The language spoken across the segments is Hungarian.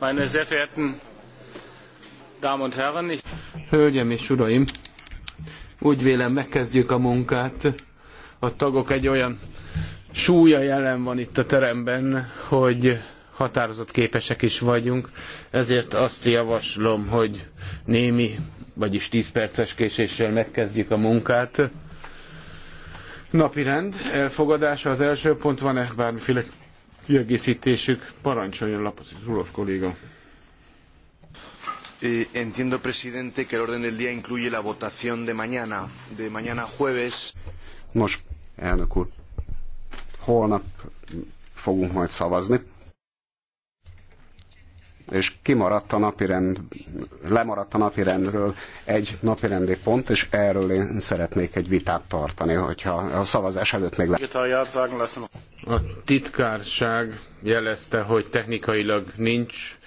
Meine sehr verehrten Damen und Herren, ich... Hölgyem és uraim, úgy vélem megkezdjük a munkát. A tagok egy olyan súlya jelen van itt a teremben, hogy határozott képesek is vagyunk, ezért azt javaslom, hogy némi, vagyis 10 perces késéssel megkezdjük a munkát. Napirend elfogadása az első pont, van-e bármiféle kiegészítésük. Parancsoljon Lapos Zulov kolléga. Eh, entiendo, presidente, que el orden del día incluye la votación de mañana, de mañana jueves. Nos, elnök úr, holnap fogunk majd szavazni és kimaradt a napirend, lemaradt a napirendről egy napirendi pont, és erről én szeretnék egy vitát tartani, hogyha a szavazás előtt még lehet. A titkárság jelezte, hogy technikailag nincs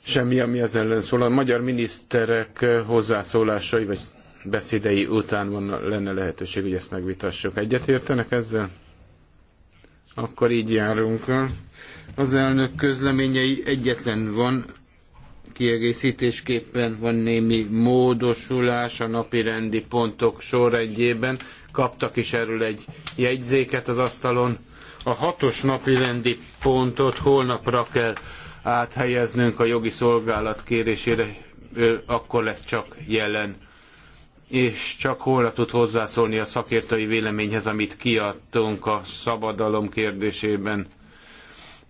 semmi, ami az ellen szól. A magyar miniszterek hozzászólásai vagy beszédei után van, lenne lehetőség, hogy ezt megvitassuk. Egyetértenek ezzel? Akkor így járunk. Az elnök közleményei egyetlen van kiegészítésképpen van némi módosulás a napi rendi pontok sorrendjében. Kaptak is erről egy jegyzéket az asztalon. A hatos napi rendi pontot holnapra kell áthelyeznünk a jogi szolgálat kérésére, ő akkor lesz csak jelen és csak holnap tud hozzászólni a szakértői véleményhez, amit kiadtunk a szabadalom kérdésében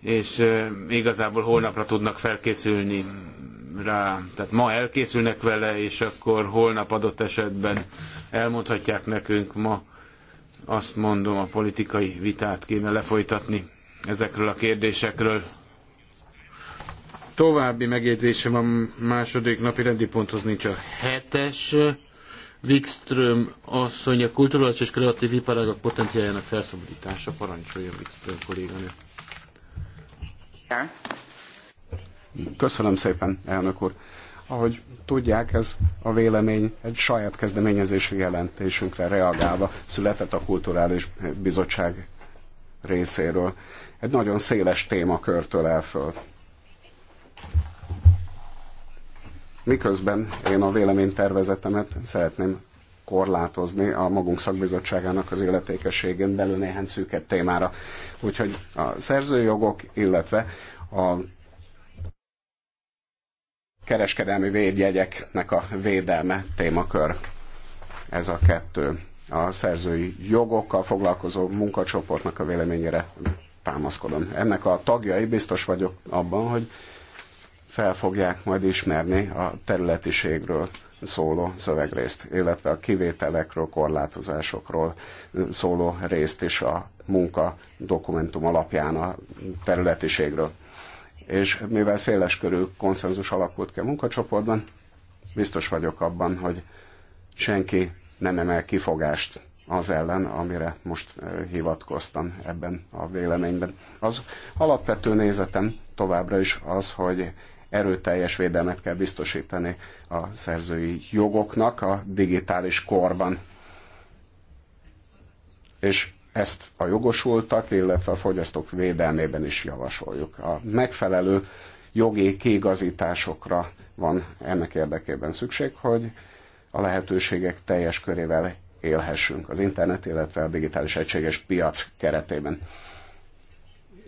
és igazából holnapra tudnak felkészülni rá. Tehát ma elkészülnek vele, és akkor holnap adott esetben elmondhatják nekünk ma, azt mondom, a politikai vitát kéne lefolytatni ezekről a kérdésekről. További megjegyzésem a második napi rendi ponthoz nincs a hetes. Wikström asszony a kulturális és kreatív iparágak potenciáljának felszabadítása. Parancsoljon Wikström kolléganő. Köszönöm szépen, elnök úr. Ahogy tudják, ez a vélemény egy saját kezdeményezésű jelentésünkre reagálva született a Kulturális Bizottság részéről. Egy nagyon széles témakörtől el föl. Miközben én a véleménytervezetemet szeretném korlátozni a magunk szakbizottságának az illetékességén belül néhány szűkett témára. Úgyhogy a szerzőjogok, illetve a kereskedelmi védjegyeknek a védelme témakör. Ez a kettő a szerzői jogokkal foglalkozó munkacsoportnak a véleményére támaszkodom. Ennek a tagjai biztos vagyok abban, hogy fel fogják majd ismerni a területiségről szóló szövegrészt, illetve a kivételekről, korlátozásokról szóló részt is a munka dokumentum alapján a területiségről. És mivel széles körű konszenzus alakult ki a munkacsoportban, biztos vagyok abban, hogy senki nem emel kifogást az ellen, amire most hivatkoztam ebben a véleményben. Az alapvető nézetem továbbra is az, hogy erőteljes védelmet kell biztosítani a szerzői jogoknak a digitális korban. És ezt a jogosultak, illetve a fogyasztók védelmében is javasoljuk. A megfelelő jogi kiigazításokra van ennek érdekében szükség, hogy a lehetőségek teljes körével élhessünk az internet, illetve a digitális egységes piac keretében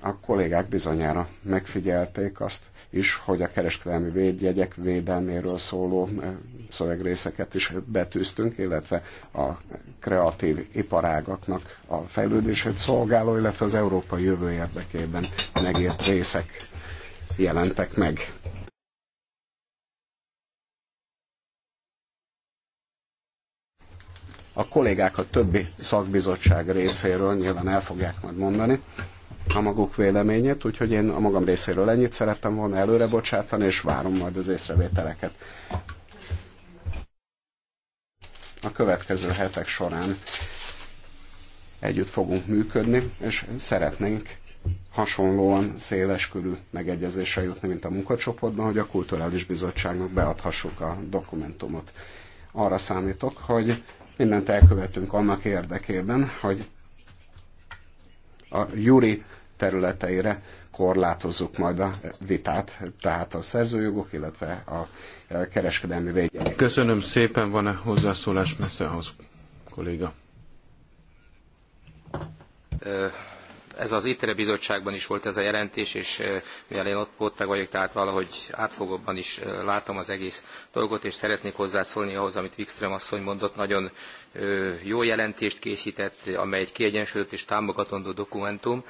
a kollégák bizonyára megfigyelték azt is, hogy a kereskedelmi védjegyek védelméről szóló eh, szövegrészeket is betűztünk, illetve a kreatív iparágaknak a fejlődését szolgáló, illetve az európai jövő érdekében megért részek jelentek meg. A kollégák a többi szakbizottság részéről nyilván el fogják majd mondani, a maguk véleményét, úgyhogy én a magam részéről ennyit szerettem volna előre bocsátani, és várom majd az észrevételeket. A következő hetek során együtt fogunk működni, és szeretnénk hasonlóan széles körű megegyezésre jutni, mint a munkacsoportban, hogy a Kulturális Bizottságnak beadhassuk a dokumentumot. Arra számítok, hogy mindent elkövetünk annak érdekében, hogy a júri területeire korlátozzuk majd a vitát, tehát a szerzőjogok, illetve a kereskedelmi védjegyek. Köszönöm szépen, van-e hozzászólás Messzehoz, kolléga? Ez az ITRE bizottságban is volt ez a jelentés, és mivel én ott póttag vagyok, tehát valahogy átfogóban is látom az egész dolgot, és szeretnék hozzászólni ahhoz, amit Wikström asszony mondott, nagyon jó jelentést készített, amely egy kiegyensúlyozott és támogatandó dokumentum.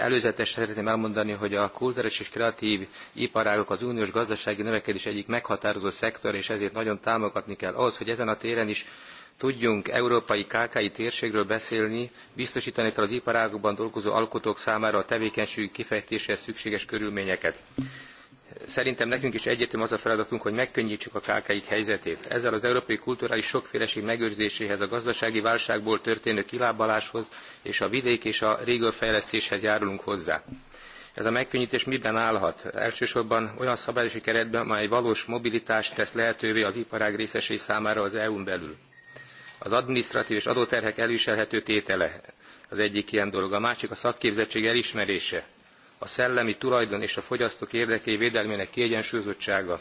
Előzetesen szeretném elmondani, hogy a kulturális és kreatív iparágok az uniós gazdasági növekedés egyik meghatározó szektor, és ezért nagyon támogatni kell ahhoz, hogy ezen a téren is tudjunk európai KKI térségről beszélni, biztosítani kell az iparágokban dolgozó alkotók számára a tevékenységük kifejtéséhez szükséges körülményeket. Szerintem nekünk is egyetem az a feladatunk, hogy megkönnyítsük a KKI-k helyzetét. Ezzel az európai kulturális sokféleség megőrzéséhez, a gazdasági válságból történő kilábaláshoz és a vidék és a régió fejlesztéshez járulunk hozzá. Ez a megkönnyítés miben állhat? Elsősorban olyan szabályozási keretben, amely valós mobilitást tesz lehetővé az iparág részesei számára az EU-n belül. Az adminisztratív és adóterhek elviselhető tétele az egyik ilyen dolog, a másik a szakképzettség elismerése, a szellemi tulajdon és a fogyasztók érdekei védelmének kiegyensúlyozottsága,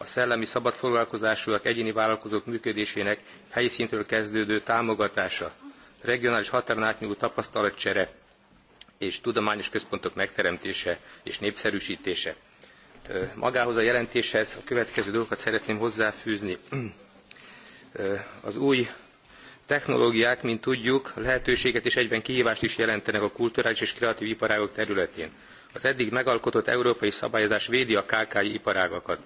a szellemi szabad foglalkozásúak egyéni vállalkozók működésének helyi szintről kezdődő támogatása, regionális határon átnyúló tapasztalatcsere és tudományos központok megteremtése és népszerűsítése. Magához a jelentéshez a következő dolgokat szeretném hozzáfűzni. Az új technológiák, mint tudjuk, lehetőséget és egyben kihívást is jelentenek a kulturális és kreatív iparágok területén. Az eddig megalkotott európai szabályozás védi a KKI iparágakat.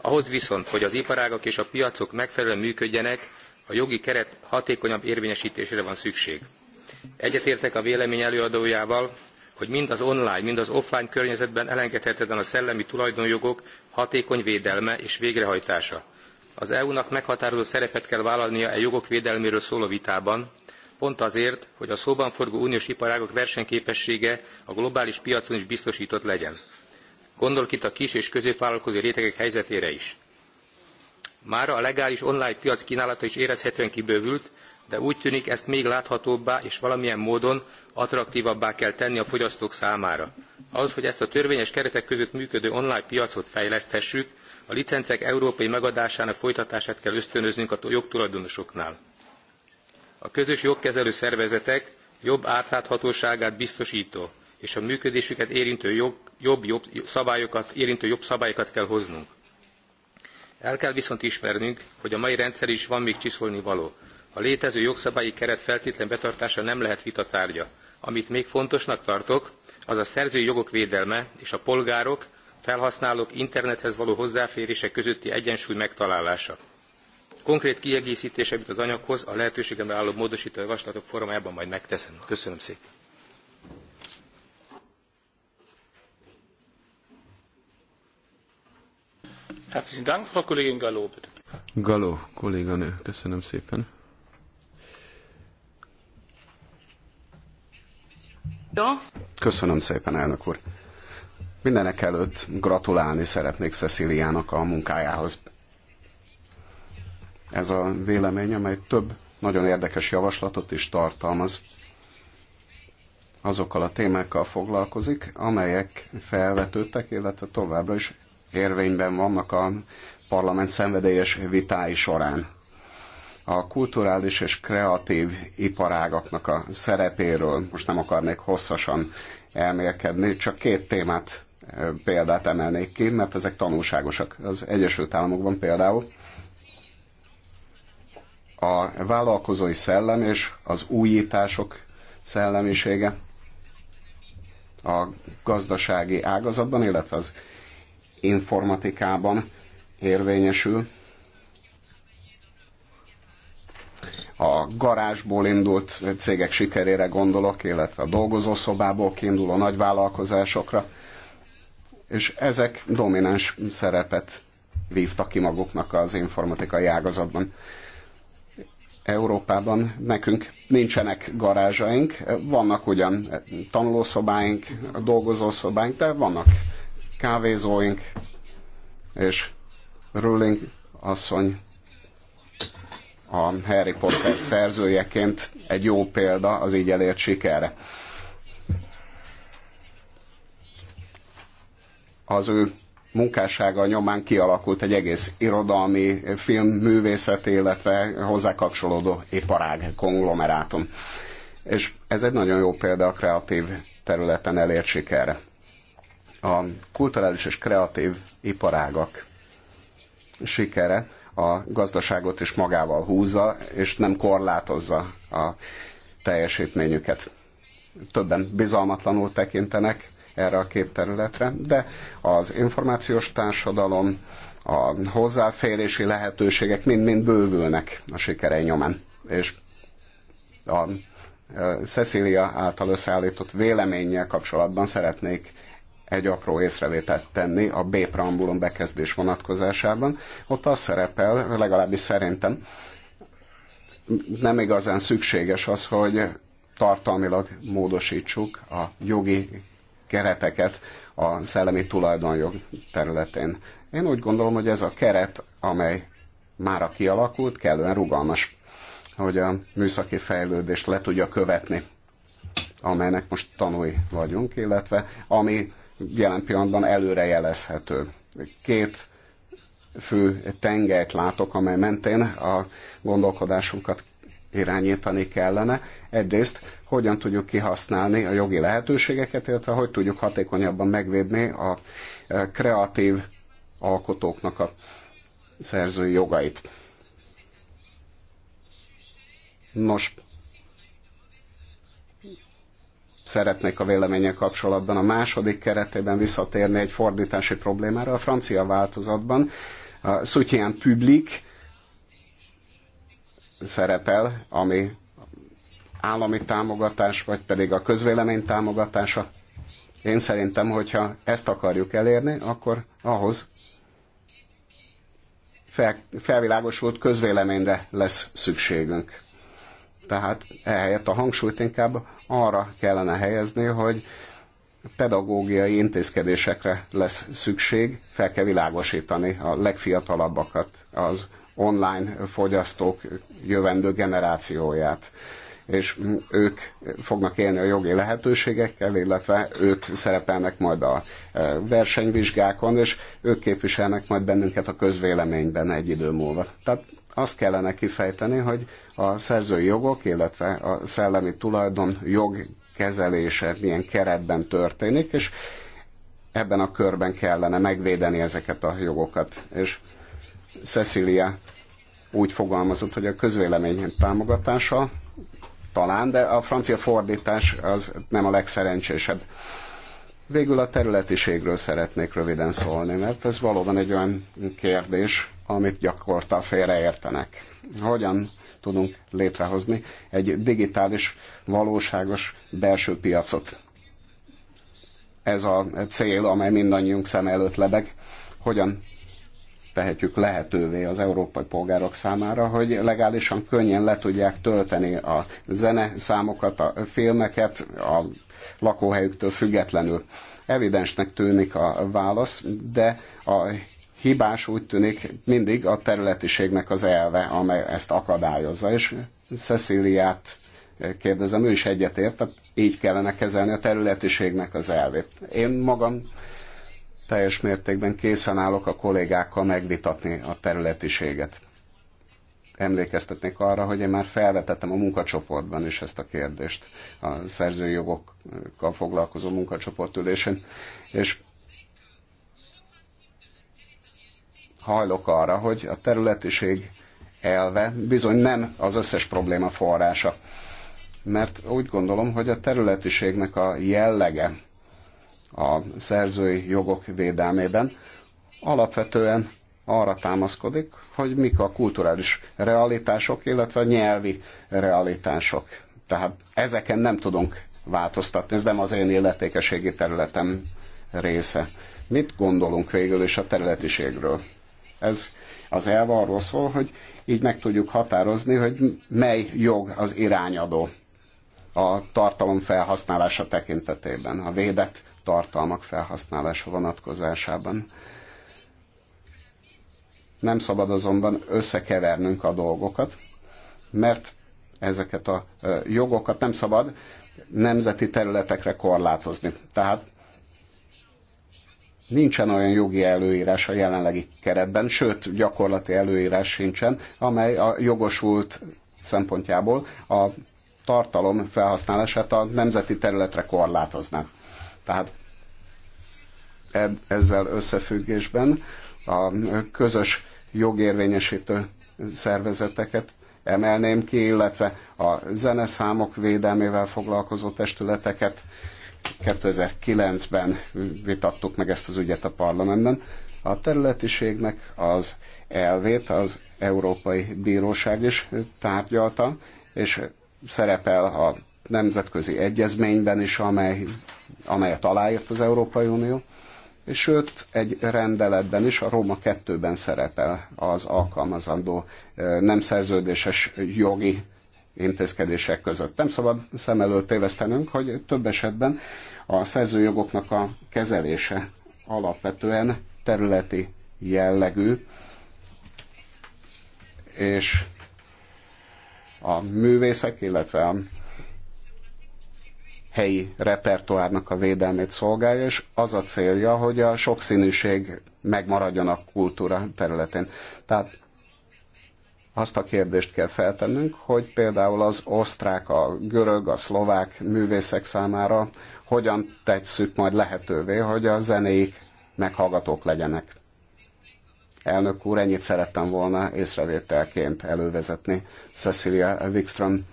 Ahhoz viszont, hogy az iparágak és a piacok megfelelően működjenek, a jogi keret hatékonyabb érvényesítésére van szükség. Egyetértek a vélemény előadójával, hogy mind az online, mind az offline környezetben elengedhetetlen a szellemi tulajdonjogok hatékony védelme és végrehajtása az EU-nak meghatározó szerepet kell vállalnia e jogok védelméről szóló vitában, pont azért, hogy a szóban forgó uniós iparágok versenyképessége a globális piacon is biztosított legyen. Gondolok itt a kis és középvállalkozó rétegek helyzetére is. Mára a legális online piac kínálata is érezhetően kibővült, de úgy tűnik ezt még láthatóbbá és valamilyen módon attraktívabbá kell tenni a fogyasztók számára. Ahhoz, hogy ezt a törvényes keretek között működő online piacot fejleszthessük, a licencek európai megadásának folytatását kell ösztönöznünk a jogtulajdonosoknál. A közös jogkezelő szervezetek jobb átláthatóságát biztosító és a működésüket érintő jog, jobb, jobb, szabályokat, érintő jobb szabályokat kell hoznunk. El kell viszont ismernünk, hogy a mai rendszer is van még csiszolni való. A létező jogszabályi keret feltétlen betartása nem lehet vita tárgya. Amit még fontosnak tartok, az a szerzői jogok védelme és a polgárok, felhasználók internethez való hozzáférése közötti egyensúly megtalálása. Konkrét kiegészítése jut az anyaghoz, a lehetőségemre álló módosító javaslatok formájában majd megteszem. Köszönöm szépen. Herzlichen Dank, Frau Kollegin Gallo. Gallo kolléganő, köszönöm szépen. Köszönöm szépen, elnök úr. Mindenek előtt gratulálni szeretnék Ceciliának a munkájához. Ez a vélemény, amely több nagyon érdekes javaslatot is tartalmaz, azokkal a témákkal foglalkozik, amelyek felvetődtek, illetve továbbra is érvényben vannak a parlament szenvedélyes vitái során. A kulturális és kreatív iparágaknak a szerepéről most nem akarnék hosszasan elmélkedni, csak két témát példát emelnék ki, mert ezek tanulságosak. Az Egyesült Államokban például a vállalkozói szellem és az újítások szellemisége a gazdasági ágazatban, illetve az informatikában érvényesül. A garázsból indult cégek sikerére gondolok, illetve a dolgozószobából kiinduló nagy vállalkozásokra és ezek domináns szerepet vívtak ki maguknak az informatikai ágazatban. Európában nekünk nincsenek garázsaink, vannak ugyan tanulószobáink, dolgozószobáink, de vannak kávézóink, és Rowling asszony a Harry Potter szerzőjeként egy jó példa az így elért sikerre. az ő munkássága nyomán kialakult egy egész irodalmi filmművészet, illetve hozzá kapcsolódó iparág konglomerátum. És ez egy nagyon jó példa a kreatív területen elért sikerre. A kulturális és kreatív iparágak sikere a gazdaságot is magával húzza, és nem korlátozza a teljesítményüket. Többen bizalmatlanul tekintenek erre a két területre, de az információs társadalom, a hozzáférési lehetőségek mind-mind bővülnek a sikerei nyomán. És a Cecilia által összeállított véleménnyel kapcsolatban szeretnék egy apró észrevételt tenni a B preambulum bekezdés vonatkozásában. Ott az szerepel, legalábbis szerintem, nem igazán szükséges az, hogy tartalmilag módosítsuk a jogi kereteket a szellemi tulajdonjog területén. Én úgy gondolom, hogy ez a keret, amely már a kialakult, kellően rugalmas, hogy a műszaki fejlődést le tudja követni, amelynek most tanúi vagyunk, illetve ami jelen pillanatban előrejelezhető. Két fő tengelyt látok, amely mentén a gondolkodásunkat irányítani kellene. Egyrészt hogyan tudjuk kihasználni a jogi lehetőségeket, illetve hogy tudjuk hatékonyabban megvédni a eh, kreatív alkotóknak a szerzői jogait. Nos, szeretnék a véleménye kapcsolatban a második keretében visszatérni egy fordítási problémára. A francia változatban a Soutien Public szerepel, ami állami támogatás, vagy pedig a közvélemény támogatása. Én szerintem, hogyha ezt akarjuk elérni, akkor ahhoz fel, felvilágosult közvéleményre lesz szükségünk. Tehát ehelyett a hangsúlyt inkább arra kellene helyezni, hogy pedagógiai intézkedésekre lesz szükség, fel kell világosítani a legfiatalabbakat az online fogyasztók jövendő generációját és ők fognak élni a jogi lehetőségekkel, illetve ők szerepelnek majd a e, versenyvizsgákon, és ők képviselnek majd bennünket a közvéleményben egy idő múlva. Tehát azt kellene kifejteni, hogy a szerzői jogok, illetve a szellemi tulajdon jog kezelése milyen keretben történik, és ebben a körben kellene megvédeni ezeket a jogokat. És Cecilia úgy fogalmazott, hogy a közvélemény támogatása talán, de a francia fordítás az nem a legszerencsésebb. Végül a területiségről szeretnék röviden szólni, mert ez valóban egy olyan kérdés, amit gyakorta félreértenek. Hogyan tudunk létrehozni egy digitális, valóságos belső piacot? Ez a cél, amely mindannyiunk szem előtt lebeg. Hogyan tehetjük lehetővé az európai polgárok számára, hogy legálisan könnyen le tudják tölteni a zene számokat, a filmeket a lakóhelyüktől függetlenül. Evidensnek tűnik a válasz, de a hibás úgy tűnik mindig a területiségnek az elve, amely ezt akadályozza, és Ceciliát kérdezem, ő is egyetért, tehát így kellene kezelni a területiségnek az elvét. Én magam teljes mértékben készen állok a kollégákkal megvitatni a területiséget. Emlékeztetnék arra, hogy én már felvetettem a munkacsoportban is ezt a kérdést, a szerzői jogokkal foglalkozó munkacsoport ülésén, és hajlok arra, hogy a területiség elve bizony nem az összes probléma forrása. Mert úgy gondolom, hogy a területiségnek a jellege a szerzői jogok védelmében alapvetően arra támaszkodik, hogy mik a kulturális realitások, illetve a nyelvi realitások. Tehát ezeken nem tudunk változtatni, ez nem az én illetékeségi területem része. Mit gondolunk végül is a területiségről? Ez az elv arról szól, hogy így meg tudjuk határozni, hogy mely jog az irányadó a tartalom felhasználása tekintetében, a védett tartalmak felhasználása vonatkozásában. Nem szabad azonban összekevernünk a dolgokat, mert ezeket a jogokat nem szabad nemzeti területekre korlátozni. Tehát nincsen olyan jogi előírás a jelenlegi keretben, sőt, gyakorlati előírás sincsen, amely a jogosult szempontjából a tartalom felhasználását a nemzeti területre korlátoznak. Tehát e- ezzel összefüggésben a közös jogérvényesítő szervezeteket emelném ki, illetve a zeneszámok védelmével foglalkozó testületeket. 2009-ben vitattuk meg ezt az ügyet a parlamentben. A területiségnek az elvét az Európai Bíróság is tárgyalta, és szerepel a nemzetközi egyezményben is, amely amelyet aláírt az Európai Unió, és sőt, egy rendeletben is, a Róma 2-ben szerepel az alkalmazandó nem szerződéses jogi intézkedések között. Nem szabad szem előtt tévesztenünk, hogy több esetben a szerzőjogoknak a kezelése alapvetően területi jellegű, és a művészek, illetve a helyi repertoárnak a védelmét szolgálja, és az a célja, hogy a sokszínűség megmaradjon a kultúra területén. Tehát azt a kérdést kell feltennünk, hogy például az osztrák, a görög, a szlovák művészek számára hogyan tetszük majd lehetővé, hogy a zenéik meghallgatók legyenek. Elnök úr, ennyit szerettem volna észrevételként elővezetni Cecilia Wikström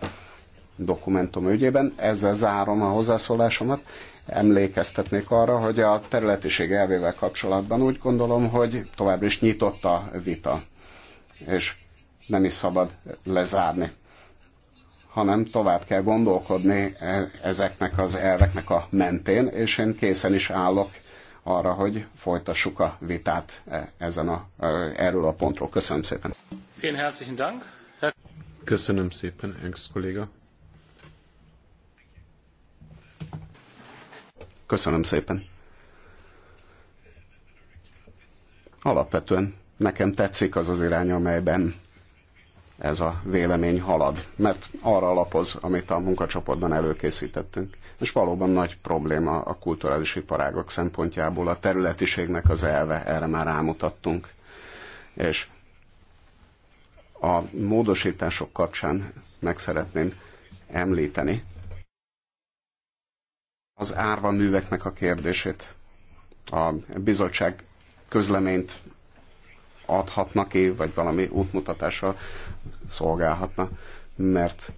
dokumentum ügyében. Ezzel zárom a hozzászólásomat. Emlékeztetnék arra, hogy a területiség elvével kapcsolatban úgy gondolom, hogy továbbra is nyitott a vita, és nem is szabad lezárni hanem tovább kell gondolkodni e, ezeknek az elveknek a mentén, és én készen is állok arra, hogy folytassuk a vitát e, ezen a, e, erről a pontról. Köszönöm szépen. Köszönöm szépen, ex kolléga. Köszönöm szépen. Alapvetően nekem tetszik az az irány, amelyben ez a vélemény halad, mert arra alapoz, amit a munkacsoportban előkészítettünk. És valóban nagy probléma a kulturális iparágok szempontjából a területiségnek az elve, erre már rámutattunk. És a módosítások kapcsán meg szeretném említeni, az árva műveknek a kérdését. A bizottság közleményt adhatna ki, vagy valami útmutatással szolgálhatna, mert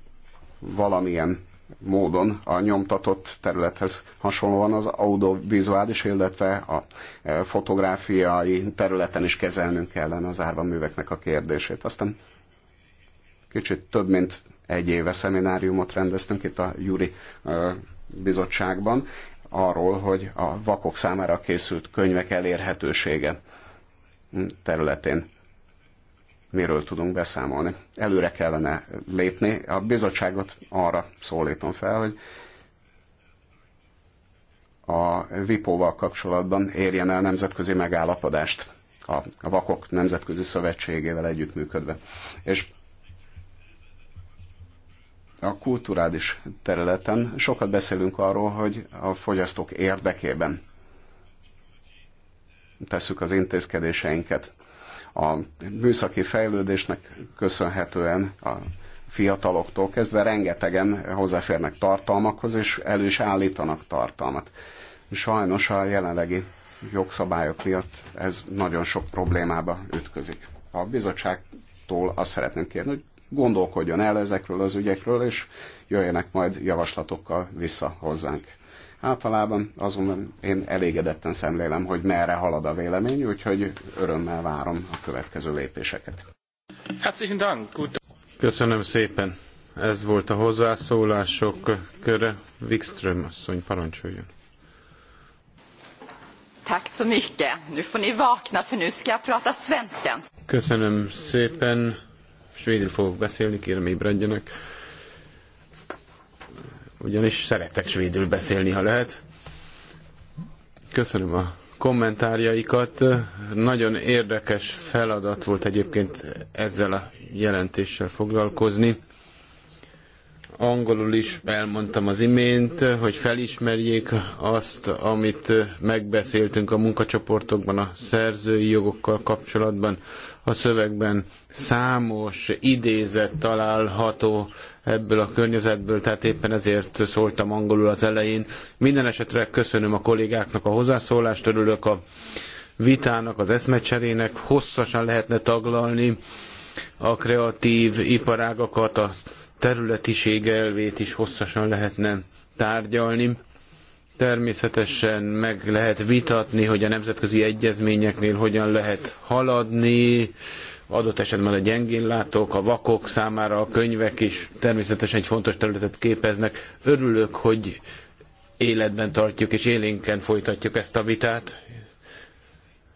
valamilyen módon a nyomtatott területhez hasonlóan az audiovizuális, illetve a e, fotográfiai területen is kezelnünk kellene az árva műveknek a kérdését. Aztán kicsit több mint egy éve szemináriumot rendeztünk itt a Juri e, bizottságban arról, hogy a vakok számára készült könyvek elérhetősége területén miről tudunk beszámolni. Előre kellene lépni. A bizottságot arra szólítom fel, hogy a VIPO-val kapcsolatban érjen el nemzetközi megállapodást a Vakok Nemzetközi Szövetségével együttműködve. És a kulturális területen sokat beszélünk arról, hogy a fogyasztók érdekében tesszük az intézkedéseinket. A műszaki fejlődésnek köszönhetően a fiataloktól kezdve rengetegen hozzáférnek tartalmakhoz, és elő is állítanak tartalmat. Sajnos a jelenlegi jogszabályok miatt ez nagyon sok problémába ütközik. A bizottságtól azt szeretném kérni, hogy gondolkodjon el ezekről az ügyekről, és jöjjenek majd javaslatokkal vissza hozzánk. Általában azonban én elégedetten szemlélem, hogy merre halad a vélemény, úgyhogy örömmel várom a következő lépéseket. Köszönöm szépen. Ez volt a hozzászólások köre. Wikström asszony, parancsoljon. prata Köszönöm szépen Svédül fogok beszélni, kérem ébredjenek. Ugyanis szeretek svédül beszélni, ha lehet. Köszönöm a kommentárjaikat. Nagyon érdekes feladat volt egyébként ezzel a jelentéssel foglalkozni angolul is elmondtam az imént, hogy felismerjék azt, amit megbeszéltünk a munkacsoportokban a szerzői jogokkal kapcsolatban. A szövegben számos idézet található ebből a környezetből, tehát éppen ezért szóltam angolul az elején. Minden esetre köszönöm a kollégáknak a hozzászólást, örülök a vitának, az eszmecserének, hosszasan lehetne taglalni a kreatív iparágakat, a területiség elvét is hosszasan lehetne tárgyalni. Természetesen meg lehet vitatni, hogy a nemzetközi egyezményeknél hogyan lehet haladni, adott esetben a gyengénlátók, a vakok számára a könyvek is természetesen egy fontos területet képeznek. Örülök, hogy életben tartjuk és élénken folytatjuk ezt a vitát.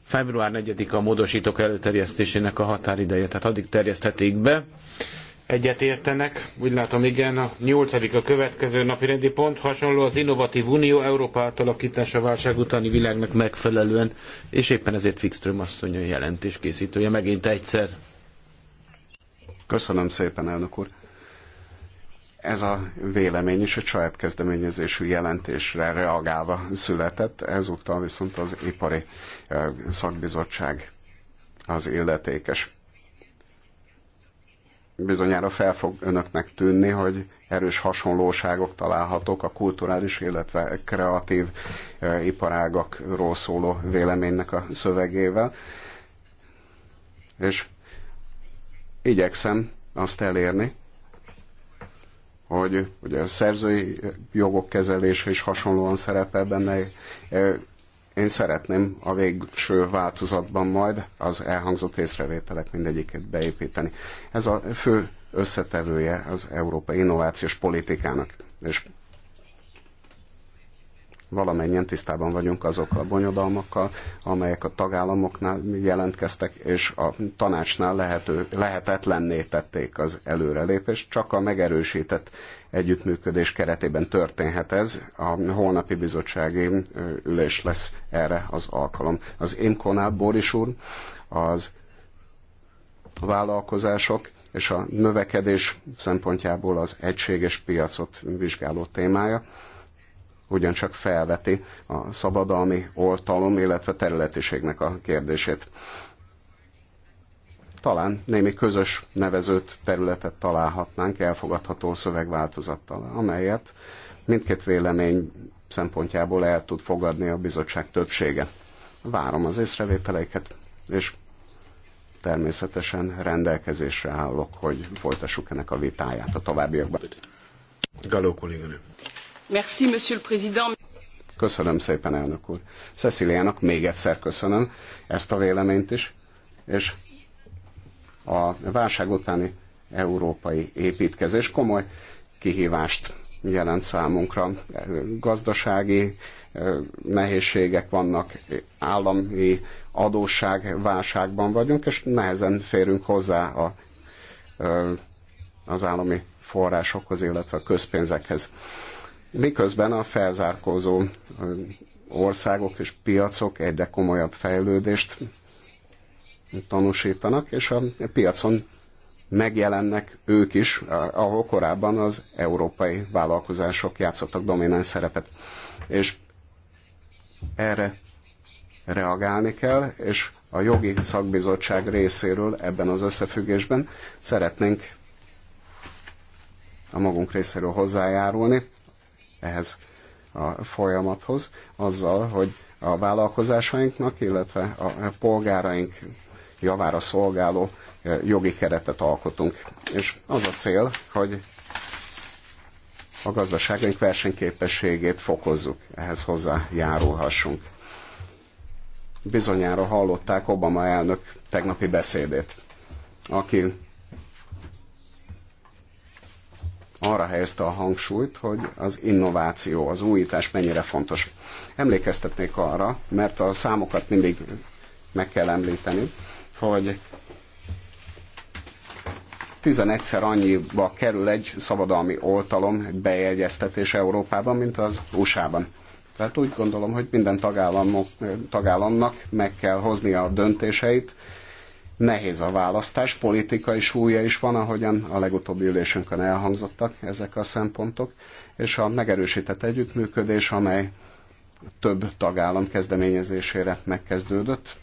Február 4-a a módosítók előterjesztésének a határideje, tehát addig terjeszthetik be. Egyet értenek, úgy látom igen, a nyolcadik a következő napi rendi pont, hasonló az Innovatív Unió Európa átalakítása válság utáni világnak megfelelően, és éppen ezért Fixström asszony a jelentés készítője megint egyszer. Köszönöm szépen, elnök úr. Ez a vélemény is a saját kezdeményezésű jelentésre reagálva született, ezúttal viszont az Ipari eh, Szakbizottság az illetékes bizonyára fel fog önöknek tűnni, hogy erős hasonlóságok találhatók a kulturális, illetve kreatív e, iparágakról szóló véleménynek a szövegével. És igyekszem azt elérni, hogy ugye a szerzői jogok kezelése is hasonlóan szerepel benne, e, én szeretném a végső változatban majd az elhangzott észrevételek mindegyiket beépíteni. Ez a fő összetevője az európai innovációs politikának, és valamennyien tisztában vagyunk azokkal a bonyodalmakkal, amelyek a tagállamoknál jelentkeztek, és a tanácsnál lehető, lehetetlenné tették az előrelépést. Csak a megerősített együttműködés keretében történhet ez. A holnapi bizottsági ülés lesz erre az alkalom. Az Imkonál Boris úr az vállalkozások és a növekedés szempontjából az egységes piacot vizsgáló témája ugyancsak felveti a szabadalmi oltalom, illetve területiségnek a kérdését. Talán némi közös nevezőt, területet találhatnánk elfogadható szövegváltozattal, amelyet mindkét vélemény szempontjából el tud fogadni a bizottság többsége. Várom az észrevételeiket, és természetesen rendelkezésre állok, hogy folytassuk ennek a vitáját a továbbiakban. Galó kolléganő. Merci, Monsieur le Président. Köszönöm szépen, elnök úr. Ceciliának még egyszer köszönöm ezt a véleményt is, és a válság utáni európai építkezés komoly kihívást jelent számunkra. Gazdasági eh, nehézségek vannak, állami adósság válságban vagyunk, és nehezen férünk hozzá a, eh, az állami forrásokhoz, illetve a közpénzekhez miközben a felzárkózó országok és piacok egyre komolyabb fejlődést tanúsítanak, és a piacon megjelennek ők is, ahol korábban az európai vállalkozások játszottak domináns szerepet. És erre reagálni kell, és a jogi szakbizottság részéről ebben az összefüggésben szeretnénk a magunk részéről hozzájárulni ehhez a folyamathoz, azzal, hogy a vállalkozásainknak, illetve a polgáraink javára szolgáló e, jogi keretet alkotunk. És az a cél, hogy a gazdaságunk versenyképességét fokozzuk, ehhez hozzájárulhassunk. Bizonyára hallották Obama elnök tegnapi beszédét, aki arra helyezte a hangsúlyt, hogy az innováció, az újítás mennyire fontos. Emlékeztetnék arra, mert a számokat mindig meg kell említeni, hogy 11-szer annyiba kerül egy szabadalmi oltalom bejegyeztetés Európában, mint az USA-ban. Tehát úgy gondolom, hogy minden tagállamok, tagállamnak meg kell hozni a döntéseit, Nehéz a választás, politikai súlya is van, ahogyan a legutóbbi ülésünkön elhangzottak ezek a szempontok, és a megerősített együttműködés, amely több tagállam kezdeményezésére megkezdődött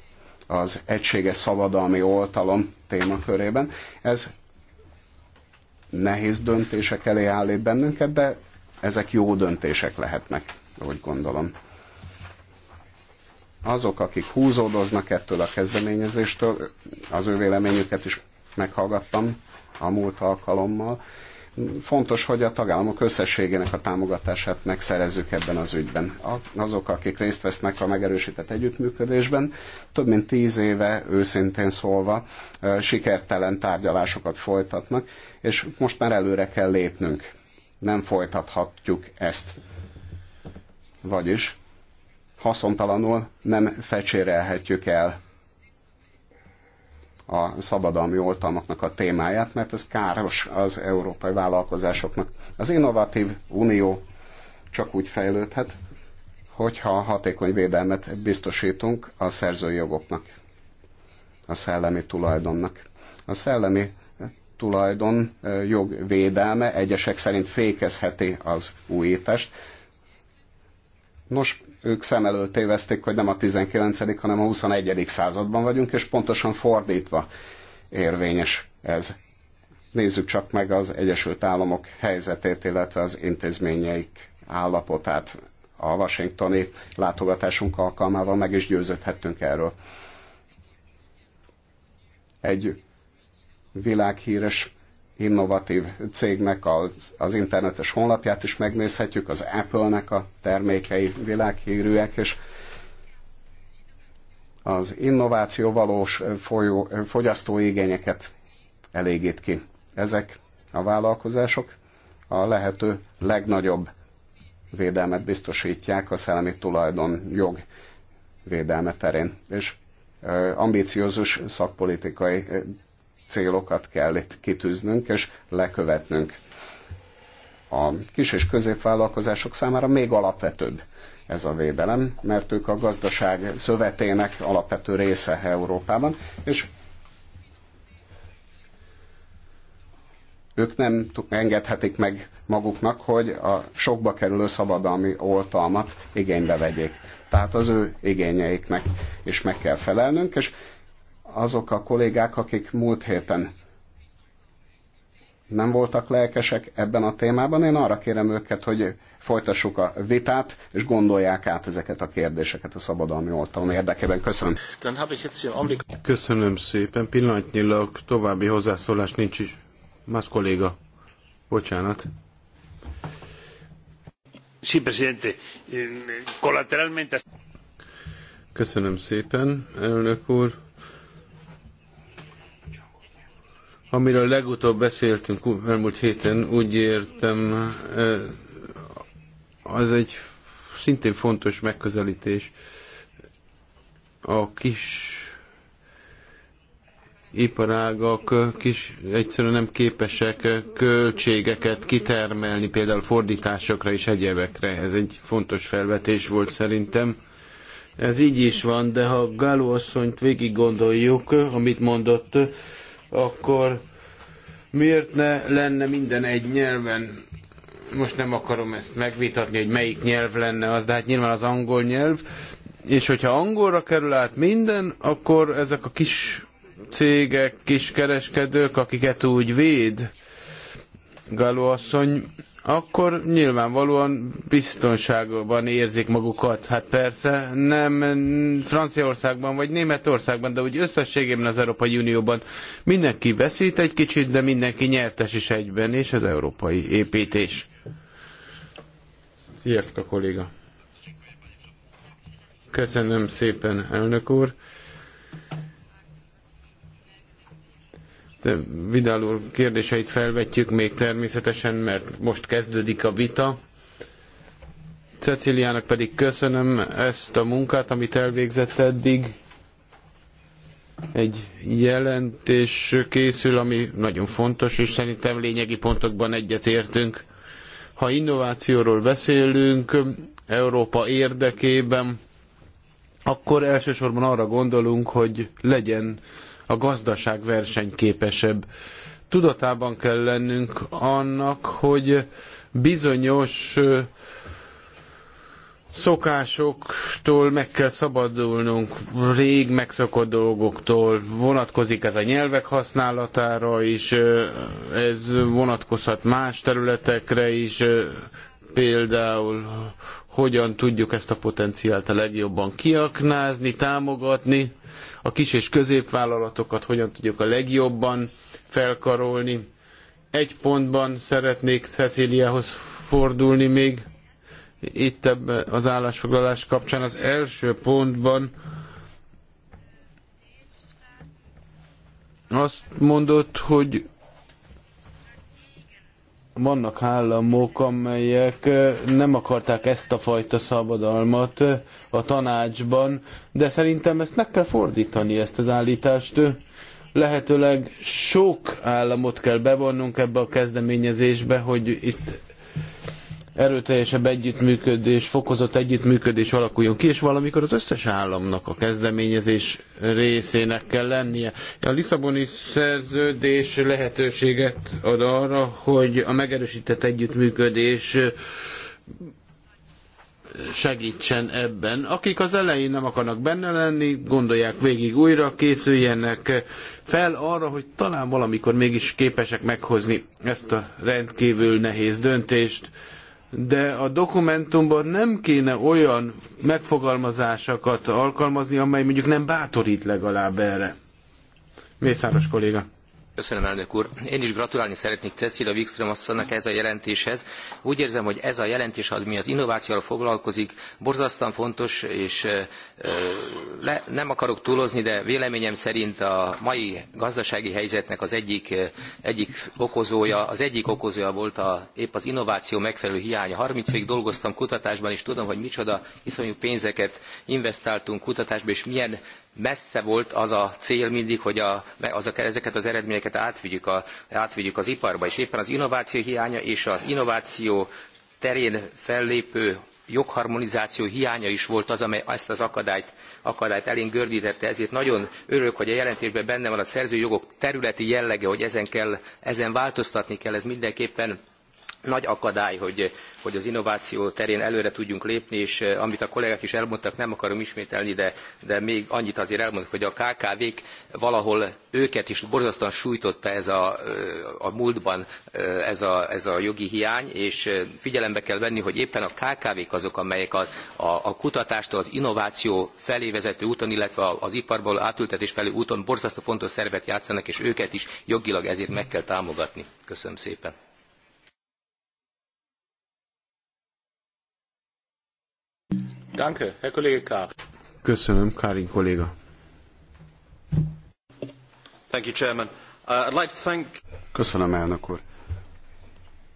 az egységes szabadalmi oltalom témakörében. Ez nehéz döntések elé állít bennünket, de ezek jó döntések lehetnek, ahogy gondolom azok, akik húzódoznak ettől a kezdeményezéstől, az ő véleményüket is meghallgattam a múlt alkalommal. Fontos, hogy a tagállamok összességének a támogatását megszerezzük ebben az ügyben. Azok, akik részt vesznek a megerősített együttműködésben, több mint tíz éve, őszintén szólva, sikertelen tárgyalásokat folytatnak, és most már előre kell lépnünk. Nem folytathatjuk ezt. Vagyis haszontalanul nem fecsérelhetjük el a szabadalmi oltalmaknak a témáját, mert ez káros az európai vállalkozásoknak. Az innovatív unió csak úgy fejlődhet, hogyha hatékony védelmet biztosítunk a szerzői jogoknak, a szellemi tulajdonnak. A szellemi tulajdon jogvédelme egyesek szerint fékezheti az újítást. Nos, ők szem elől tévezték, hogy nem a 19. hanem a 21. században vagyunk, és pontosan fordítva érvényes ez. Nézzük csak meg az Egyesült Államok helyzetét, illetve az intézményeik állapotát. A washingtoni látogatásunk alkalmával meg is győződhettünk erről. Egy világhíres innovatív cégnek az, az internetes honlapját is megnézhetjük, az Apple-nek a termékei világhírűek, és az innováció valós folyó, fogyasztói igényeket elégít ki. Ezek a vállalkozások a lehető legnagyobb védelmet biztosítják a szellemi tulajdon jog védelme terén, és ambíciózus szakpolitikai célokat kell itt kitűznünk és lekövetnünk. A kis és középvállalkozások számára még alapvetőbb ez a védelem, mert ők a gazdaság szövetének alapvető része Európában, és ők nem engedhetik meg maguknak, hogy a sokba kerülő szabadalmi oltalmat igénybe vegyék. Tehát az ő igényeiknek is meg kell felelnünk, és azok a kollégák, akik múlt héten nem voltak lelkesek ebben a témában, én arra kérem őket, hogy folytassuk a vitát, és gondolják át ezeket a kérdéseket a szabadalmi oltalom érdekében. Köszönöm. Köszönöm szépen. Pillanatnyilag további hozzászólás nincs is. Más kolléga. Bocsánat. Sí, presidente. Eh, Köszönöm szépen, elnök úr. Amiről legutóbb beszéltünk elmúlt héten, úgy értem, az egy szintén fontos megközelítés. A kis iparágak kis, egyszerűen nem képesek költségeket kitermelni, például fordításokra és egyebekre. Ez egy fontos felvetés volt szerintem. Ez így is van, de ha Gáló asszonyt végig gondoljuk, amit mondott, akkor miért ne lenne minden egy nyelven? Most nem akarom ezt megvitatni, hogy melyik nyelv lenne az, de hát nyilván az angol nyelv. És hogyha angolra kerül át minden, akkor ezek a kis cégek, kis kereskedők, akiket úgy véd, Galó asszony, akkor nyilvánvalóan biztonságban érzik magukat. Hát persze, nem Franciaországban vagy Németországban, de úgy összességében az Európai Unióban mindenki veszít egy kicsit, de mindenki nyertes is egyben, és az európai építés. Szijevka kolléga. Köszönöm szépen, elnök úr. Vidal úr kérdéseit felvetjük még természetesen, mert most kezdődik a vita. Ceciliának pedig köszönöm ezt a munkát, amit elvégzett eddig. Egy jelentés készül, ami nagyon fontos, és szerintem lényegi pontokban egyetértünk. Ha innovációról beszélünk, Európa érdekében, akkor elsősorban arra gondolunk, hogy legyen a gazdaság versenyképesebb. Tudatában kell lennünk annak, hogy bizonyos szokásoktól meg kell szabadulnunk, rég megszokott dolgoktól, vonatkozik ez a nyelvek használatára is, ez vonatkozhat más területekre is, például hogyan tudjuk ezt a potenciált a legjobban kiaknázni, támogatni, a kis és középvállalatokat hogyan tudjuk a legjobban felkarolni. Egy pontban szeretnék Ceciliához fordulni még itt ebben az állásfoglalás kapcsán. Az első pontban azt mondott, hogy vannak államok, amelyek nem akarták ezt a fajta szabadalmat a tanácsban, de szerintem ezt meg kell fordítani, ezt az állítást. Lehetőleg sok államot kell bevonnunk ebbe a kezdeményezésbe, hogy itt erőteljesebb együttműködés, fokozott együttműködés alakuljon ki, és valamikor az összes államnak a kezdeményezés részének kell lennie. A Lisszaboni szerződés lehetőséget ad arra, hogy a megerősített együttműködés segítsen ebben. Akik az elején nem akarnak benne lenni, gondolják végig újra, készüljenek fel arra, hogy talán valamikor mégis képesek meghozni ezt a rendkívül nehéz döntést de a dokumentumban nem kéne olyan megfogalmazásokat alkalmazni, amely mondjuk nem bátorít legalább erre. Mészáros kolléga. Köszönöm, elnök úr. Én is gratulálni szeretnék Cecilia Wikström asszonynak ez a jelentéshez. Úgy érzem, hogy ez a jelentés, ami az innovációval foglalkozik, borzasztóan fontos, és le, nem akarok túlozni, de véleményem szerint a mai gazdasági helyzetnek az egyik, egyik okozója, az egyik okozója volt a, épp az innováció megfelelő hiánya. 30 évig dolgoztam kutatásban, és tudom, hogy micsoda iszonyú pénzeket investáltunk kutatásba, és milyen messze volt az a cél mindig, hogy a, az a, ezeket az eredményeket átvigyük, a, átvigyük az iparba, és éppen az innováció hiánya és az innováció terén fellépő jogharmonizáció hiánya is volt az, amely ezt az akadályt, akadályt elénk gördítette. Ezért nagyon örülök, hogy a jelentésben benne van a szerzőjogok területi jellege, hogy ezen, kell, ezen változtatni kell. Ez mindenképpen nagy akadály, hogy, hogy az innováció terén előre tudjunk lépni, és eh, amit a kollégák is elmondtak, nem akarom ismételni, de, de még annyit azért elmondok, hogy a KKV-k valahol őket is borzasztóan sújtotta ez a, eh, a múltban eh, ez a, ez a jogi hiány, és figyelembe kell venni, hogy éppen a KKV-k azok, amelyek a, a, a kutatástól az innováció felé vezető úton, illetve az iparból átültetés felé úton borzasztó fontos szervet játszanak, és őket is jogilag ezért meg kell támogatni. Köszönöm szépen. Danke, Herr Kollege Köszönöm, Karin kolléga. Thank you, Chairman. Uh, I'd like to thank... Köszönöm, elnök úr.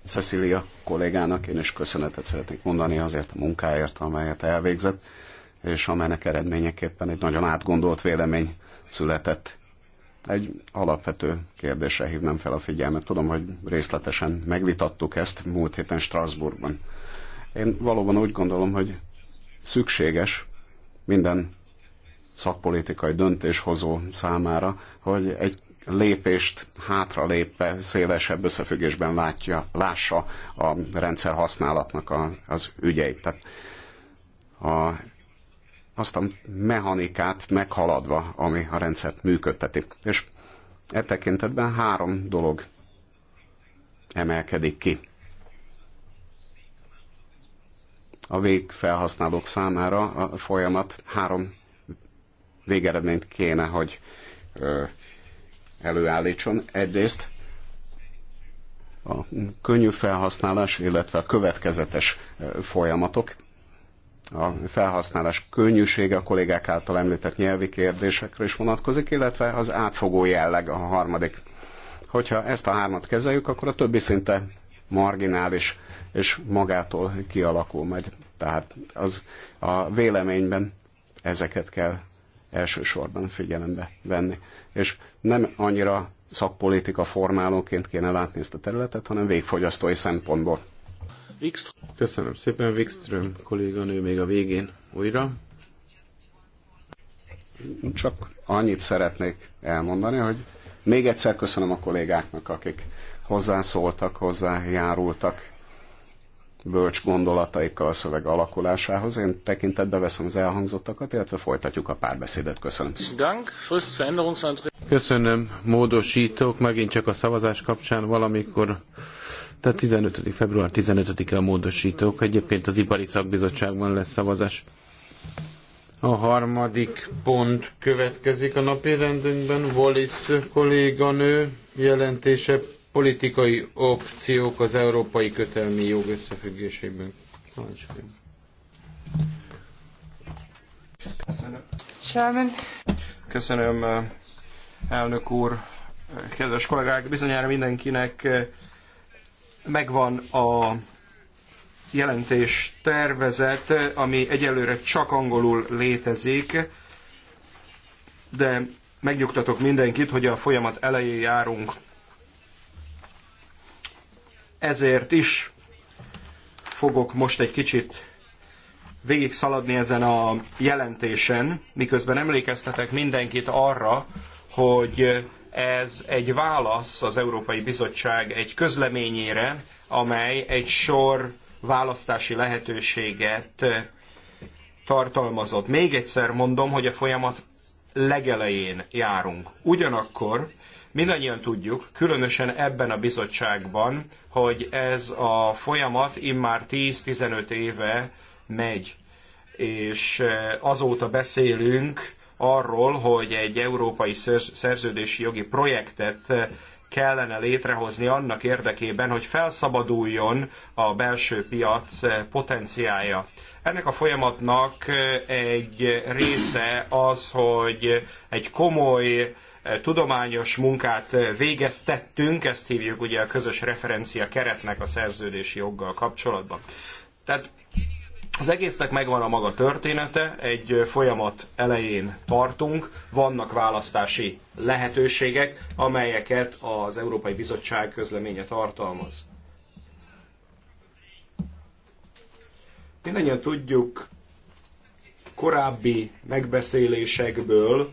Cecilia kollégának én is köszönetet szeretnék mondani azért a munkáért, amelyet elvégzett, és amelynek eredményeképpen egy nagyon átgondolt vélemény született. Egy alapvető kérdésre hívnám fel a figyelmet. Tudom, hogy részletesen megvitattuk ezt múlt héten Strasbourgban. Én valóban úgy gondolom, hogy szükséges minden szakpolitikai döntéshozó számára, hogy egy lépést hátra lépve szélesebb összefüggésben látja, lássa a rendszer használatnak a, az ügyeit. Tehát a, azt a mechanikát meghaladva, ami a rendszert működteti. És e tekintetben három dolog emelkedik ki a végfelhasználók számára a folyamat három végeredményt kéne, hogy előállítson. Egyrészt a könnyű felhasználás, illetve a következetes folyamatok. A felhasználás könnyűsége a kollégák által említett nyelvi kérdésekre is vonatkozik, illetve az átfogó jelleg a harmadik. Hogyha ezt a hármat kezeljük, akkor a többi szinte marginális, és magától kialakul majd. Tehát az a véleményben ezeket kell elsősorban figyelembe venni. És nem annyira szakpolitika formálóként kéne látni ezt a területet, hanem végfogyasztói szempontból. Köszönöm szépen, Wikström kolléganő még a végén újra. Csak annyit szeretnék elmondani, hogy még egyszer köszönöm a kollégáknak, akik hozzászóltak, hozzájárultak bölcs gondolataikkal a szöveg alakulásához. Én tekintetbe veszem az elhangzottakat, illetve folytatjuk a párbeszédet. Köszönöm. Köszönöm. Módosítók megint csak a szavazás kapcsán valamikor, tehát 15. február 15-e a módosítók. Egyébként az Ipari Szakbizottságban lesz szavazás. A harmadik pont következik a napi rendünkben. Wallis kolléganő jelentése politikai opciók az európai kötelmi jog összefüggésében. Köszönöm. Sámen. Köszönöm, eh, elnök úr, kedves kollégák, bizonyára mindenkinek eh, megvan a jelentés tervezet, ami egyelőre csak angolul létezik, de megnyugtatok mindenkit, hogy a folyamat elején járunk ezért is fogok most egy kicsit végig szaladni ezen a jelentésen, miközben emlékeztetek mindenkit arra, hogy ez egy válasz az Európai Bizottság egy közleményére, amely egy sor választási lehetőséget tartalmazott. Még egyszer mondom, hogy a folyamat legelején járunk. Ugyanakkor Mindannyian tudjuk, különösen ebben a bizottságban, hogy ez a folyamat immár 10-15 éve megy, és eh, azóta beszélünk arról, hogy egy európai szerződési jogi projektet eh, kellene létrehozni annak érdekében, hogy felszabaduljon a belső piac eh, potenciája. Ennek a folyamatnak egy része az, hogy egy komoly tudományos munkát végeztettünk, ezt hívjuk ugye a közös referencia keretnek a szerződési joggal kapcsolatban. Tehát az egésznek megvan a maga története, egy folyamat elején tartunk, vannak választási lehetőségek, amelyeket az Európai Bizottság közleménye tartalmaz. Mindennyian tudjuk korábbi megbeszélésekből,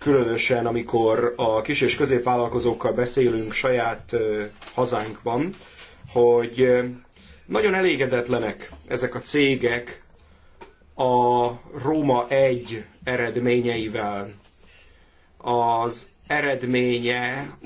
különösen amikor a kis- és középvállalkozókkal beszélünk saját hazánkban, hogy nagyon elégedetlenek ezek a cégek a Róma 1 eredményeivel. Az eredménye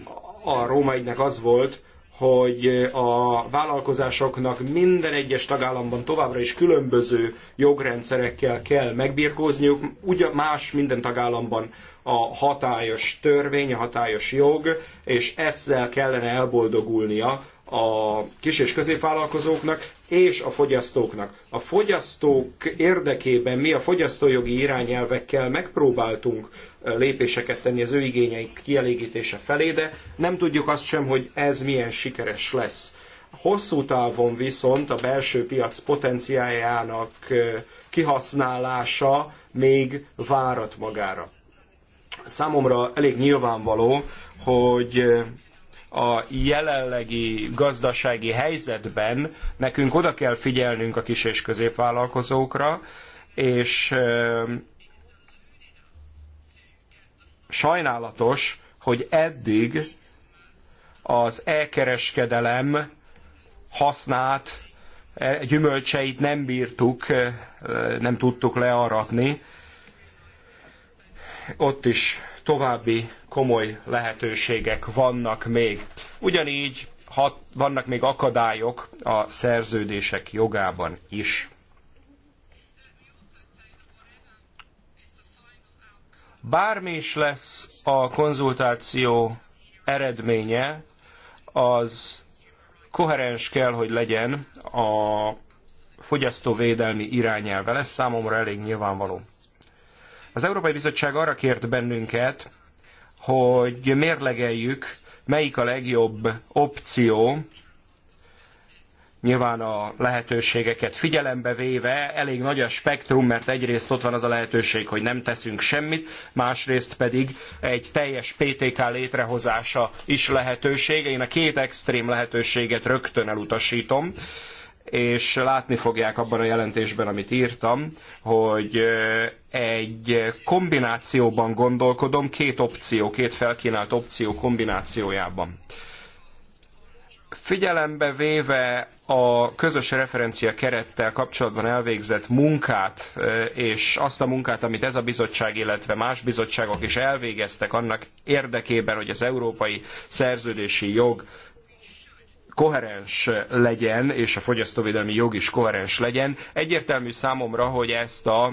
a Róma 1-nek az volt, hogy a vállalkozásoknak minden egyes tagállamban továbbra is különböző jogrendszerekkel kell megbirkózniuk, ugye más minden tagállamban a hatályos törvény, a hatályos jog, és ezzel kellene elboldogulnia a kis- és középvállalkozóknak és a fogyasztóknak. A fogyasztók érdekében mi a fogyasztójogi irányelvekkel megpróbáltunk lépéseket tenni az ő igényeik kielégítése felé, de nem tudjuk azt sem, hogy ez milyen sikeres lesz. Hosszú távon viszont a belső piac potenciájának kihasználása még várat magára. Számomra elég nyilvánvaló, hogy a jelenlegi gazdasági helyzetben nekünk oda kell figyelnünk a kis- és középvállalkozókra, és sajnálatos, hogy eddig az elkereskedelem hasznát, e, gyümölcseit nem bírtuk, nem tudtuk learatni. Ott is további komoly lehetőségek vannak még. Ugyanígy hat, vannak még akadályok a szerződések jogában is. Bármi is lesz a konzultáció eredménye, az koherens kell, hogy legyen a fogyasztóvédelmi irányelve. Ez számomra elég nyilvánvaló. Az Európai Bizottság arra kért bennünket, hogy mérlegeljük, melyik a legjobb opció, nyilván a lehetőségeket figyelembe véve elég nagy a spektrum, mert egyrészt ott van az a lehetőség, hogy nem teszünk semmit, másrészt pedig egy teljes PTK létrehozása is lehetőség. Én a két extrém lehetőséget rögtön elutasítom és látni fogják abban a jelentésben, amit írtam, hogy egy kombinációban gondolkodom, két opció, két felkínált opció kombinációjában. Figyelembe véve a közös referencia kerettel kapcsolatban elvégzett munkát, és azt a munkát, amit ez a bizottság, illetve más bizottságok is elvégeztek annak érdekében, hogy az európai szerződési jog koherens legyen, és a fogyasztóvédelmi jog is koherens legyen. Egyértelmű számomra, hogy ezt a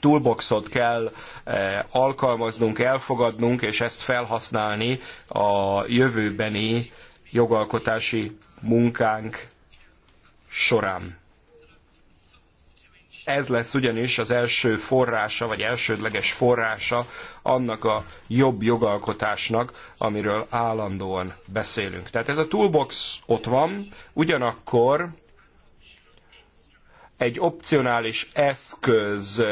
toolboxot kell eh, alkalmaznunk, elfogadnunk, és ezt felhasználni a jövőbeni jogalkotási munkánk során. Ez lesz ugyanis az első forrása, vagy elsődleges forrása annak a jobb jogalkotásnak, amiről állandóan beszélünk. Tehát ez a toolbox ott van, ugyanakkor egy opcionális eszköz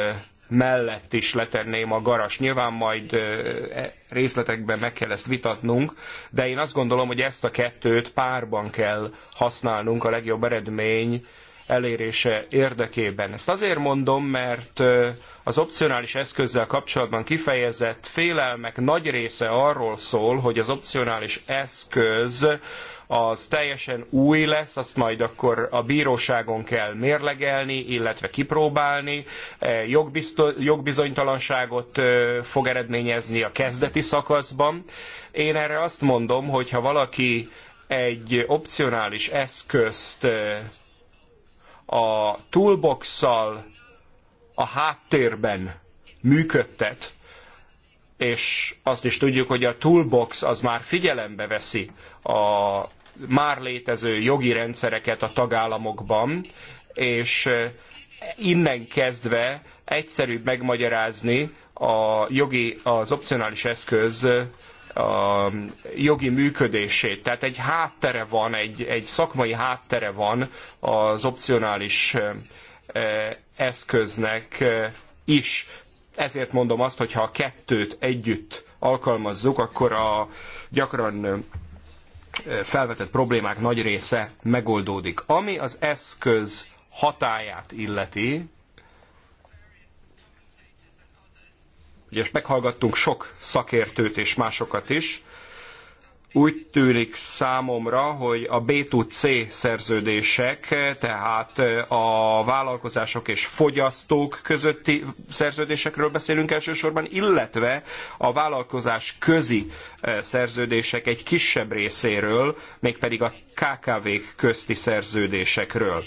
mellett is letenném a garas. Nyilván majd e, részletekben meg kell ezt vitatnunk, de én azt gondolom, hogy ezt a kettőt párban kell használnunk a legjobb eredmény elérése érdekében. Ezt azért mondom, mert az opcionális eszközzel kapcsolatban kifejezett félelmek nagy része arról szól, hogy az opcionális eszköz az teljesen új lesz, azt majd akkor a bíróságon kell mérlegelni, illetve kipróbálni, e, jogbizonytalanságot fog eredményezni a kezdeti szakaszban. Én erre azt mondom, hogy ha valaki egy opcionális eszközt a toolbox a háttérben működtet, és azt is tudjuk, hogy a toolbox az már figyelembe veszi a már létező jogi rendszereket a tagállamokban, és innen kezdve egyszerűbb megmagyarázni a jogi, az opcionális eszköz a jogi működését. Tehát egy háttere van, egy, egy szakmai háttere van az opcionális eszköznek is. Ezért mondom azt, hogy ha a kettőt együtt alkalmazzuk, akkor a gyakran felvetett problémák nagy része megoldódik. Ami az eszköz hatáját illeti, Ugye meghallgattunk sok szakértőt és másokat is, úgy tűnik számomra, hogy a B2C szerződések, tehát a vállalkozások és fogyasztók közötti szerződésekről beszélünk elsősorban, illetve a vállalkozás közi szerződések egy kisebb részéről, mégpedig a KKV-k közti szerződésekről.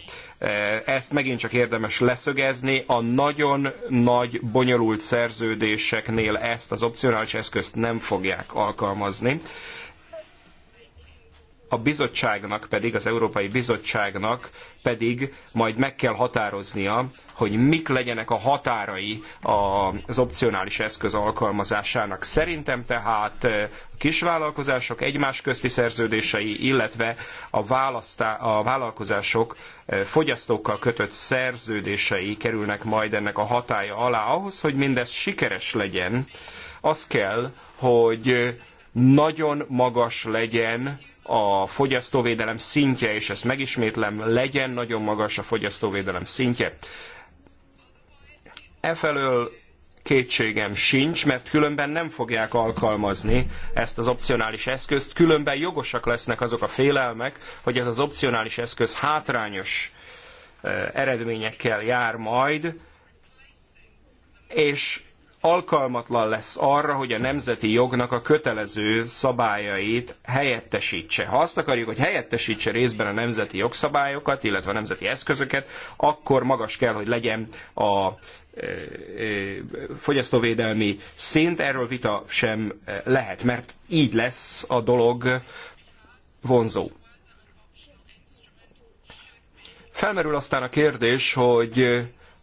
Ezt megint csak érdemes leszögezni, a nagyon nagy, bonyolult szerződéseknél ezt az opcionális eszközt nem fogják alkalmazni a bizottságnak pedig, az Európai Bizottságnak pedig majd meg kell határoznia, hogy mik legyenek a határai az opcionális eszköz alkalmazásának. Szerintem tehát a kisvállalkozások egymás közti szerződései, illetve a, választá- a vállalkozások fogyasztókkal kötött szerződései kerülnek majd ennek a hatája alá. Ahhoz, hogy mindez sikeres legyen, az kell, hogy nagyon magas legyen a fogyasztóvédelem szintje, és ezt megismétlem, legyen nagyon magas a fogyasztóvédelem szintje. Efelől kétségem sincs, mert különben nem fogják alkalmazni ezt az opcionális eszközt, különben jogosak lesznek azok a félelmek, hogy ez az opcionális eszköz hátrányos eh, eredményekkel jár majd, és alkalmatlan lesz arra, hogy a nemzeti jognak a kötelező szabályait helyettesítse. Ha azt akarjuk, hogy helyettesítse részben a nemzeti jogszabályokat, illetve a nemzeti eszközöket, akkor magas kell, hogy legyen a e, e, fogyasztóvédelmi szint, erről vita sem e, lehet, mert így lesz a dolog vonzó. Felmerül aztán a kérdés, hogy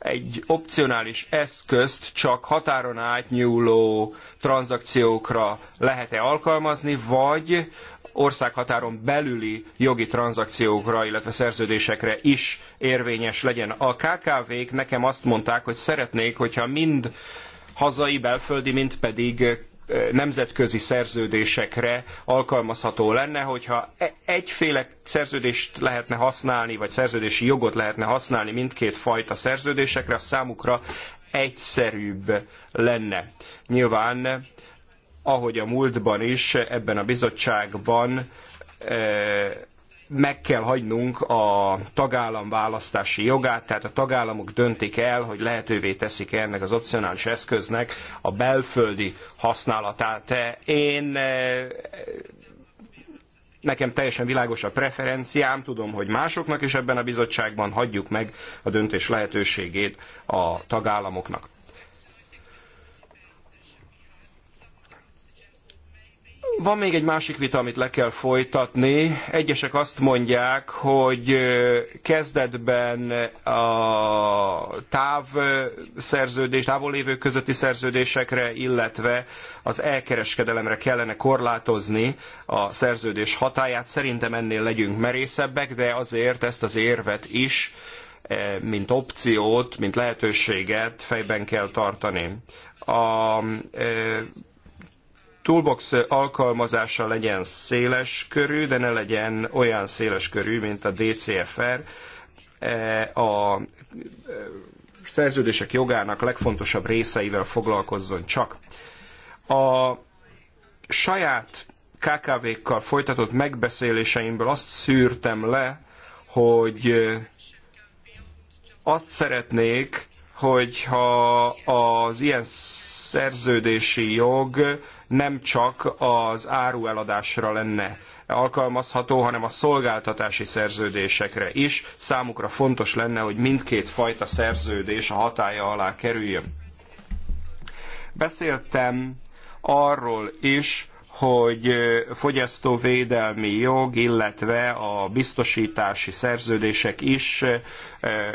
egy opcionális eszközt csak határon átnyúló tranzakciókra lehet-e alkalmazni, vagy országhatáron belüli jogi tranzakciókra, illetve szerződésekre is érvényes legyen. A KKV-k nekem azt mondták, hogy szeretnék, hogyha mind hazai, belföldi, mind pedig nemzetközi szerződésekre alkalmazható lenne, hogyha e- egyféle szerződést lehetne használni, vagy szerződési jogot lehetne használni mindkét fajta szerződésekre, az számukra egyszerűbb lenne. Nyilván, ahogy a múltban is, ebben a bizottságban meg kell hagynunk a tagállam választási jogát, tehát a tagállamok döntik el, hogy lehetővé teszik e ennek az opcionális eszköznek a belföldi használatát. Én eh, nekem teljesen világos a preferenciám, tudom, hogy másoknak is ebben a bizottságban hagyjuk meg a döntés lehetőségét a tagállamoknak. Van még egy másik vita, amit le kell folytatni. Egyesek azt mondják, hogy kezdetben a távszerződés, távollévők közötti szerződésekre, illetve az elkereskedelemre kellene korlátozni a szerződés hatáját. Szerintem ennél legyünk merészebbek, de azért ezt az érvet is e, mint opciót, mint lehetőséget fejben kell tartani. A e, toolbox alkalmazása legyen széles körű, de ne legyen olyan széles körű, mint a DCFR. E, a e, szerződések jogának legfontosabb részeivel foglalkozzon csak. A saját KKV-kkal folytatott megbeszéléseimből azt szűrtem le, hogy azt szeretnék, hogyha az ilyen szerződési jog nem csak az árueladásra lenne alkalmazható, hanem a szolgáltatási szerződésekre is. Számukra fontos lenne, hogy mindkét fajta szerződés a hatája alá kerüljön. Beszéltem arról is, hogy fogyasztóvédelmi jog, illetve a biztosítási szerződések is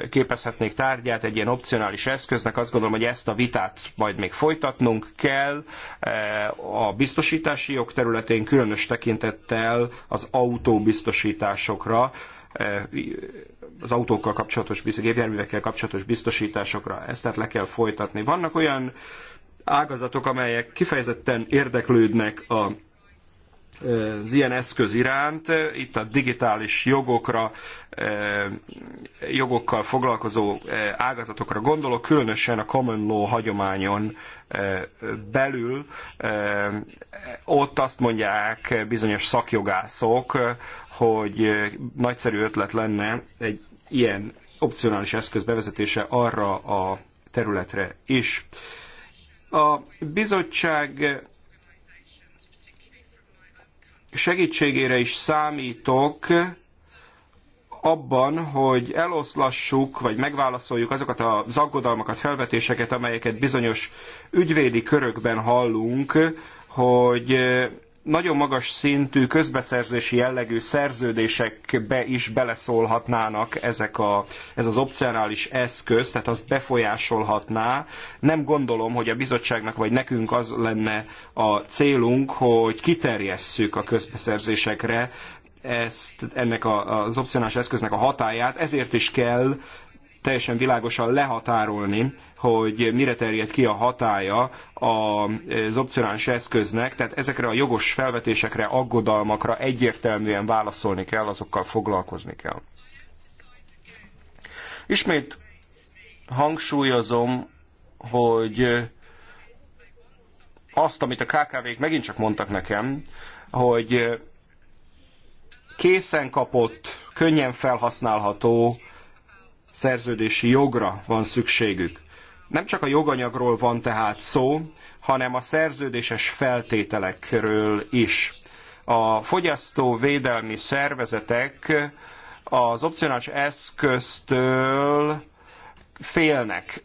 képezhetnék tárgyát egy ilyen opcionális eszköznek. Azt gondolom, hogy ezt a vitát majd még folytatnunk kell a biztosítási jog területén, különös tekintettel az autóbiztosításokra, az autókkal kapcsolatos, gépjárművekkel kapcsolatos biztosításokra. Ezt tehát le kell folytatni. Vannak olyan ágazatok, amelyek kifejezetten érdeklődnek a az ilyen eszköz iránt, itt a digitális jogokra, e, jogokkal foglalkozó e, ágazatokra gondolok, különösen a common law hagyományon e, belül, ott azt mondják bizonyos szakjogászok, hogy nagyszerű ötlet lenne egy ilyen opcionális eszköz bevezetése arra a területre is. A bizottság segítségére is számítok abban, hogy eloszlassuk, vagy megválaszoljuk azokat az aggodalmakat, felvetéseket, amelyeket bizonyos ügyvédi körökben hallunk, hogy nagyon magas szintű közbeszerzési jellegű szerződésekbe is beleszólhatnának ezek a, ez az opcionális eszköz, tehát az befolyásolhatná. Nem gondolom, hogy a bizottságnak vagy nekünk az lenne a célunk, hogy kiterjesszük a közbeszerzésekre ezt, ennek a, az opcionális eszköznek a hatáját, ezért is kell teljesen világosan lehatárolni hogy mire terjed ki a hatája az opcionális eszköznek, tehát ezekre a jogos felvetésekre, aggodalmakra egyértelműen válaszolni kell, azokkal foglalkozni kell. Ismét hangsúlyozom, hogy azt, amit a KKV-k megint csak mondtak nekem, hogy készen kapott, könnyen felhasználható szerződési jogra van szükségük. Nem csak a joganyagról van tehát szó, hanem a szerződéses feltételekről is. A fogyasztóvédelmi szervezetek az opcionális eszköztől félnek.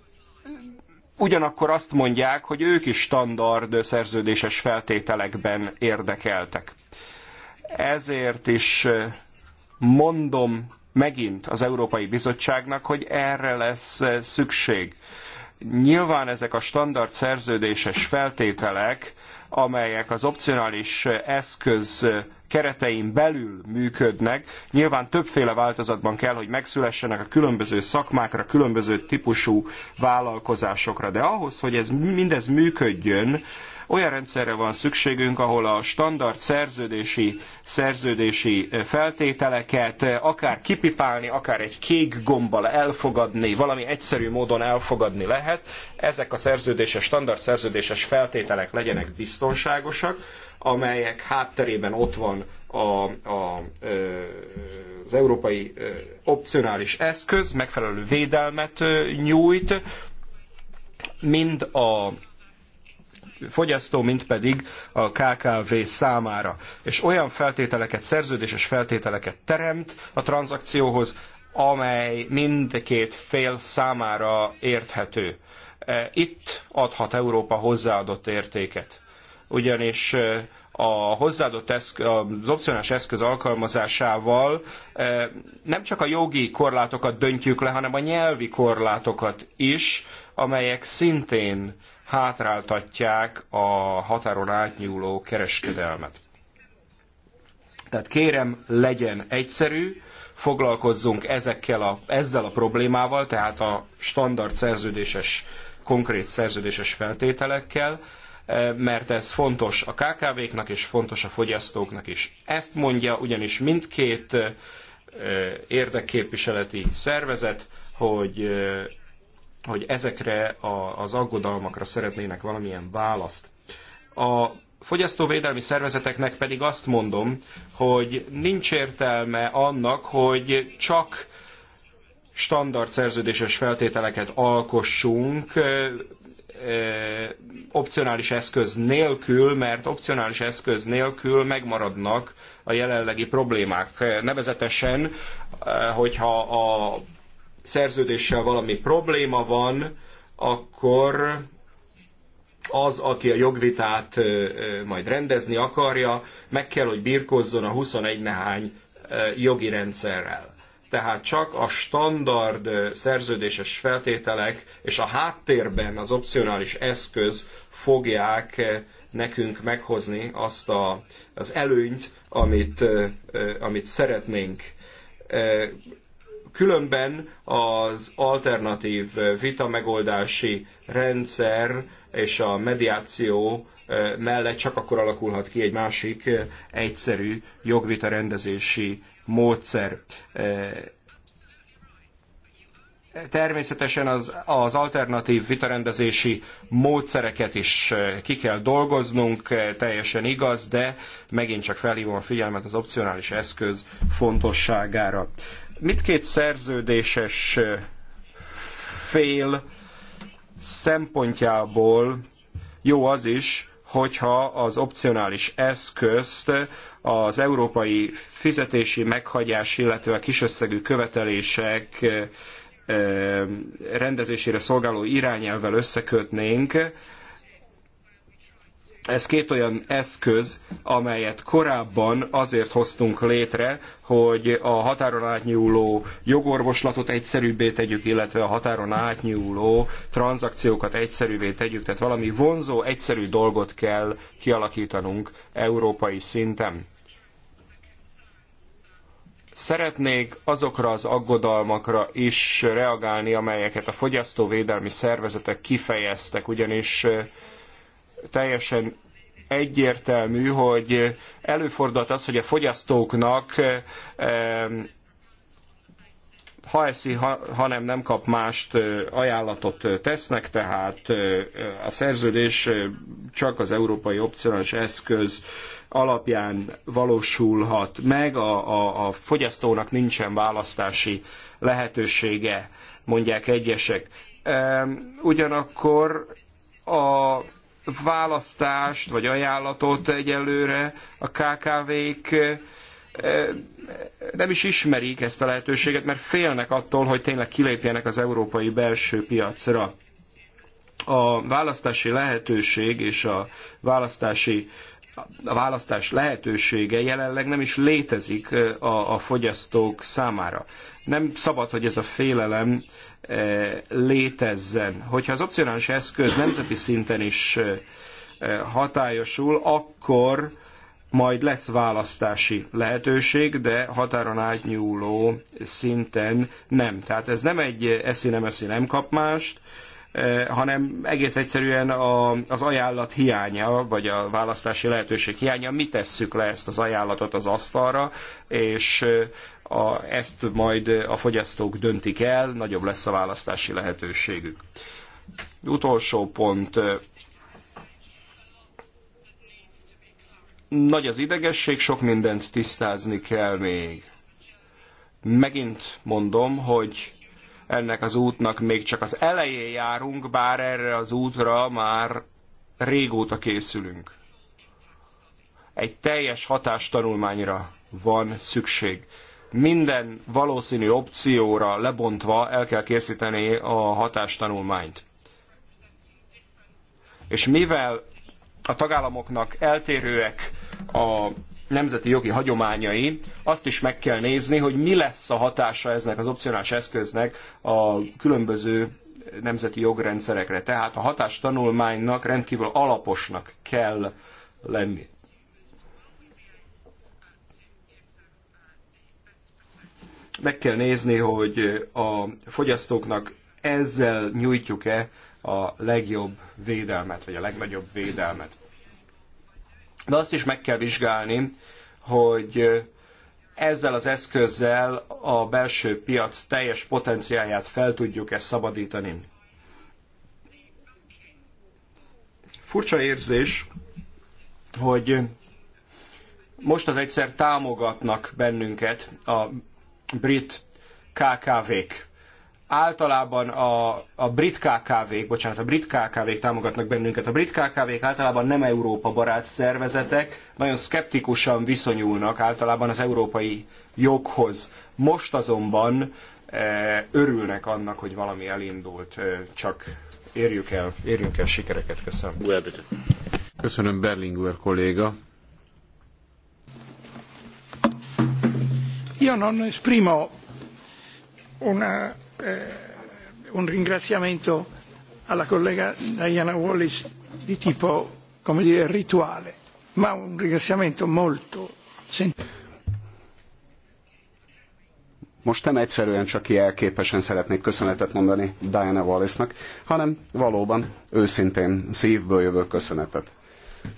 Ugyanakkor azt mondják, hogy ők is standard szerződéses feltételekben érdekeltek. Ezért is mondom megint az Európai Bizottságnak, hogy erre lesz szükség. Nyilván ezek a standard szerződéses feltételek, amelyek az opcionális eszköz keretein belül működnek. Nyilván többféle változatban kell, hogy megszülessenek a különböző szakmákra, különböző típusú vállalkozásokra, de ahhoz, hogy ez mindez működjön, olyan rendszerre van szükségünk, ahol a standard szerződési, szerződési feltételeket akár kipipálni, akár egy kék gombbal elfogadni, valami egyszerű módon elfogadni lehet. Ezek a szerződéses, standard szerződéses feltételek legyenek biztonságosak, amelyek hátterében ott van a, a, az európai opcionális eszköz megfelelő védelmet nyújt, mind a fogyasztó, mint pedig a KKV számára. És olyan feltételeket, szerződéses feltételeket teremt a tranzakcióhoz, amely mindkét fél számára érthető. E, itt adhat Európa hozzáadott értéket ugyanis e, a hozzáadott eszköz, az opcionális eszköz alkalmazásával e, nem csak a jogi korlátokat döntjük le, hanem a nyelvi korlátokat is, amelyek szintén hátráltatják a határon átnyúló kereskedelmet. Tehát kérem, legyen egyszerű, foglalkozzunk ezekkel a, ezzel a problémával, tehát a standard szerződéses, konkrét szerződéses feltételekkel, eh, mert ez fontos a KKV-knak és fontos a fogyasztóknak is. Ezt mondja ugyanis mindkét eh, eh, érdekképviseleti szervezet, hogy hogy ezekre a, az aggodalmakra szeretnének valamilyen választ. A fogyasztóvédelmi szervezeteknek pedig azt mondom, hogy nincs értelme annak, hogy csak standard szerződéses feltételeket alkossunk, opcionális eszköz nélkül, mert opcionális eszköz nélkül megmaradnak a jelenlegi problémák. Nevezetesen, hogyha a szerződéssel valami probléma van, akkor az, aki a jogvitát majd rendezni akarja, meg kell, hogy birkozzon a 21 nehány jogi rendszerrel. Tehát csak a standard szerződéses feltételek és a háttérben az opcionális eszköz fogják nekünk meghozni azt a, az előnyt, amit, amit szeretnénk Különben az alternatív vita megoldási rendszer és a mediáció mellett csak akkor alakulhat ki egy másik egyszerű jogvita rendezési módszer. Természetesen az, az alternatív vitarendezési módszereket is ki kell dolgoznunk, teljesen igaz, de megint csak felhívom a figyelmet az opcionális eszköz fontosságára mindkét szerződéses fél szempontjából jó az is, hogyha az opcionális eszközt az európai fizetési meghagyás, illetve a kisösszegű követelések rendezésére szolgáló irányelvvel összekötnénk, ez két olyan eszköz, amelyet korábban azért hoztunk létre, hogy a határon átnyúló jogorvoslatot egyszerűbbé tegyük, illetve a határon átnyúló tranzakciókat egyszerűvé tegyük. Tehát valami vonzó, egyszerű dolgot kell kialakítanunk európai szinten szeretnék azokra az aggodalmakra is reagálni, amelyeket a fogyasztóvédelmi szervezetek kifejeztek, ugyanis teljesen egyértelmű, hogy előfordulhat az, hogy a fogyasztóknak ha eszi, ha, ha nem, nem kap mást ajánlatot tesznek, tehát a szerződés csak az európai opcionális eszköz alapján valósulhat meg, a, a, a fogyasztónak nincsen választási lehetősége, mondják egyesek. Ugyanakkor a választást vagy ajánlatot egyelőre a KKV-k nem is ismerik ezt a lehetőséget, mert félnek attól, hogy tényleg kilépjenek az európai belső piacra. A választási lehetőség és a választási a választás lehetősége jelenleg nem is létezik a, a fogyasztók számára. Nem szabad, hogy ez a félelem létezzen. Hogyha az opcionális eszköz nemzeti szinten is hatályosul, akkor majd lesz választási lehetőség, de határon átnyúló szinten nem. Tehát ez nem egy eszi nem eszi nem kap mást, Eh, hanem egész egyszerűen az ajánlat hiánya, vagy a választási lehetőség hiánya. Mi tesszük le ezt az ajánlatot az asztalra, és eh, a, ezt majd a fogyasztók döntik el, nagyobb lesz a választási lehetőségük. Utolsó pont. Eh, nagy az idegesség, sok mindent tisztázni kell még. Megint mondom, hogy ennek az útnak még csak az elején járunk, bár erre az útra már régóta készülünk. Egy teljes hatástanulmányra van szükség. Minden valószínű opcióra lebontva el kell készíteni a hatástanulmányt. És mivel a tagállamoknak eltérőek a nemzeti jogi hagyományai, azt is meg kell nézni, hogy mi lesz a hatása eznek az opcionális eszköznek a különböző nemzeti jogrendszerekre. Tehát a hatástanulmánynak rendkívül alaposnak kell lenni. Meg kell nézni, hogy a fogyasztóknak ezzel nyújtjuk-e a legjobb védelmet, vagy a legnagyobb védelmet de azt is meg kell vizsgálni, hogy ezzel az eszközzel a belső piac teljes potenciáját fel tudjuk-e szabadítani. Furcsa érzés, hogy most az egyszer támogatnak bennünket a brit KKV-k általában a, a brit KKV-k, bocsánat, a brit KKV-k támogatnak bennünket. A brit KKV-k általában nem Európa barát szervezetek, nagyon szkeptikusan viszonyulnak általában az európai joghoz. Most azonban e, örülnek annak, hogy valami elindult, e, csak érjük el, érjünk el sikereket. Köszönöm. Köszönöm Berlinguer kolléga. Io non esprimo una Eh, un ringraziamento alla collega Diana Wallis di tipo, come dire, rituale, ma un ringraziamento molto sentito. Most nem egyszerűen csak jelképesen szeretnék köszönetet mondani Diana Wallace-nak, hanem valóban őszintén szívből jövő köszönetet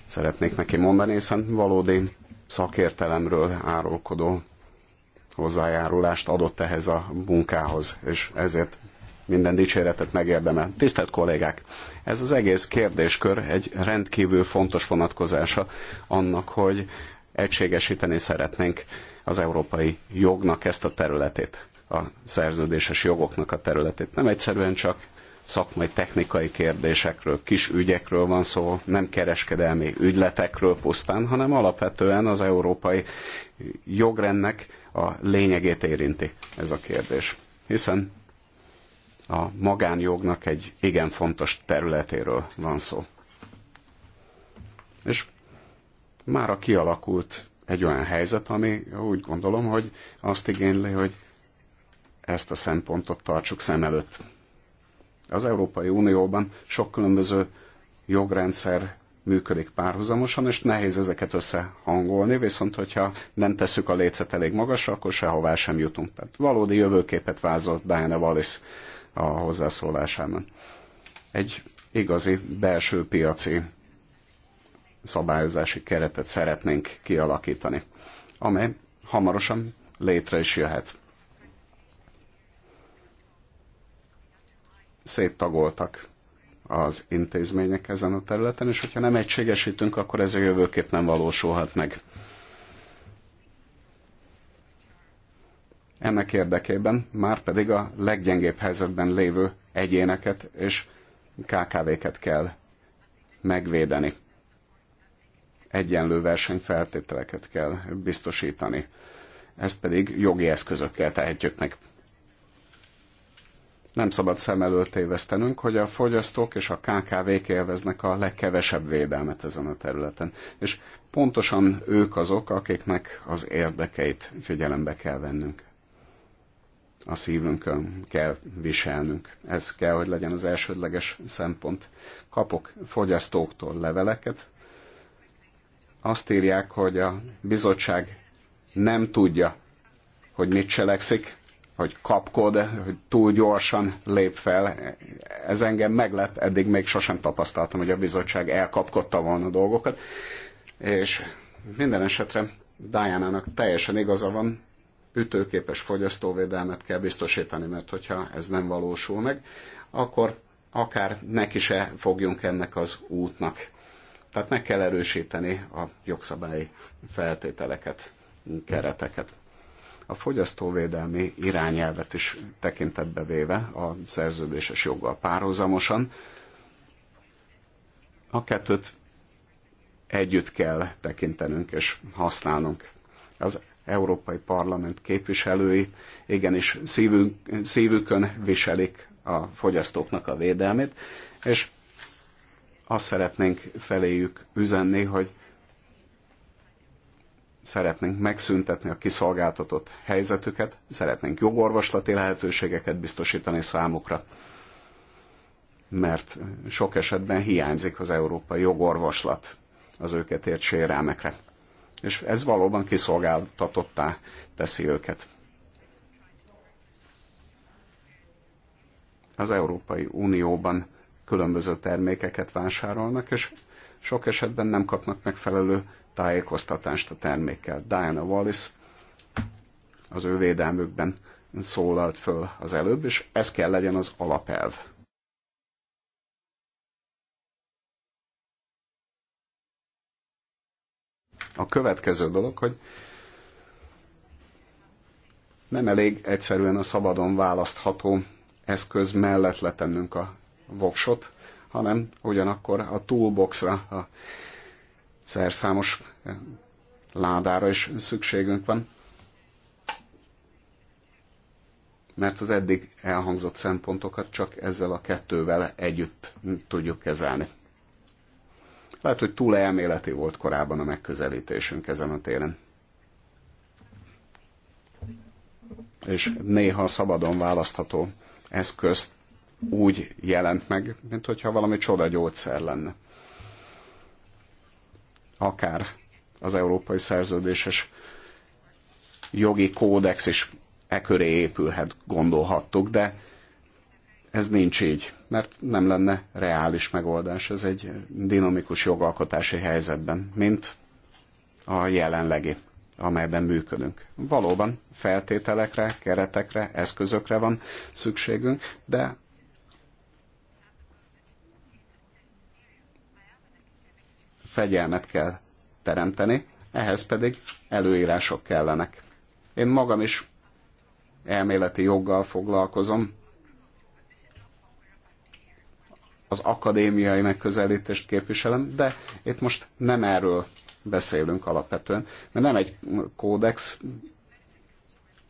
szeretnék neki mondani, hiszen valódi szakértelemről árulkodó hozzájárulást adott ehhez a munkához, és ezért minden dicséretet megérdemel. Tisztelt kollégák, ez az egész kérdéskör egy rendkívül fontos vonatkozása annak, hogy egységesíteni szeretnénk az európai jognak ezt a területét, a szerződéses jogoknak a területét. Nem egyszerűen csak szakmai technikai kérdésekről, kis ügyekről van szó, nem kereskedelmi ügyletekről pusztán, hanem alapvetően az európai jogrendnek a lényegét érinti ez a kérdés. Hiszen a magánjognak egy igen fontos területéről van szó. És már a kialakult egy olyan helyzet, ami úgy gondolom, hogy azt igényli, hogy ezt a szempontot tartsuk szem előtt. Az Európai Unióban sok különböző jogrendszer működik párhuzamosan, és nehéz ezeket összehangolni, viszont hogyha nem tesszük a lécet elég magasra, akkor sehová sem jutunk. Tehát valódi jövőképet vázolt Diana Wallis a hozzászólásában. Egy igazi belső piaci szabályozási keretet szeretnénk kialakítani, amely hamarosan létre is jöhet. Széttagoltak az intézmények ezen a területen, és hogyha nem egységesítünk, akkor ez a jövőkép nem valósulhat meg. Ennek érdekében már pedig a leggyengébb helyzetben lévő egyéneket és KKV-ket kell megvédeni. Egyenlő versenyfeltételeket kell biztosítani. Ezt pedig jogi eszközökkel tehetjük meg nem szabad szem előtt tévesztenünk, hogy a fogyasztók és a KKV-k élveznek a legkevesebb védelmet ezen a területen. És pontosan ők azok, akiknek az érdekeit figyelembe kell vennünk. A szívünkön kell viselnünk. Ez kell, hogy legyen az elsődleges szempont. Kapok fogyasztóktól leveleket. Azt írják, hogy a bizottság nem tudja, hogy mit cselekszik, hogy kapkod, hogy túl gyorsan lép fel. Ez engem meglep, eddig még sosem tapasztaltam, hogy a bizottság elkapkodta volna dolgokat. És minden esetre Diana-nak teljesen igaza van, ütőképes fogyasztóvédelmet kell biztosítani, mert hogyha ez nem valósul meg, akkor akár neki se fogjunk ennek az útnak. Tehát meg kell erősíteni a jogszabályi feltételeket, kereteket a fogyasztóvédelmi irányelvet is tekintetbe véve a szerződéses joggal párhuzamosan. A kettőt együtt kell tekintenünk és használnunk. Az Európai Parlament képviselői igenis szívünk, szívükön viselik a fogyasztóknak a védelmét, és azt szeretnénk feléjük üzenni, hogy szeretnénk megszüntetni a kiszolgáltatott helyzetüket, szeretnénk jogorvoslati lehetőségeket biztosítani számukra, mert sok esetben hiányzik az európai jogorvoslat az őket ért sérelmekre. És ez valóban kiszolgáltatottá teszi őket. Az Európai Unióban különböző termékeket vásárolnak, és sok esetben nem kapnak megfelelő tájékoztatást a termékkel. Diana Wallis az ő védelmükben szólalt föl az előbb, és ez kell legyen az alapelv. A következő dolog, hogy nem elég egyszerűen a szabadon választható eszköz mellett letennünk a voksot, hanem ugyanakkor a toolboxra, a szerszámos eh, ládára is szükségünk van, mert az eddig elhangzott szempontokat csak ezzel a kettővel együtt tudjuk kezelni. Lehet, hogy túl elméleti volt korábban a megközelítésünk ezen a téren. És néha szabadon választható eszközt úgy jelent meg, mint hogyha valami csoda gyógyszer lenne akár az európai szerződéses jogi kódex is e köré épülhet, gondolhattuk, de ez nincs így, mert nem lenne reális megoldás. Ez egy dinamikus jogalkotási helyzetben, mint a jelenlegi, amelyben működünk. Valóban feltételekre, keretekre, eszközökre van szükségünk, de fegyelmet kell teremteni, ehhez pedig előírások kellenek. Én magam is elméleti joggal foglalkozom, az akadémiai megközelítést képviselem, de itt most nem erről beszélünk alapvetően, mert nem egy kódex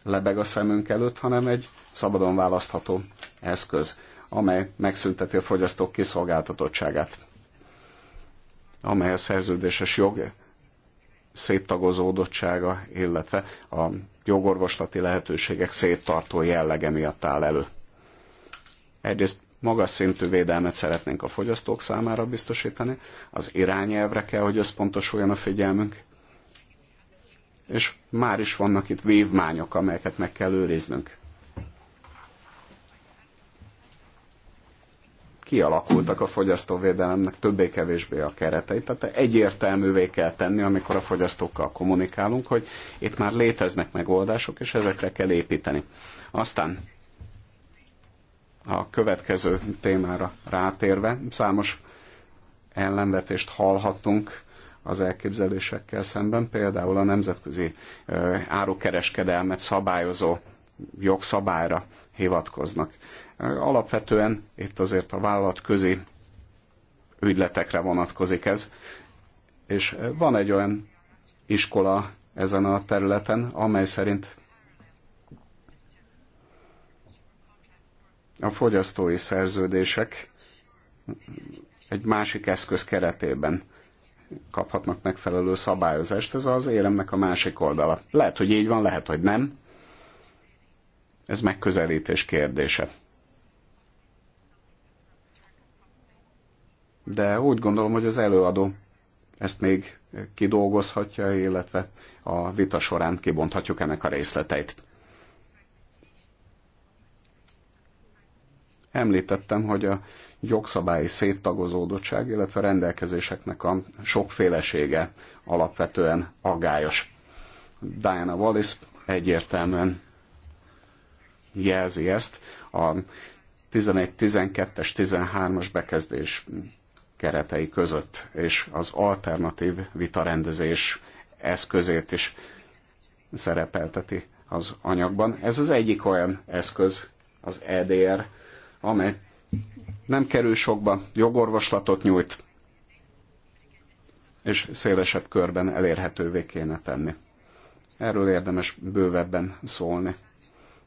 lebeg a szemünk előtt, hanem egy szabadon választható eszköz, amely megszünteti a fogyasztók kiszolgáltatottságát amely a szerződéses jog széttagozódottsága, illetve a jogorvoslati lehetőségek széttartó jellege miatt áll elő. Egyrészt magas szintű védelmet szeretnénk a fogyasztók számára biztosítani, az irányelvre kell, hogy összpontosuljon a figyelmünk, és már is vannak itt vívmányok, amelyeket meg kell őriznünk. kialakultak a fogyasztóvédelemnek többé-kevésbé a keretei, tehát egyértelművé kell tenni, amikor a fogyasztókkal kommunikálunk, hogy itt már léteznek megoldások, és ezekre kell építeni. Aztán a következő témára rátérve, számos ellenvetést hallhattunk az elképzelésekkel szemben, például a nemzetközi árukereskedelmet szabályozó jogszabályra hivatkoznak. Alapvetően itt azért a vállalat közi ügyletekre vonatkozik ez, és van egy olyan iskola ezen a területen, amely szerint a fogyasztói szerződések egy másik eszköz keretében kaphatnak megfelelő szabályozást. Ez az éremnek a másik oldala. Lehet, hogy így van, lehet, hogy nem. Ez megközelítés kérdése. De úgy gondolom, hogy az előadó ezt még kidolgozhatja, illetve a vita során kibonthatjuk ennek a részleteit. Említettem, hogy a jogszabályi széttagozódottság, illetve a rendelkezéseknek a sokfélesége alapvetően agályos. Diana Wallis egyértelműen jelzi ezt a 11-12-es, 13-as bekezdés keretei között, és az alternatív vitarendezés eszközét is szerepelteti az anyagban. Ez az egyik olyan eszköz, az EDR, amely nem kerül sokba, jogorvoslatot nyújt, és szélesebb körben elérhetővé kéne tenni. Erről érdemes bővebben szólni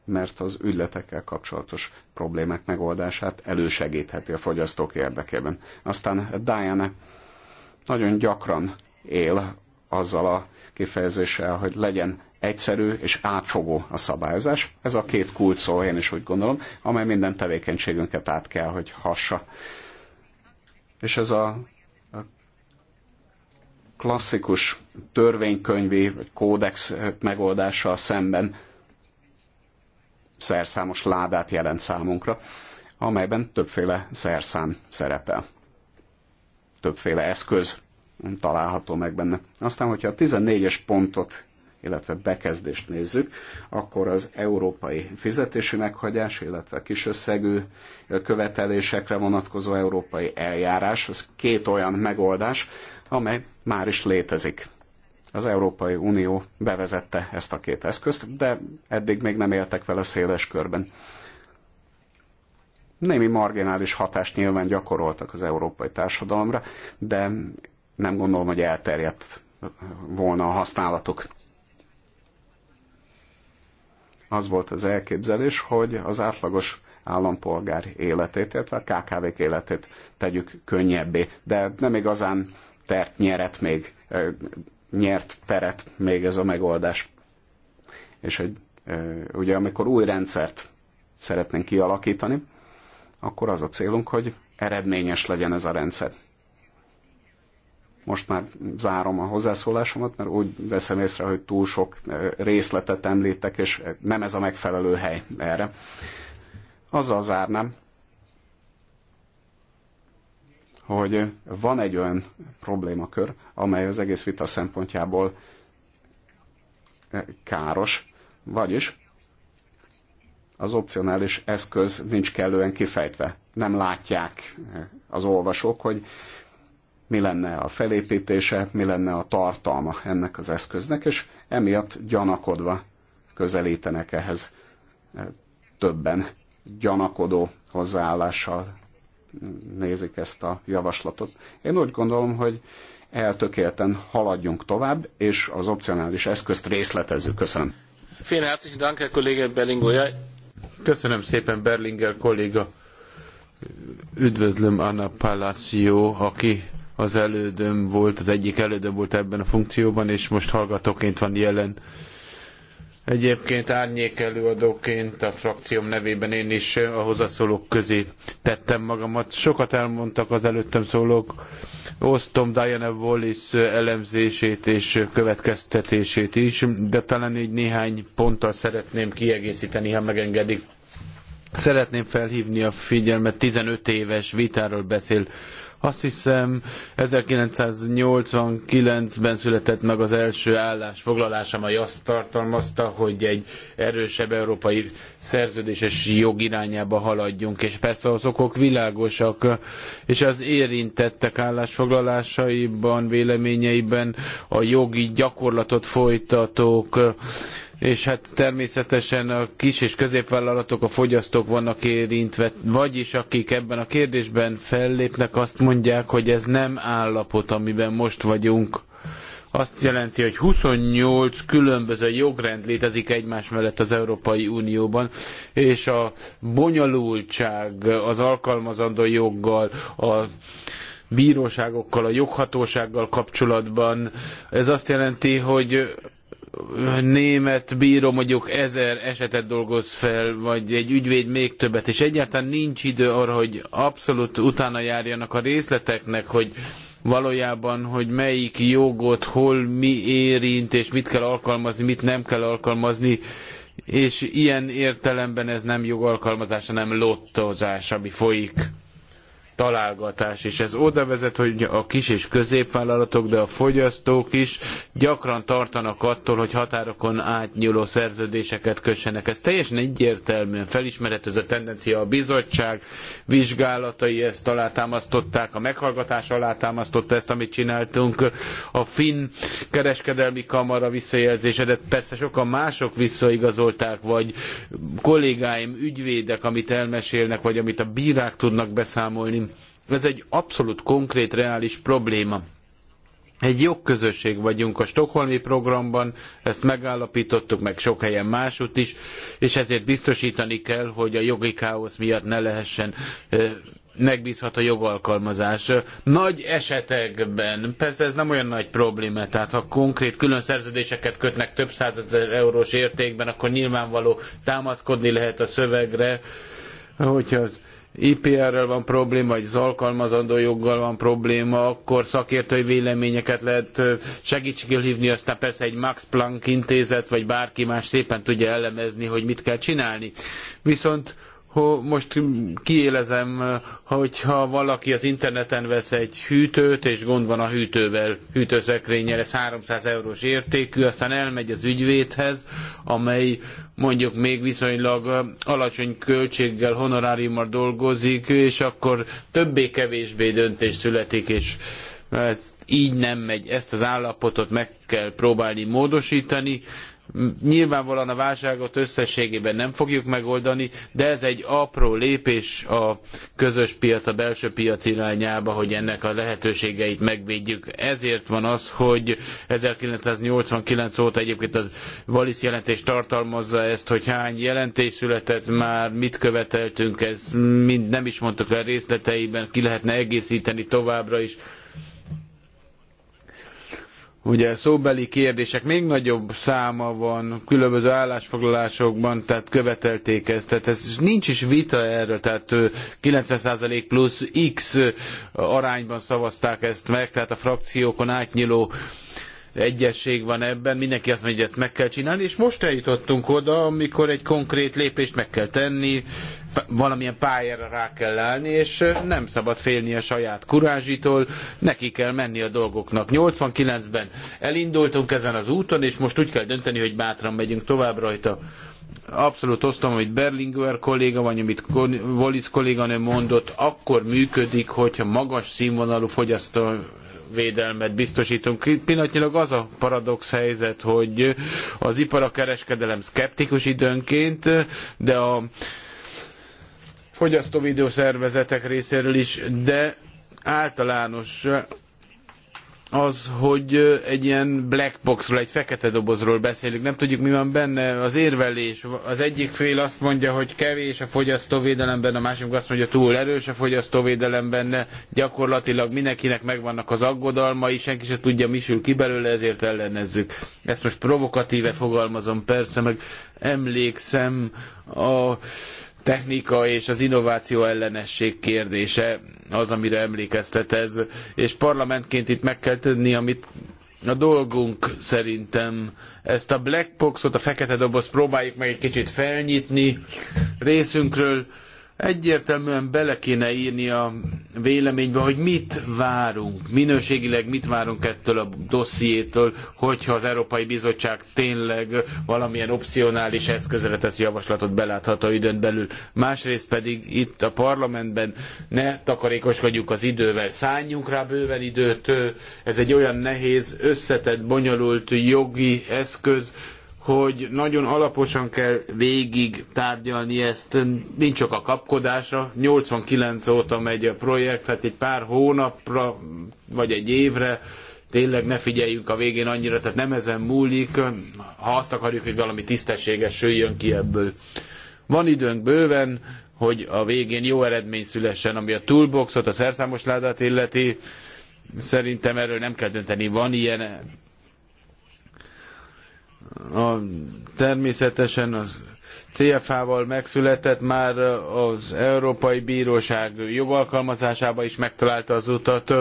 mert az ügyletekkel kapcsolatos problémák megoldását elősegítheti a fogyasztók érdekében. Aztán Diana nagyon gyakran él azzal a kifejezéssel, hogy legyen egyszerű és átfogó a szabályozás. Ez a két kult szó, én is úgy gondolom, amely minden tevékenységünket át kell, hogy hassa. És ez a klasszikus törvénykönyvi vagy kódex megoldással szemben szerszámos ládát jelent számunkra, amelyben többféle szerszám szerepel. Többféle eszköz található meg benne. Aztán, hogyha a 14-es pontot illetve bekezdést nézzük, akkor az európai fizetési meghagyás, illetve kisösszegű követelésekre vonatkozó európai eljárás, az két olyan megoldás, amely már is létezik az Európai Unió bevezette ezt a két eszközt, de eddig még nem éltek vele széles körben. Némi marginális hatást nyilván gyakoroltak az európai társadalomra, de nem gondolom, hogy elterjedt volna a használatuk. Az volt az elképzelés, hogy az átlagos állampolgár életét, illetve a KKV-k életét tegyük könnyebbé, de nem igazán tert nyeret még nyert peret még ez a megoldás. És hogy ugye amikor új rendszert szeretnénk kialakítani, akkor az a célunk, hogy eredményes legyen ez a rendszer. Most már zárom a hozzászólásomat, mert úgy veszem észre, hogy túl sok részletet említek, és nem ez a megfelelő hely erre. Azzal zárnám, hogy van egy olyan problémakör, amely az egész vita szempontjából káros, vagyis az opcionális eszköz nincs kellően kifejtve. Nem látják az olvasók, hogy mi lenne a felépítése, mi lenne a tartalma ennek az eszköznek, és emiatt gyanakodva közelítenek ehhez többen gyanakodó hozzáállással nézik ezt a javaslatot. Én úgy gondolom, hogy eltökélten haladjunk tovább, és az opcionális eszközt részletezzük. Köszönöm. Vielen herzlichen Dank, Herr Kollege Berlingoja. Köszönöm szépen, Berlinger kolléga. Üdvözlöm Anna Palacio, aki az elődöm volt, az egyik elődöm volt ebben a funkcióban, és most hallgatóként van jelen. Egyébként árnyék előadóként a frakcióm nevében én is eh, a hozzászólók közé tettem magamat. Sokat elmondtak az előttem szólók. Osztom Diana Wallis eh, elemzését és következtetését is, de talán így néhány ponttal szeretném kiegészíteni, ha megengedik. Szeretném felhívni a figyelmet, 15 éves vitáról beszél azt hiszem 1989-ben született meg az első állásfoglalás, amely azt tartalmazta, hogy egy erősebb európai szerződéses jog irányába haladjunk, és persze az okok világosak, és az érintettek állásfoglalásaiban, véleményeiben a jogi gyakorlatot folytatók és hát természetesen a kis és középvállalatok, a fogyasztók vannak érintve, vagyis akik ebben a kérdésben fellépnek, azt mondják, hogy ez nem állapot, amiben most vagyunk. Azt jelenti, hogy 28 különböző jogrend létezik egymás mellett az Európai Unióban, és a bonyolultság az alkalmazandó joggal, a bíróságokkal, a joghatósággal kapcsolatban. Ez azt jelenti, hogy német bíró mondjuk ezer esetet dolgoz fel, vagy egy ügyvéd még többet, és egyáltalán nincs idő arra, hogy abszolút utána járjanak a részleteknek, hogy valójában, hogy melyik jogot hol mi érint, és mit kell alkalmazni, mit nem kell alkalmazni, és ilyen értelemben ez nem jogalkalmazás, hanem lottozás, ami folyik találgatás, és ez oda vezet, hogy a kis és középvállalatok, de a fogyasztók is gyakran tartanak attól, hogy határokon átnyúló szerződéseket kössenek. Ez teljesen egyértelműen felismerhető ez a tendencia. A bizottság vizsgálatai ezt alátámasztották, a meghallgatás alátámasztotta ezt, amit csináltunk. A finn kereskedelmi kamara visszajelzése, de persze sokan mások visszaigazolták, vagy kollégáim, ügyvédek, amit elmesélnek, vagy amit a bírák tudnak beszámolni ez egy abszolút konkrét, reális probléma. Egy jogközösség vagyunk a stokholmi programban, ezt megállapítottuk meg sok helyen másút is, és ezért biztosítani kell, hogy a jogi káosz miatt ne lehessen megbízhat a jogalkalmazás. Nagy esetekben, persze ez nem olyan nagy probléma, tehát ha konkrét külön szerződéseket kötnek több százezer eurós értékben, akkor nyilvánvaló támaszkodni lehet a szövegre, hogyha az IPR-rel van probléma, vagy az alkalmazandó joggal van probléma, akkor szakértői véleményeket lehet segítségül hívni, aztán persze egy Max Planck intézet, vagy bárki más szépen tudja elemezni, hogy mit kell csinálni. Viszont most kiélezem, hogyha valaki az interneten vesz egy hűtőt, és gond van a hűtővel, hűtőszekrényel, ez 300 eurós értékű, aztán elmegy az ügyvédhez, amely mondjuk még viszonylag alacsony költséggel, honoráriummal dolgozik, és akkor többé-kevésbé döntés születik, és ez így nem megy. Ezt az állapotot meg kell próbálni módosítani, Nyilvánvalóan a válságot összességében nem fogjuk megoldani, de ez egy apró lépés a közös piac, a belső piac irányába, hogy ennek a lehetőségeit megvédjük. Ezért van az, hogy 1989 óta egyébként a Valisz jelentés tartalmazza ezt, hogy hány jelentés született már, mit követeltünk, ez mind nem is mondtuk el részleteiben, ki lehetne egészíteni továbbra is Ugye szóbeli kérdések még nagyobb száma van különböző állásfoglalásokban, tehát követelték ezt, tehát ez nincs is vita erről, tehát 90% plusz X arányban szavazták ezt meg, tehát a frakciókon átnyiló egyesség van ebben, mindenki azt mondja, hogy ezt meg kell csinálni, és most eljutottunk oda, amikor egy konkrét lépést meg kell tenni, valamilyen pályára rá kell állni, és nem szabad félni a saját kurázsitól, neki kell menni a dolgoknak. 89-ben elindultunk ezen az úton, és most úgy kell dönteni, hogy bátran megyünk tovább rajta abszolút osztom, amit Berlinguer kolléga, vagy amit Wallis kolléganő mondott, akkor működik, hogyha magas színvonalú fogyasztó védelmet biztosítunk. pillanatnyilag az a paradox helyzet, hogy az ipar a kereskedelem szkeptikus időnként, de a fogyasztóvédő szervezetek részéről is, de általános az, hogy egy ilyen black boxról, egy fekete dobozról beszélünk, nem tudjuk mi van benne, az érvelés, az egyik fél azt mondja, hogy kevés a fogyasztóvédelemben, a másik azt mondja, túl erős a fogyasztóvédelemben, gyakorlatilag mindenkinek megvannak az aggodalmai, senki se tudja, mi sül ki belőle, ezért ellenezzük. Ezt most provokatíve fogalmazom, persze, meg emlékszem a technika és az innováció ellenesség kérdése az, amire emlékeztet ez, és parlamentként itt meg kell tenni, amit a dolgunk szerintem. Ezt a black boxot, a fekete dobozt próbáljuk meg egy kicsit felnyitni részünkről, egyértelműen bele kéne írni a véleménybe, hogy mit várunk, minőségileg mit várunk ettől a dossziétől, hogyha az Európai Bizottság tényleg valamilyen opcionális eszközre teszi javaslatot belátható időn belül. Másrészt pedig itt a parlamentben ne takarékoskodjunk az idővel, szálljunk rá bőven időt, ez egy olyan nehéz, összetett, bonyolult jogi eszköz, hogy nagyon alaposan kell végig tárgyalni ezt, nincs csak a kapkodásra, 89 óta megy a projekt, hát egy pár hónapra, vagy egy évre, tényleg ne figyeljünk a végén annyira, tehát nem ezen múlik, ha azt akarjuk, hogy valami tisztességes jöjjön ki ebből. Van időnk bőven, hogy a végén jó eredmény szülessen, ami a toolboxot, a szerszámos ládát illeti, szerintem erről nem kell dönteni, van ilyen a, természetesen az CFH-val megszületett, már az Európai Bíróság jogalkalmazásába is megtalálta az utat,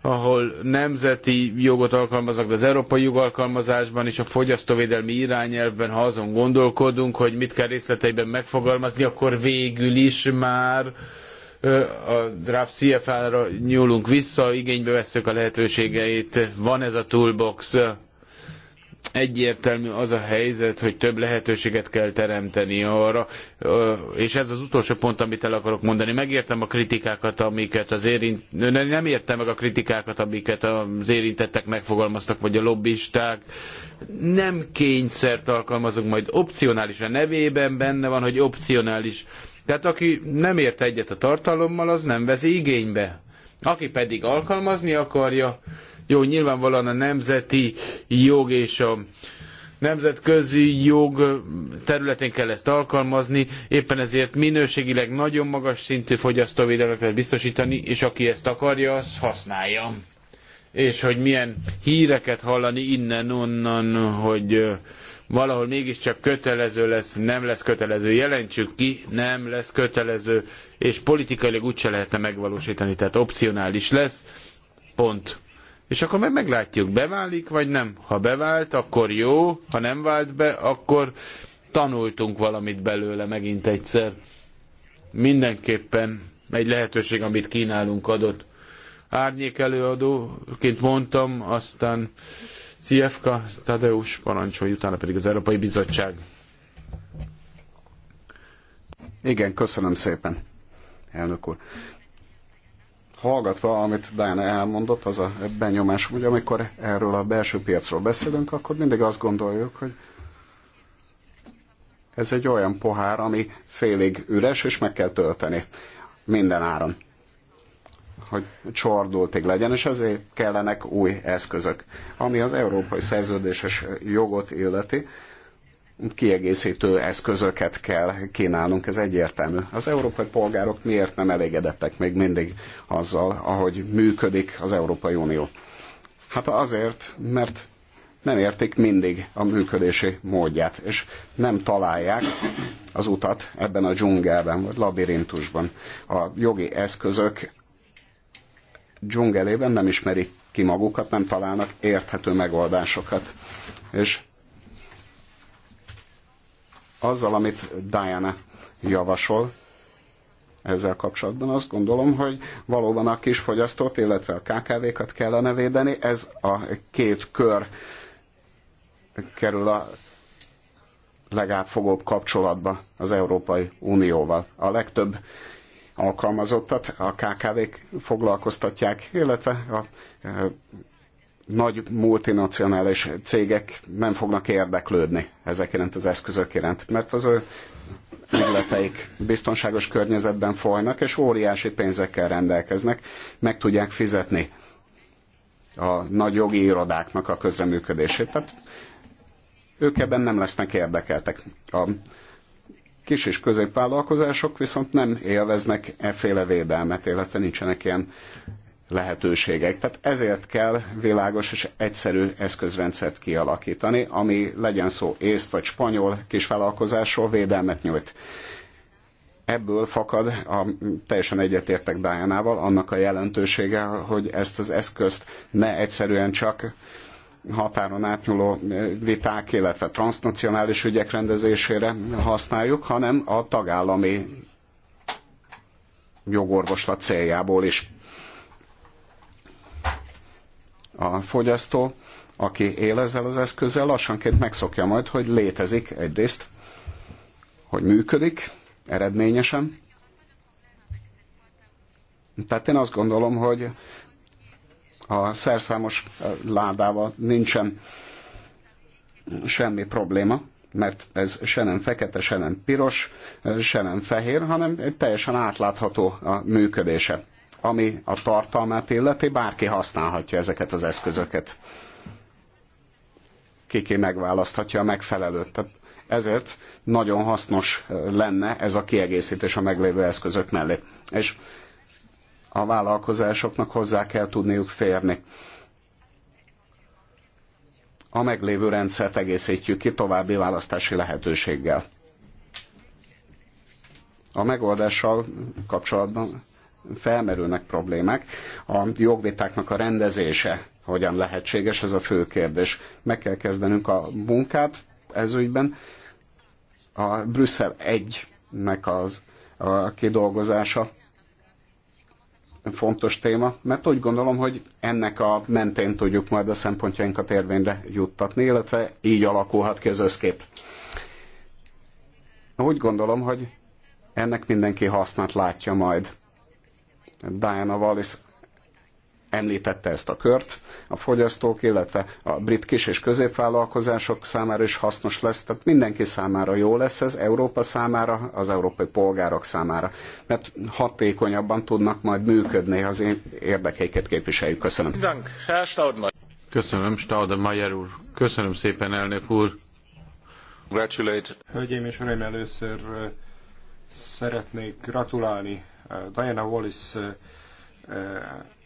ahol nemzeti jogot alkalmaznak, de az európai jogalkalmazásban és a fogyasztóvédelmi irányelvben, ha azon gondolkodunk, hogy mit kell részleteiben megfogalmazni, akkor végül is már a draft CFA-ra nyúlunk vissza, igénybe vesszük a lehetőségeit. Van ez a toolbox, egyértelmű az a helyzet, hogy több lehetőséget kell teremteni arra, és ez az utolsó pont, amit el akarok mondani. Megértem a kritikákat, amiket az érint... nem értem meg a kritikákat, amiket az érintettek megfogalmaztak, vagy a lobbisták. Nem kényszert alkalmazunk, majd opcionális a nevében benne van, hogy opcionális. Tehát aki nem ért egyet a tartalommal, az nem veszi igénybe. Aki pedig alkalmazni akarja, jó, nyilvánvalóan a nemzeti jog és a nemzetközi jog területén kell ezt alkalmazni, éppen ezért minőségileg nagyon magas szintű fogyasztóvédelmet kell biztosítani, és aki ezt akarja, az használja. És hogy milyen híreket hallani innen-onnan, hogy valahol mégiscsak kötelező lesz, nem lesz kötelező, jelentsük ki, nem lesz kötelező, és politikailag úgyse lehetne megvalósítani, tehát opcionális lesz, pont és akkor meg meglátjuk, beválik vagy nem. Ha bevált, akkor jó, ha nem vált be, akkor tanultunk valamit belőle megint egyszer. Mindenképpen egy lehetőség, amit kínálunk adott. Árnyék előadóként mondtam, aztán Cievka, Tadeusz parancsolj, utána pedig az Európai Bizottság. Igen, köszönöm szépen, elnök úr hallgatva, amit Diana elmondott, az a benyomás, hogy amikor erről a belső piacról beszélünk, akkor mindig azt gondoljuk, hogy ez egy olyan pohár, ami félig üres, és meg kell tölteni minden áron, hogy csordultig legyen, és ezért kellenek új eszközök. Ami az európai szerződéses jogot illeti, kiegészítő eszközöket kell kínálnunk, ez egyértelmű. Az európai polgárok miért nem elégedettek még mindig azzal, ahogy működik az Európai Unió? Hát azért, mert nem értik mindig a működési módját, és nem találják az utat ebben a dzsungelben, vagy labirintusban. A jogi eszközök dzsungelében nem ismerik ki magukat, nem találnak érthető megoldásokat. És azzal, amit Diana javasol ezzel kapcsolatban, azt gondolom, hogy valóban a kisfogyasztót, illetve a KKV-kat kellene védeni. Ez a két kör kerül a legátfogóbb kapcsolatba az Európai Unióval. A legtöbb alkalmazottat a KKV-k foglalkoztatják, illetve a nagy multinacionális cégek nem fognak érdeklődni ezek iránt az eszközök iránt, mert az ő ügyleteik biztonságos környezetben folynak, és óriási pénzekkel rendelkeznek, meg tudják fizetni a nagy jogi irodáknak a közreműködését. Tehát ők ebben nem lesznek érdekeltek. A kis és középvállalkozások viszont nem élveznek e féle védelmet, illetve nincsenek ilyen lehetőségek. Tehát ezért kell világos és egyszerű eszközrendszert kialakítani, ami legyen szó észt vagy spanyol kisvállalkozásról védelmet nyújt. Ebből fakad, a, teljesen egyetértek Dájánával, annak a jelentősége, hogy ezt az eszközt ne egyszerűen csak határon átnyúló viták, illetve transnacionális ügyek rendezésére használjuk, hanem a tagállami jogorvoslat céljából is a fogyasztó, aki él ezzel az eszközzel, lassanként megszokja majd, hogy létezik egyrészt, hogy működik eredményesen. Tehát én azt gondolom, hogy a szerszámos eh, ládával nincsen semmi probléma, mert ez se nem fekete, se nem piros, eh, se nem fehér, hanem teljesen átlátható a működése ami a tartalmát illeti, bárki használhatja ezeket az eszközöket. Kiki megválaszthatja a megfelelőt. Tehát ezért nagyon hasznos lenne ez a kiegészítés a meglévő eszközök mellé. És a vállalkozásoknak hozzá kell tudniuk férni. A meglévő rendszert egészítjük ki további választási lehetőséggel. A megoldással kapcsolatban felmerülnek problémák. A jogvitáknak a rendezése hogyan lehetséges, ez a fő kérdés. Meg kell kezdenünk a munkát ez ügyben. A Brüsszel 1-nek az a kidolgozása fontos téma, mert úgy gondolom, hogy ennek a mentén tudjuk majd a szempontjainkat érvényre juttatni, illetve így alakulhat ki az összkép. Úgy gondolom, hogy ennek mindenki hasznát látja majd. Diana Wallis említette ezt a kört, a fogyasztók, illetve a brit kis- és középvállalkozások számára is hasznos lesz, tehát mindenki számára jó lesz ez, Európa számára, az európai polgárok számára, mert hatékonyabban tudnak majd működni, az én érdekeiket képviseljük. Köszönöm. Köszönöm, Staudemeyer úr. Köszönöm szépen, elnök úr. Hölgyeim és uraim, először szeretnék gratulálni Diana Wallis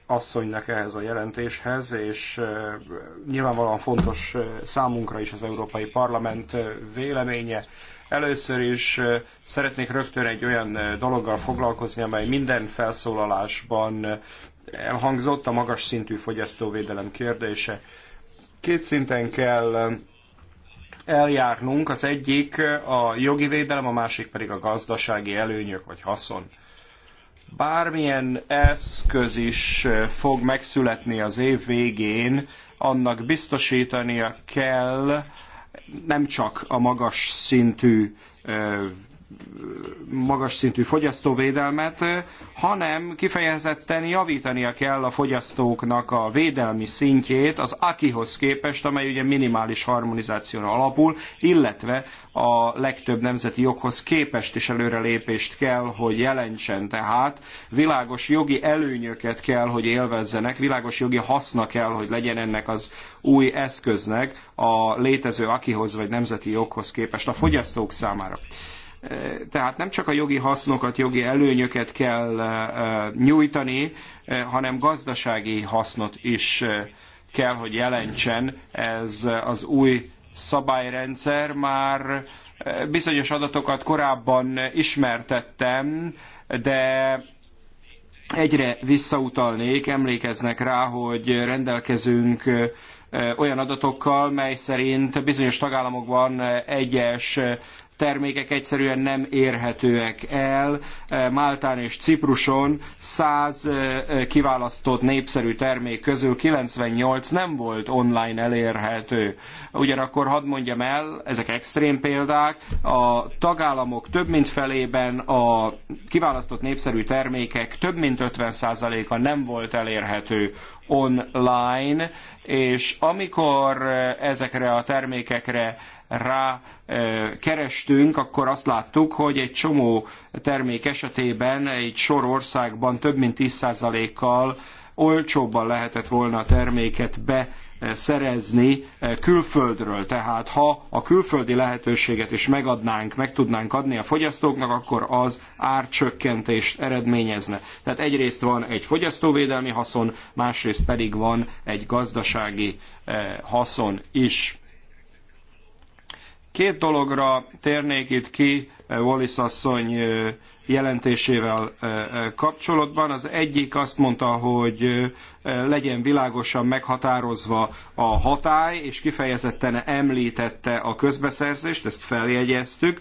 asszonynak ehhez a jelentéshez, és nyilvánvalóan fontos számunkra is az Európai Parlament véleménye. Először is szeretnék rögtön egy olyan dologgal foglalkozni, amely minden felszólalásban elhangzott, a magas szintű fogyasztóvédelem kérdése. Két szinten kell eljárnunk, az egyik a jogi védelem, a másik pedig a gazdasági előnyök vagy haszon bármilyen eszköz is eh, fog megszületni az év végén, annak biztosítania kell nem csak a magas szintű eh, magas szintű fogyasztóvédelmet, hanem kifejezetten javítania kell a fogyasztóknak a védelmi szintjét az akihoz képest, amely ugye minimális harmonizáción alapul, illetve a legtöbb nemzeti joghoz képest is előrelépést kell, hogy jelentsen. Tehát világos jogi előnyöket kell, hogy élvezzenek, világos jogi haszna kell, hogy legyen ennek az új eszköznek a létező akihoz vagy nemzeti joghoz képest a fogyasztók számára. Tehát nem csak a jogi hasznokat, jogi előnyöket kell nyújtani, hanem gazdasági hasznot is kell, hogy jelentsen ez az új szabályrendszer. Már bizonyos adatokat korábban ismertettem, de egyre visszautalnék, emlékeznek rá, hogy rendelkezünk olyan adatokkal, mely szerint bizonyos tagállamokban egyes termékek egyszerűen nem érhetőek el. E, Máltán és Cipruson 100 e, e, kiválasztott népszerű termék közül 98 nem volt online elérhető. Ugyanakkor hadd mondjam el, ezek extrém példák, a tagállamok több mint felében a kiválasztott népszerű termékek több mint 50%-a nem volt elérhető online, és amikor ezekre a termékekre rá kerestünk, akkor azt láttuk, hogy egy csomó termék esetében egy sor országban több mint 10%-kal olcsóbban lehetett volna a terméket be szerezni külföldről. Tehát ha a külföldi lehetőséget is megadnánk, meg tudnánk adni a fogyasztóknak, akkor az árcsökkentést eredményezne. Tehát egyrészt van egy fogyasztóvédelmi haszon, másrészt pedig van egy gazdasági haszon is. Két dologra térnék itt ki, Wallis asszony jelentésével kapcsolatban. Az egyik azt mondta, hogy legyen világosan meghatározva a hatály, és kifejezetten említette a közbeszerzést, ezt feljegyeztük.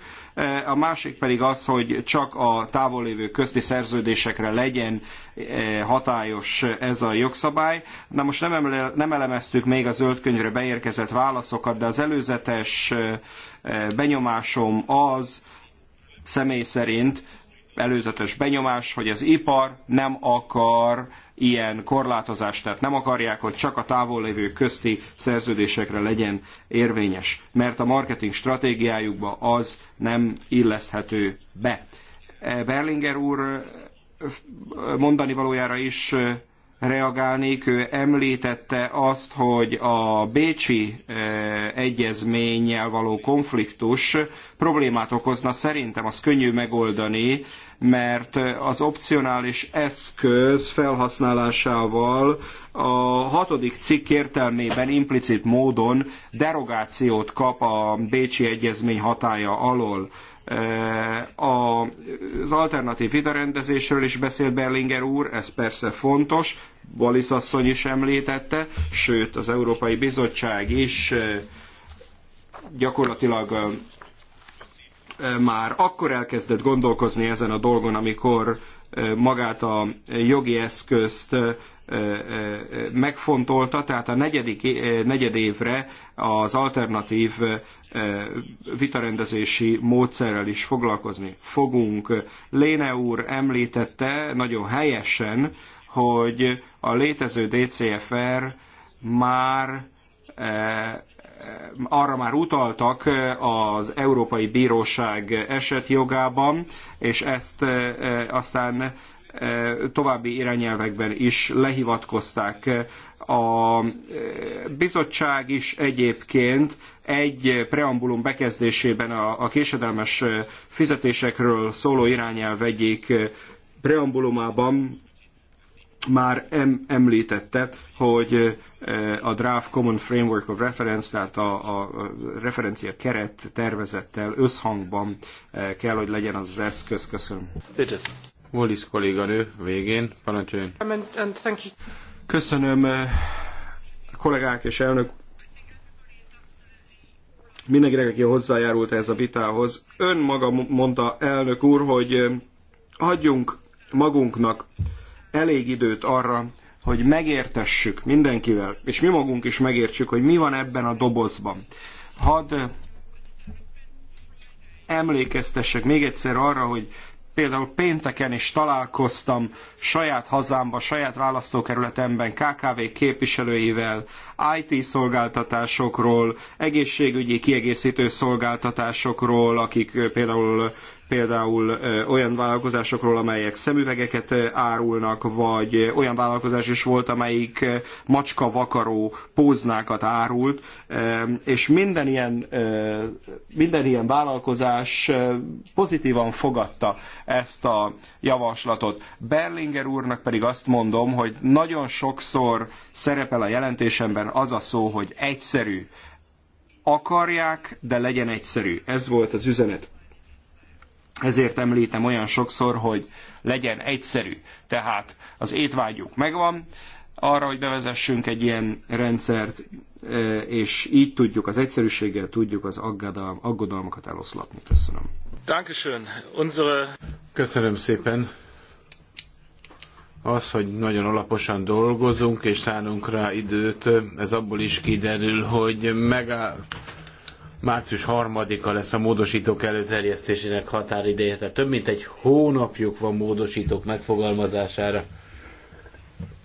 A másik pedig az, hogy csak a távollévő közti szerződésekre legyen hatályos ez a jogszabály. Na most nem, nem elemeztük még a zöld könyvre beérkezett válaszokat, de az előzetes benyomásom az, személy szerint előzetes benyomás, hogy az ipar nem akar ilyen korlátozást, tehát nem akarják, hogy csak a távollévő közti szerződésekre legyen érvényes, mert a marketing stratégiájukba az nem illeszthető be. Berlinger úr mondani valójára is reagálnék. Ő említette azt, hogy a Bécsi eh, egyezménnyel való konfliktus problémát okozna. Szerintem az könnyű megoldani, mert az opcionális eszköz felhasználásával a hatodik cikk értelmében implicit módon derogációt kap a Bécsi Egyezmény hatája alól. Az alternatív vitarendezésről is beszélt Berlinger úr, ez persze fontos, Balisz asszony is említette, sőt az Európai Bizottság is gyakorlatilag már akkor elkezdett gondolkozni ezen a dolgon, amikor magát a jogi eszközt megfontolta, tehát a negyedik, negyed évre az alternatív vitarendezési módszerrel is foglalkozni fogunk. Léne úr említette nagyon helyesen, hogy a létező DCFR már arra már utaltak az Európai Bíróság esetjogában, és ezt aztán további irányelvekben is lehivatkozták. A bizottság is egyébként egy preambulum bekezdésében a, késedelmes fizetésekről szóló irányelv egyik preambulumában már em, említette, hogy eh, a Draft Common Framework of Reference, tehát a, a referencia keret tervezettel összhangban eh, kell, hogy legyen az, az eszköz. Köszönöm. Wallis kolléganő végén, parancsoljon. Köszönöm eh, kollégák és elnök mindenkinek, aki hozzájárult ez a vitához. Ön maga mondta, elnök úr, hogy adjunk magunknak elég időt arra, hogy megértessük mindenkivel, és mi magunk is megértsük, hogy mi van ebben a dobozban. Hadd emlékeztessek még egyszer arra, hogy például pénteken is találkoztam saját hazámba, saját választókerületemben KKV képviselőivel, IT szolgáltatásokról, egészségügyi kiegészítő szolgáltatásokról, akik például például olyan vállalkozásokról, amelyek szemüvegeket árulnak, vagy olyan vállalkozás is volt, amelyik macska vakaró póznákat árult, és minden ilyen, minden ilyen vállalkozás pozitívan fogadta ezt a javaslatot. Berlinger úrnak pedig azt mondom, hogy nagyon sokszor szerepel a jelentésemben az a szó, hogy egyszerű. Akarják, de legyen egyszerű. Ez volt az üzenet. Ezért említem olyan sokszor, hogy legyen egyszerű. Tehát az étvágyuk megvan, arra, hogy bevezessünk egy ilyen rendszert, és így tudjuk az egyszerűséggel tudjuk az aggodalm, aggodalmakat eloszlatni. Köszönöm. Dankeschön. Unsere... Köszönöm szépen. Az, hogy nagyon alaposan dolgozunk és szánunk rá időt, ez abból is kiderül, hogy megáll március 3-a lesz a módosítók előterjesztésének határideje, tehát több mint egy hónapjuk van módosítók megfogalmazására.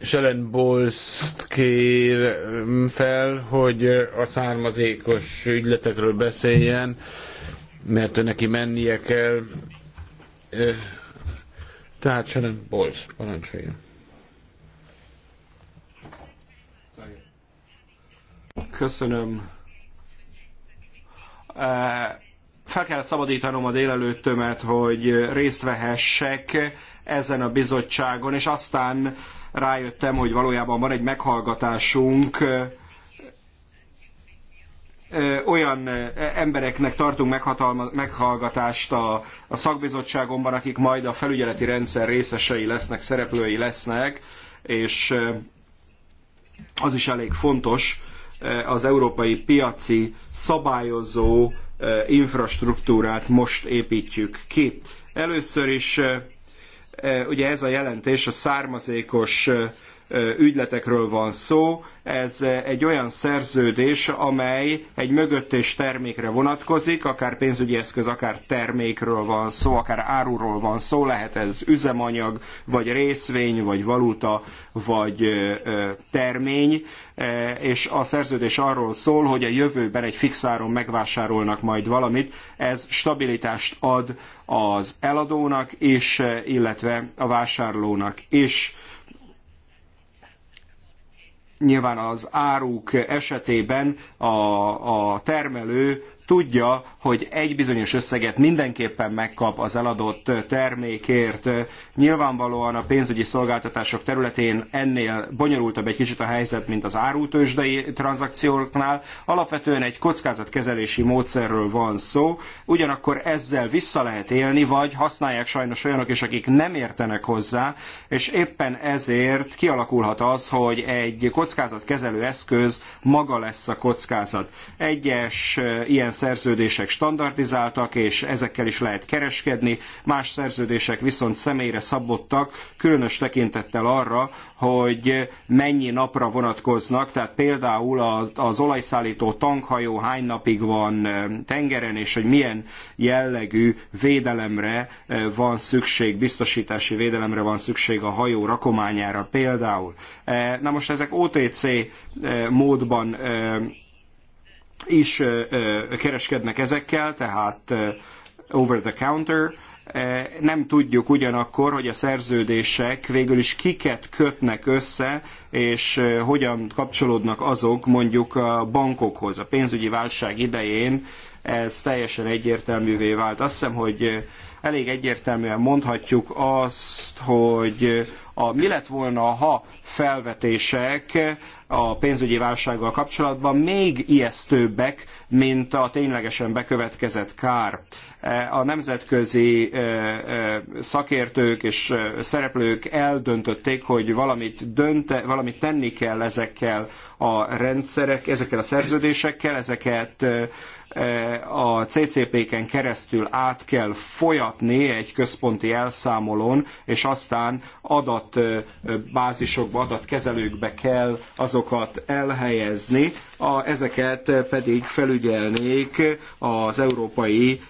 Selen Bolszt kér mm, fel, hogy a származékos ügyletekről beszéljen, mert neki mennie kell. Tehát Selen Bolsz, parancsoljon. Köszönöm, Eh, fel kellett szabadítanom a délelőttömet, hogy részt vehessek ezen a bizottságon, és aztán rájöttem, hogy valójában van egy meghallgatásunk, eh, eh, olyan embereknek tartunk meghallgatást a, a szakbizottságomban, akik majd a felügyeleti rendszer részesei lesznek, szereplői lesznek, és az is elég fontos, az európai piaci szabályozó infrastruktúrát most építjük ki. Először is ugye ez a jelentés a származékos ügyletekről van szó. Ez egy olyan szerződés, amely egy mögöttés termékre vonatkozik, akár pénzügyi eszköz, akár termékről van szó, akár áruról van szó, lehet ez üzemanyag, vagy részvény, vagy valuta, vagy termény, és a szerződés arról szól, hogy a jövőben egy fix áron megvásárolnak majd valamit, ez stabilitást ad az eladónak is, illetve a vásárlónak is nyilván az áruk esetében a, a termelő tudja, hogy egy bizonyos összeget mindenképpen megkap az eladott termékért. Nyilvánvalóan a pénzügyi szolgáltatások területén ennél bonyolultabb egy kicsit a helyzet, mint az árutősdei tranzakcióknál. Alapvetően egy kockázatkezelési módszerről van szó, ugyanakkor ezzel vissza lehet élni, vagy használják sajnos olyanok is, akik nem értenek hozzá, és éppen ezért kialakulhat az, hogy egy kockázatkezelő eszköz maga lesz a kockázat. Egyes eh, ilyen szerződések standardizáltak, és ezekkel is lehet kereskedni, más szerződések viszont személyre szabottak, különös tekintettel arra, hogy mennyi napra vonatkoznak, tehát például az olajszállító tankhajó hány napig van tengeren, és hogy milyen jellegű védelemre van szükség, biztosítási védelemre van szükség a hajó rakományára például. Na most ezek OTC módban is kereskednek ezekkel, tehát over the counter, nem tudjuk ugyanakkor, hogy a szerződések végül is kiket kötnek össze, és hogyan kapcsolódnak azok mondjuk a bankokhoz. A pénzügyi válság idején ez teljesen egyértelművé vált. Azt hiszem, hogy elég egyértelműen mondhatjuk azt, hogy a mi lett volna, ha felvetések a pénzügyi válsággal kapcsolatban még ijesztőbbek, mint a ténylegesen bekövetkezett kár. A nemzetközi eh, eh, szakértők és eh, szereplők eldöntötték, hogy valamit, dönte, valamit tenni kell ezekkel a rendszerek, ezekkel a szerződésekkel, ezeket a CCP-ken keresztül át kell folyatni egy központi elszámolón, és aztán adatbázisokba, adatkezelőkbe kell azokat elhelyezni, a, ezeket pedig felügyelnék az európai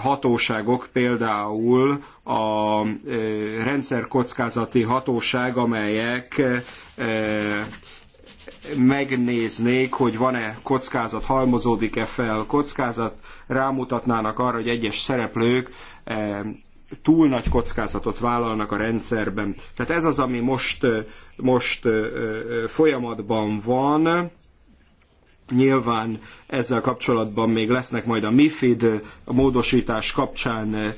hatóságok, például a rendszerkockázati hatóság, amelyek megnéznék, hogy van-e kockázat, halmozódik-e fel kockázat, rámutatnának arra, hogy egyes szereplők eh, túl nagy kockázatot vállalnak a rendszerben. Tehát ez az, ami most, eh, most eh, folyamatban van. Nyilván ezzel kapcsolatban még lesznek majd a MIFID a módosítás kapcsán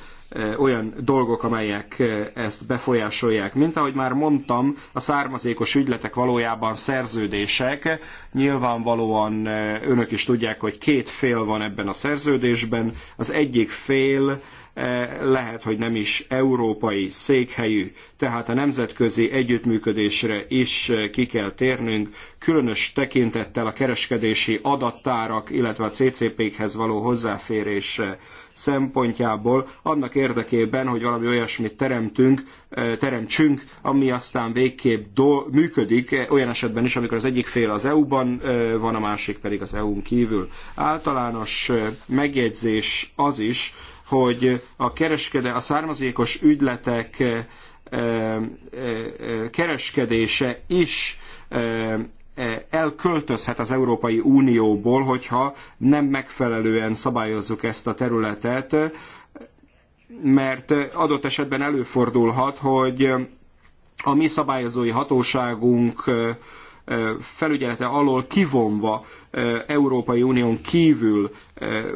olyan dolgok, amelyek ezt befolyásolják. Mint ahogy már mondtam, a származékos ügyletek valójában szerződések. Nyilvánvalóan önök is tudják, hogy két fél van ebben a szerződésben. Az egyik fél Eh, lehet, hogy nem is európai székhelyű, tehát a nemzetközi együttműködésre is eh, ki kell térnünk, különös tekintettel a kereskedési adattárak, illetve a CCP-khez való hozzáférés szempontjából, annak érdekében, hogy valami olyasmit teremtünk, eh, teremtsünk, ami aztán végképp do- működik, olyan esetben is, amikor az egyik fél az EU-ban van, a másik pedig az EU-n kívül. Általános megjegyzés az is, hogy a, kereskede, a származékos ügyletek kereskedése is elköltözhet az Európai Unióból, hogyha nem megfelelően szabályozzuk ezt a területet, mert adott esetben előfordulhat, hogy a mi szabályozói hatóságunk felügyelete alól kivonva Európai Unión kívül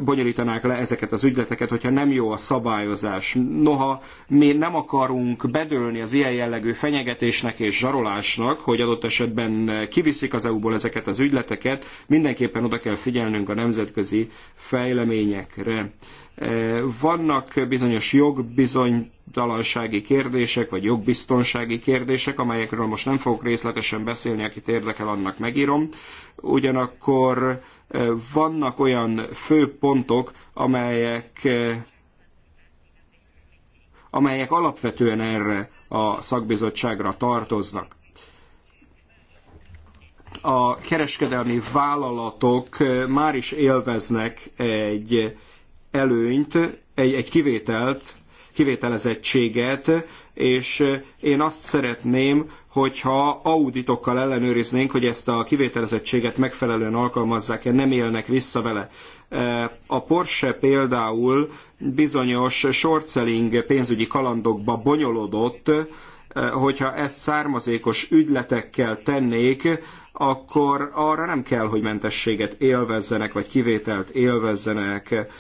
bonyolítanák le ezeket az ügyleteket, hogyha nem jó a szabályozás. Noha mi nem akarunk bedőlni az ilyen jellegű fenyegetésnek és zsarolásnak, hogy adott esetben kiviszik az EU-ból ezeket az ügyleteket, mindenképpen oda kell figyelnünk a nemzetközi fejleményekre. Vannak bizonyos jogbizonytalansági kérdések, vagy jogbiztonsági kérdések, amelyekről most nem fogok részletesen beszélni, akit érdekel, annak megírom ugyanakkor vannak olyan fő pontok, amelyek, amelyek alapvetően erre a szakbizottságra tartoznak. A kereskedelmi vállalatok már is élveznek egy előnyt, egy, egy kivételt, kivételezettséget, és én azt szeretném, hogyha auditokkal ellenőriznénk, hogy ezt a kivételezettséget megfelelően alkalmazzák-e, nem élnek vissza vele. A Porsche például bizonyos short-selling pénzügyi kalandokba bonyolódott, hogyha ezt származékos ügyletekkel tennék, akkor arra nem kell, hogy mentességet élvezzenek, vagy kivételt élvezzenek.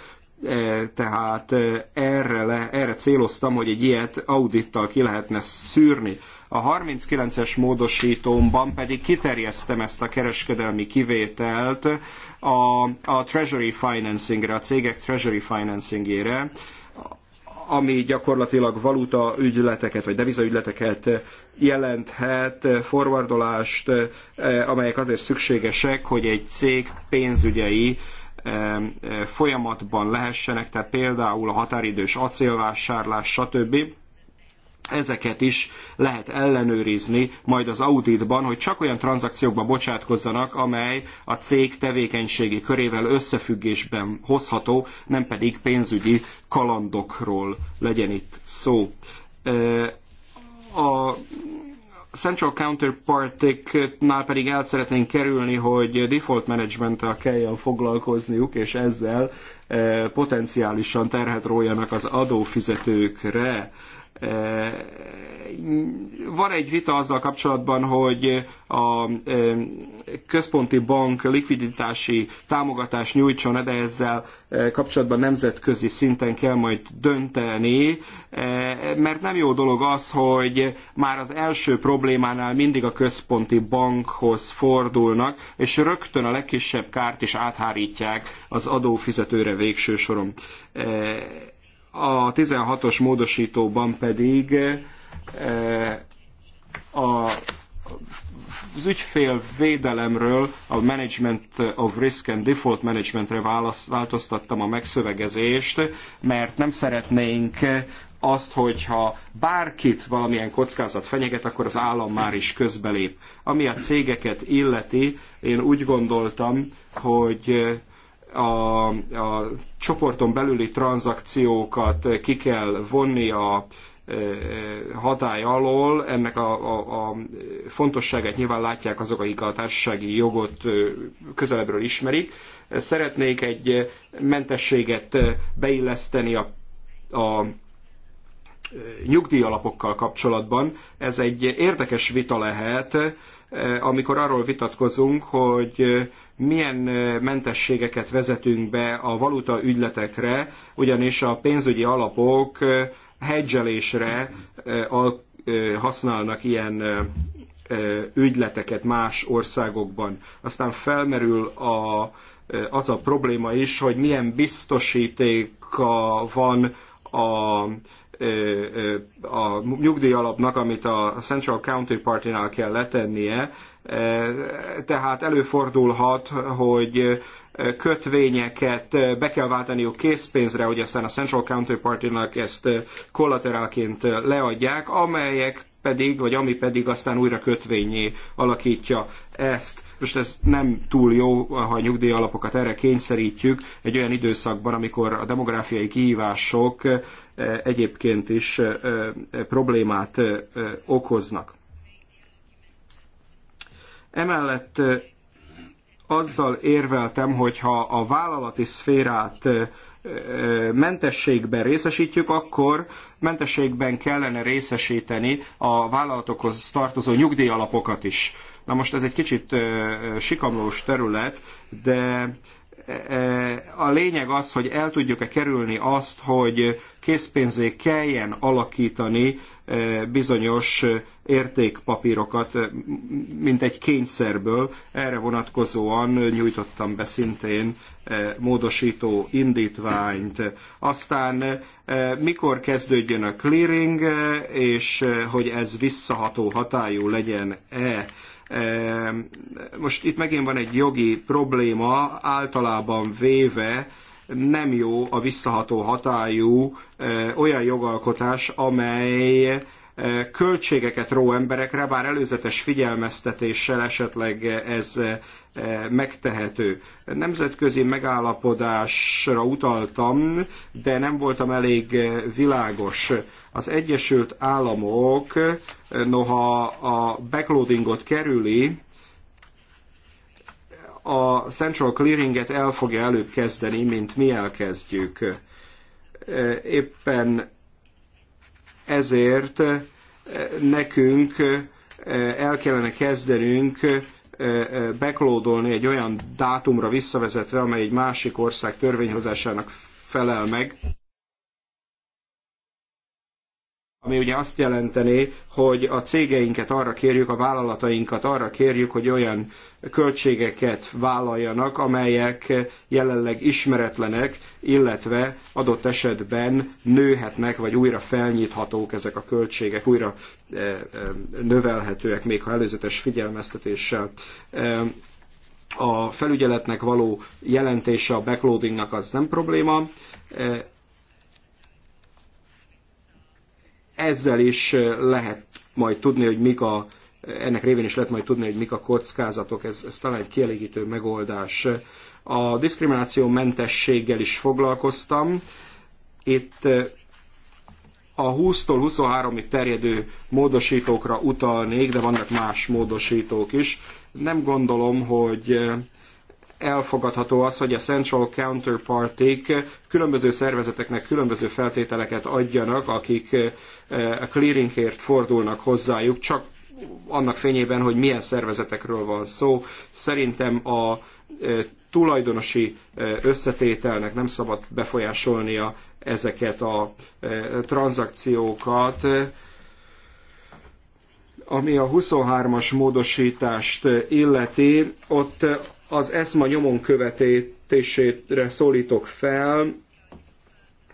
E, tehát e, erre, le, erre céloztam, hogy egy ilyet audittal ki lehetne szűrni. A 39-es módosítómban pedig kiterjesztem ezt a kereskedelmi kivételt a, a treasury financingre, a cégek treasury financingére, ami gyakorlatilag valuta ügyleteket, vagy devizaügyleteket jelenthet, forwardolást, e, amelyek azért szükségesek, hogy egy cég pénzügyei folyamatban lehessenek, tehát például a határidős acélvásárlás, stb ezeket is lehet ellenőrizni majd az auditban, hogy csak olyan tranzakciókba bocsátkozzanak, amely a cég tevékenységi körével összefüggésben hozható, nem pedig pénzügyi kalandokról legyen itt szó. A central counterpartiknál pedig el szeretnénk kerülni, hogy default management-tel kelljen foglalkozniuk, és ezzel eh, potenciálisan terhet rójanak az adófizetőkre. Van egy vita azzal kapcsolatban, hogy a központi bank likviditási támogatást nyújtson, de ezzel kapcsolatban nemzetközi szinten kell majd dönteni, mert nem jó dolog az, hogy már az első problémánál mindig a központi bankhoz fordulnak, és rögtön a legkisebb kárt is áthárítják az adófizetőre végső soron a 16-os módosítóban pedig eh, a az ügyfél védelemről a Management of Risk and Default Managementre változtattam a megszövegezést, mert nem szeretnénk azt, hogyha bárkit valamilyen kockázat fenyeget, akkor az állam már is közbelép. Ami a cégeket illeti, én úgy gondoltam, hogy eh, a, a csoporton belüli tranzakciókat ki kell vonni a e, hatály alól, ennek a, a, a fontosságát nyilván látják azok, akik a társasági jogot e, közelebbről ismerik. Szeretnék egy mentességet beilleszteni a, a nyugdíjalapokkal kapcsolatban. Ez egy érdekes vita lehet, Eh, amikor arról vitatkozunk, hogy eh, milyen eh, mentességeket vezetünk be a valuta ügyletekre, ugyanis a pénzügyi alapok hedzselésre használnak ilyen ügyleteket más országokban. Aztán felmerül a, az a probléma is, hogy milyen biztosítéka van a a nyugdíjalapnak, amit a Central Counterparty-nál kell letennie, tehát előfordulhat, hogy kötvényeket be kell váltaniuk készpénzre, hogy aztán a Central Counterparty-nak ezt kollaterálként leadják, amelyek pedig, vagy ami pedig aztán újra kötvényé alakítja ezt. Most ez nem túl jó, ha a nyugdíjalapokat erre kényszerítjük egy olyan időszakban, amikor a demográfiai kihívások egyébként is problémát okoznak. Emellett azzal érveltem, hogy ha a vállalati szférát mentességben részesítjük, akkor mentességben kellene részesíteni a vállalatokhoz tartozó nyugdíjalapokat is. Na most ez egy kicsit sikamlós terület, de a lényeg az, hogy el tudjuk-e kerülni azt, hogy készpénzé kelljen alakítani eh, bizonyos eh, értékpapírokat, eh, mint egy kényszerből. Erre vonatkozóan nyújtottam be szintén módosító indítványt. Aztán mikor kezdődjön a clearing, és hogy ez visszaható hatályú legyen-e Ehm, most itt megint van egy jogi probléma, általában véve nem jó a visszaható hatályú eh, olyan jogalkotás, amely költségeket ró emberekre, bár előzetes figyelmeztetéssel esetleg ez megtehető. Nemzetközi megállapodásra utaltam, de nem voltam elég világos. Az Egyesült Államok, noha a backloadingot kerüli, a central clearinget el fogja előbb kezdeni, mint mi elkezdjük. Éppen ezért eh, nekünk eh, el kellene kezdenünk eh, beklódolni egy olyan dátumra visszavezetve, amely egy másik ország törvényhozásának felel meg ami ugye azt jelenteni, hogy a cégeinket arra kérjük, a vállalatainkat arra kérjük, hogy olyan költségeket vállaljanak, amelyek jelenleg ismeretlenek, illetve adott esetben nőhetnek, vagy újra felnyithatók ezek a költségek, újra eh, eh, növelhetőek, még ha előzetes figyelmeztetéssel eh, a felügyeletnek való jelentése a backloadingnak az nem probléma, ezzel is lehet majd tudni, hogy mik a, ennek révén is lehet majd tudni, hogy mik a kockázatok, ez, ez talán egy kielégítő megoldás. A diszkrimináció mentességgel is foglalkoztam. Itt a 20-tól 23-ig terjedő módosítókra utalnék, de vannak más módosítók is. Nem gondolom, hogy elfogadható az, hogy a Central Counterpartik különböző szervezeteknek különböző feltételeket adjanak, akik eh, a clearingért fordulnak hozzájuk, csak annak fényében, hogy milyen szervezetekről van szó. Szerintem a eh, tulajdonosi eh, összetételnek nem szabad befolyásolnia ezeket a tranzakciókat, ami a 23-as módosítást illeti, ott az eszma nyomon követésére szólítok fel,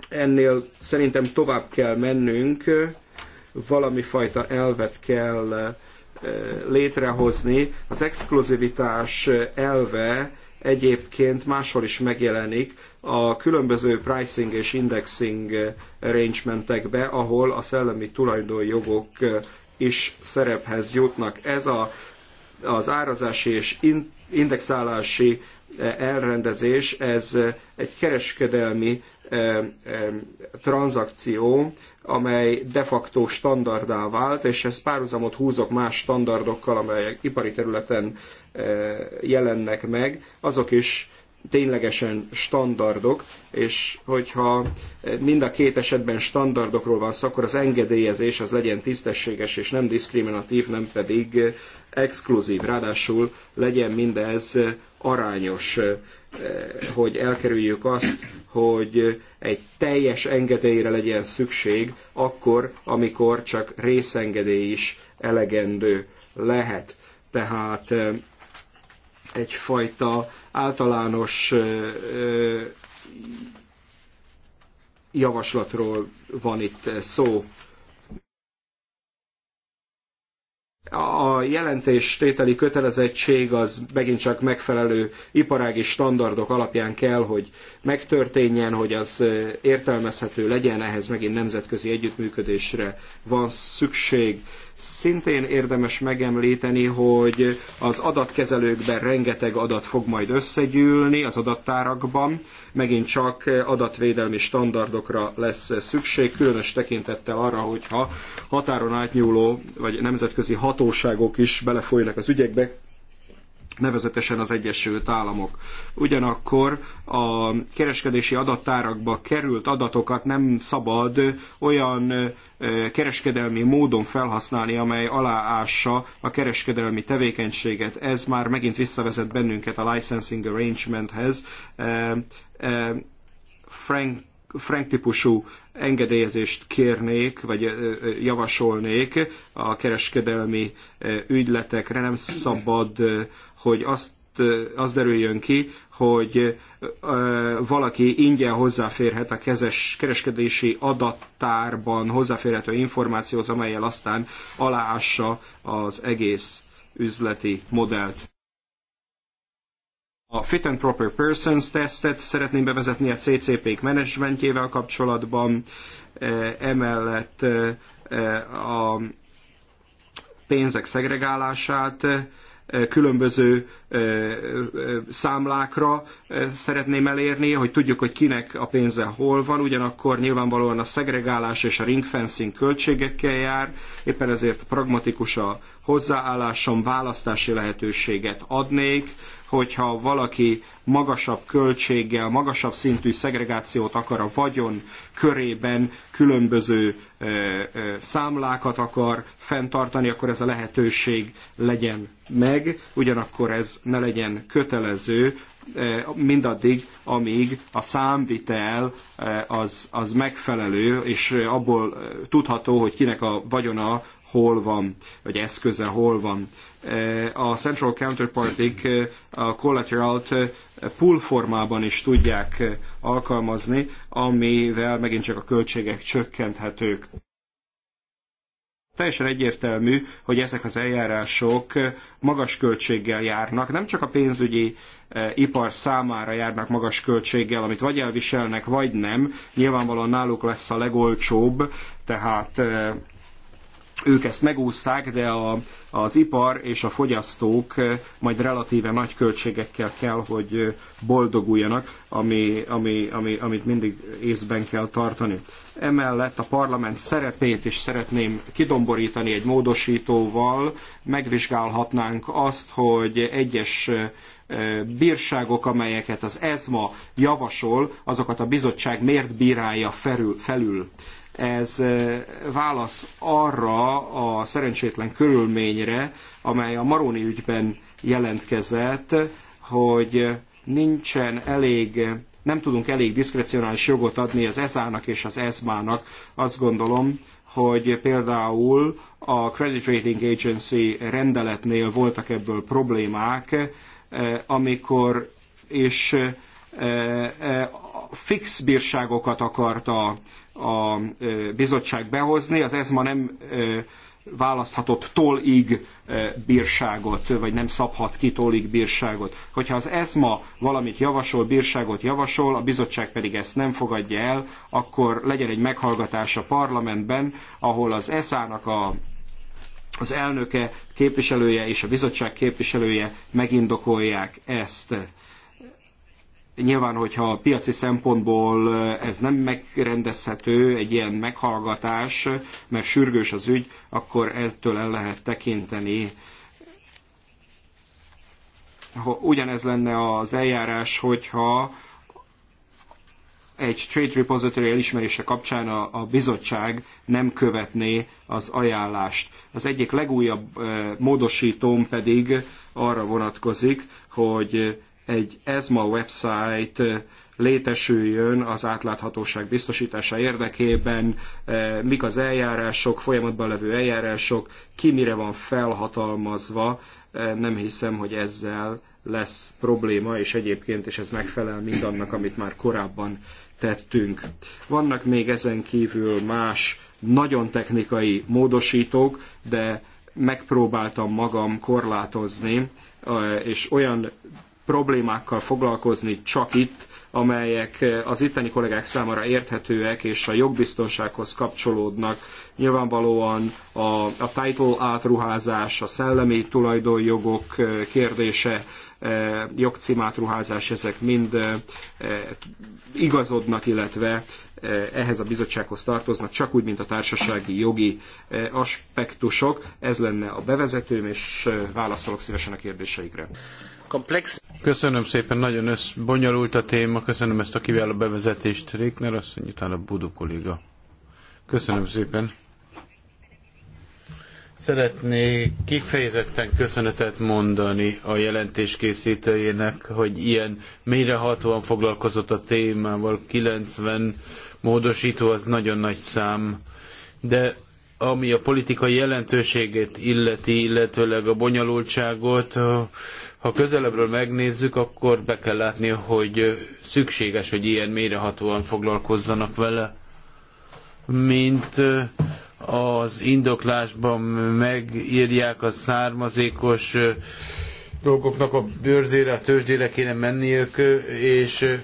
ennél szerintem tovább kell mennünk, valami fajta elvet kell eh, létrehozni. Az exkluzivitás eh, elve egyébként máshol is megjelenik a különböző pricing és indexing eh, arrangementekbe, ahol a szellemi tulajdonjogok is szerephez jutnak. Ez a, az árazási és in, indexálási eh, elrendezés, ez eh, egy kereskedelmi eh, tranzakció, amely de facto standardá vált, és ez párhuzamot húzok más standardokkal, amelyek ipari területen jelennek meg, azok is ténylegesen standardok, és hogyha mind a két esetben standardokról van szó, akkor az engedélyezés az legyen tisztességes és nem diszkriminatív, nem pedig exkluzív. Ráadásul legyen mindez arányos, eh, hogy elkerüljük azt, hogy egy teljes engedélyre legyen szükség, akkor, amikor csak részengedély is elegendő lehet. Tehát eh, egyfajta általános javaslatról van itt szó. A jelentés tételi kötelezettség az megint csak megfelelő iparági standardok alapján kell, hogy megtörténjen, hogy az értelmezhető legyen, ehhez megint nemzetközi együttműködésre van szükség. Szintén érdemes megemlíteni, hogy az adatkezelőkben rengeteg adat fog majd összegyűlni az adattárakban, megint csak adatvédelmi standardokra lesz szükség, különös tekintettel arra, hogyha határon átnyúló vagy nemzetközi hatóságok is belefolynak az ügyekbe, nevezetesen az Egyesült Államok. Ugyanakkor a kereskedési adattárakba került adatokat nem szabad olyan kereskedelmi módon felhasználni, amely aláássa a kereskedelmi tevékenységet. Ez már megint visszavezet bennünket a licensing arrangementhez. Frank Frank típusú engedélyezést kérnék, vagy javasolnék a kereskedelmi ügyletekre. Nem szabad, hogy azt az derüljön ki, hogy valaki ingyen hozzáférhet a kezes, kereskedési adattárban hozzáférhető információhoz, amelyel aztán aláássa az egész üzleti modellt. A Fit and Proper Persons tesztet szeretném bevezetni a CCP-k menedzsmentjével kapcsolatban, e, emellett e, e, a pénzek szegregálását, különböző számlákra szeretném elérni, hogy tudjuk, hogy kinek a pénze hol van, ugyanakkor nyilvánvalóan a szegregálás és a ringfencing költségekkel jár, éppen ezért pragmatikus a hozzáállásom választási lehetőséget adnék, hogyha valaki magasabb költséggel, magasabb szintű szegregációt akar a vagyon körében, különböző e, e, számlákat akar fenntartani, akkor ez a lehetőség legyen meg, ugyanakkor ez ne legyen kötelező, e, mindaddig, amíg a számvitel az, az megfelelő, és abból tudható, hogy kinek a vagyona hol van, vagy eszköze hol van. Eh, a Central Counterpartik eh, a collateral eh, pool formában is tudják alkalmazni, amivel megint csak a költségek csökkenthetők. Teljesen egyértelmű, hogy ezek az eljárások magas költséggel járnak, nem csak a pénzügyi ipar számára járnak magas költséggel, amit vagy elviselnek, vagy nem. Nyilvánvalóan náluk lesz a legolcsóbb, tehát ők ezt megúszszák, de a, az ipar és a fogyasztók majd relatíve nagy költségekkel kell, hogy boldoguljanak, ami, ami, ami, amit mindig észben kell tartani. Emellett a parlament szerepét is szeretném kidomborítani egy módosítóval. Megvizsgálhatnánk azt, hogy egyes bírságok, amelyeket az ESMA javasol, azokat a bizottság miért bírálja felül. felül ez válasz arra a szerencsétlen körülményre, amely a Maroni ügyben jelentkezett, hogy nincsen elég nem tudunk elég diszkrecionális jogot adni az ESA-nak és az ESMA-nak. Azt gondolom, hogy például a Credit Rating Agency rendeletnél voltak ebből problémák, amikor és fix bírságokat akart a bizottság behozni. Az ESMA nem választhatott tollig bírságot, vagy nem szabhat ki tollig bírságot. Hogyha az ESMA valamit javasol, bírságot javasol, a bizottság pedig ezt nem fogadja el, akkor legyen egy meghallgatás a parlamentben, ahol az ESA-nak a az elnöke, képviselője és a bizottság képviselője megindokolják ezt. Nyilván, hogyha piaci szempontból ez nem megrendezhető, egy ilyen meghallgatás, mert sürgős az ügy, akkor ettől el lehet tekinteni. Ugyanez lenne az eljárás, hogyha egy trade repository elismerése kapcsán a, a bizottság nem követné az ajánlást. Az egyik legújabb e, módosítóm pedig arra vonatkozik, hogy egy ESMA website létesüljön az átláthatóság biztosítása érdekében, mik az eljárások, folyamatban levő eljárások, ki mire van felhatalmazva, nem hiszem, hogy ezzel lesz probléma, és egyébként is ez megfelel mindannak, amit már korábban tettünk. Vannak még ezen kívül más nagyon technikai módosítók, de megpróbáltam magam korlátozni, és olyan problémákkal foglalkozni csak itt, amelyek eh, az itteni kollégák számára érthetőek és a jogbiztonsághoz kapcsolódnak. Nyilvánvalóan a, a title átruházás, a szellemi tulajdonjogok eh, kérdése, eh, jogcím átruházás, ezek mind igazodnak, illetve Eh, ehhez a bizottsághoz tartoznak, csak úgy, mint a társasági jogi eh, aspektusok. Ez lenne a bevezetőm, és eh, válaszolok szívesen a kérdéseikre. Komplex. Köszönöm szépen, nagyon össz, bonyolult a téma, köszönöm ezt a kiváló bevezetést, Rékner mondja, utána Budu kolléga. Köszönöm szépen. Szeretnék kifejezetten köszönetet mondani a jelentés készítőjének, hogy ilyen mélyrehatóan foglalkozott a témával. 90 módosító az nagyon nagy szám, de ami a politikai jelentőségét illeti, illetőleg a bonyolultságot, ha közelebbről megnézzük, akkor be kell látni, hogy szükséges, hogy ilyen mélyrehatóan foglalkozzanak vele, mint az indoklásban megírják a származékos dolgoknak a bőrzére, a tőzsdére kéne menniük, és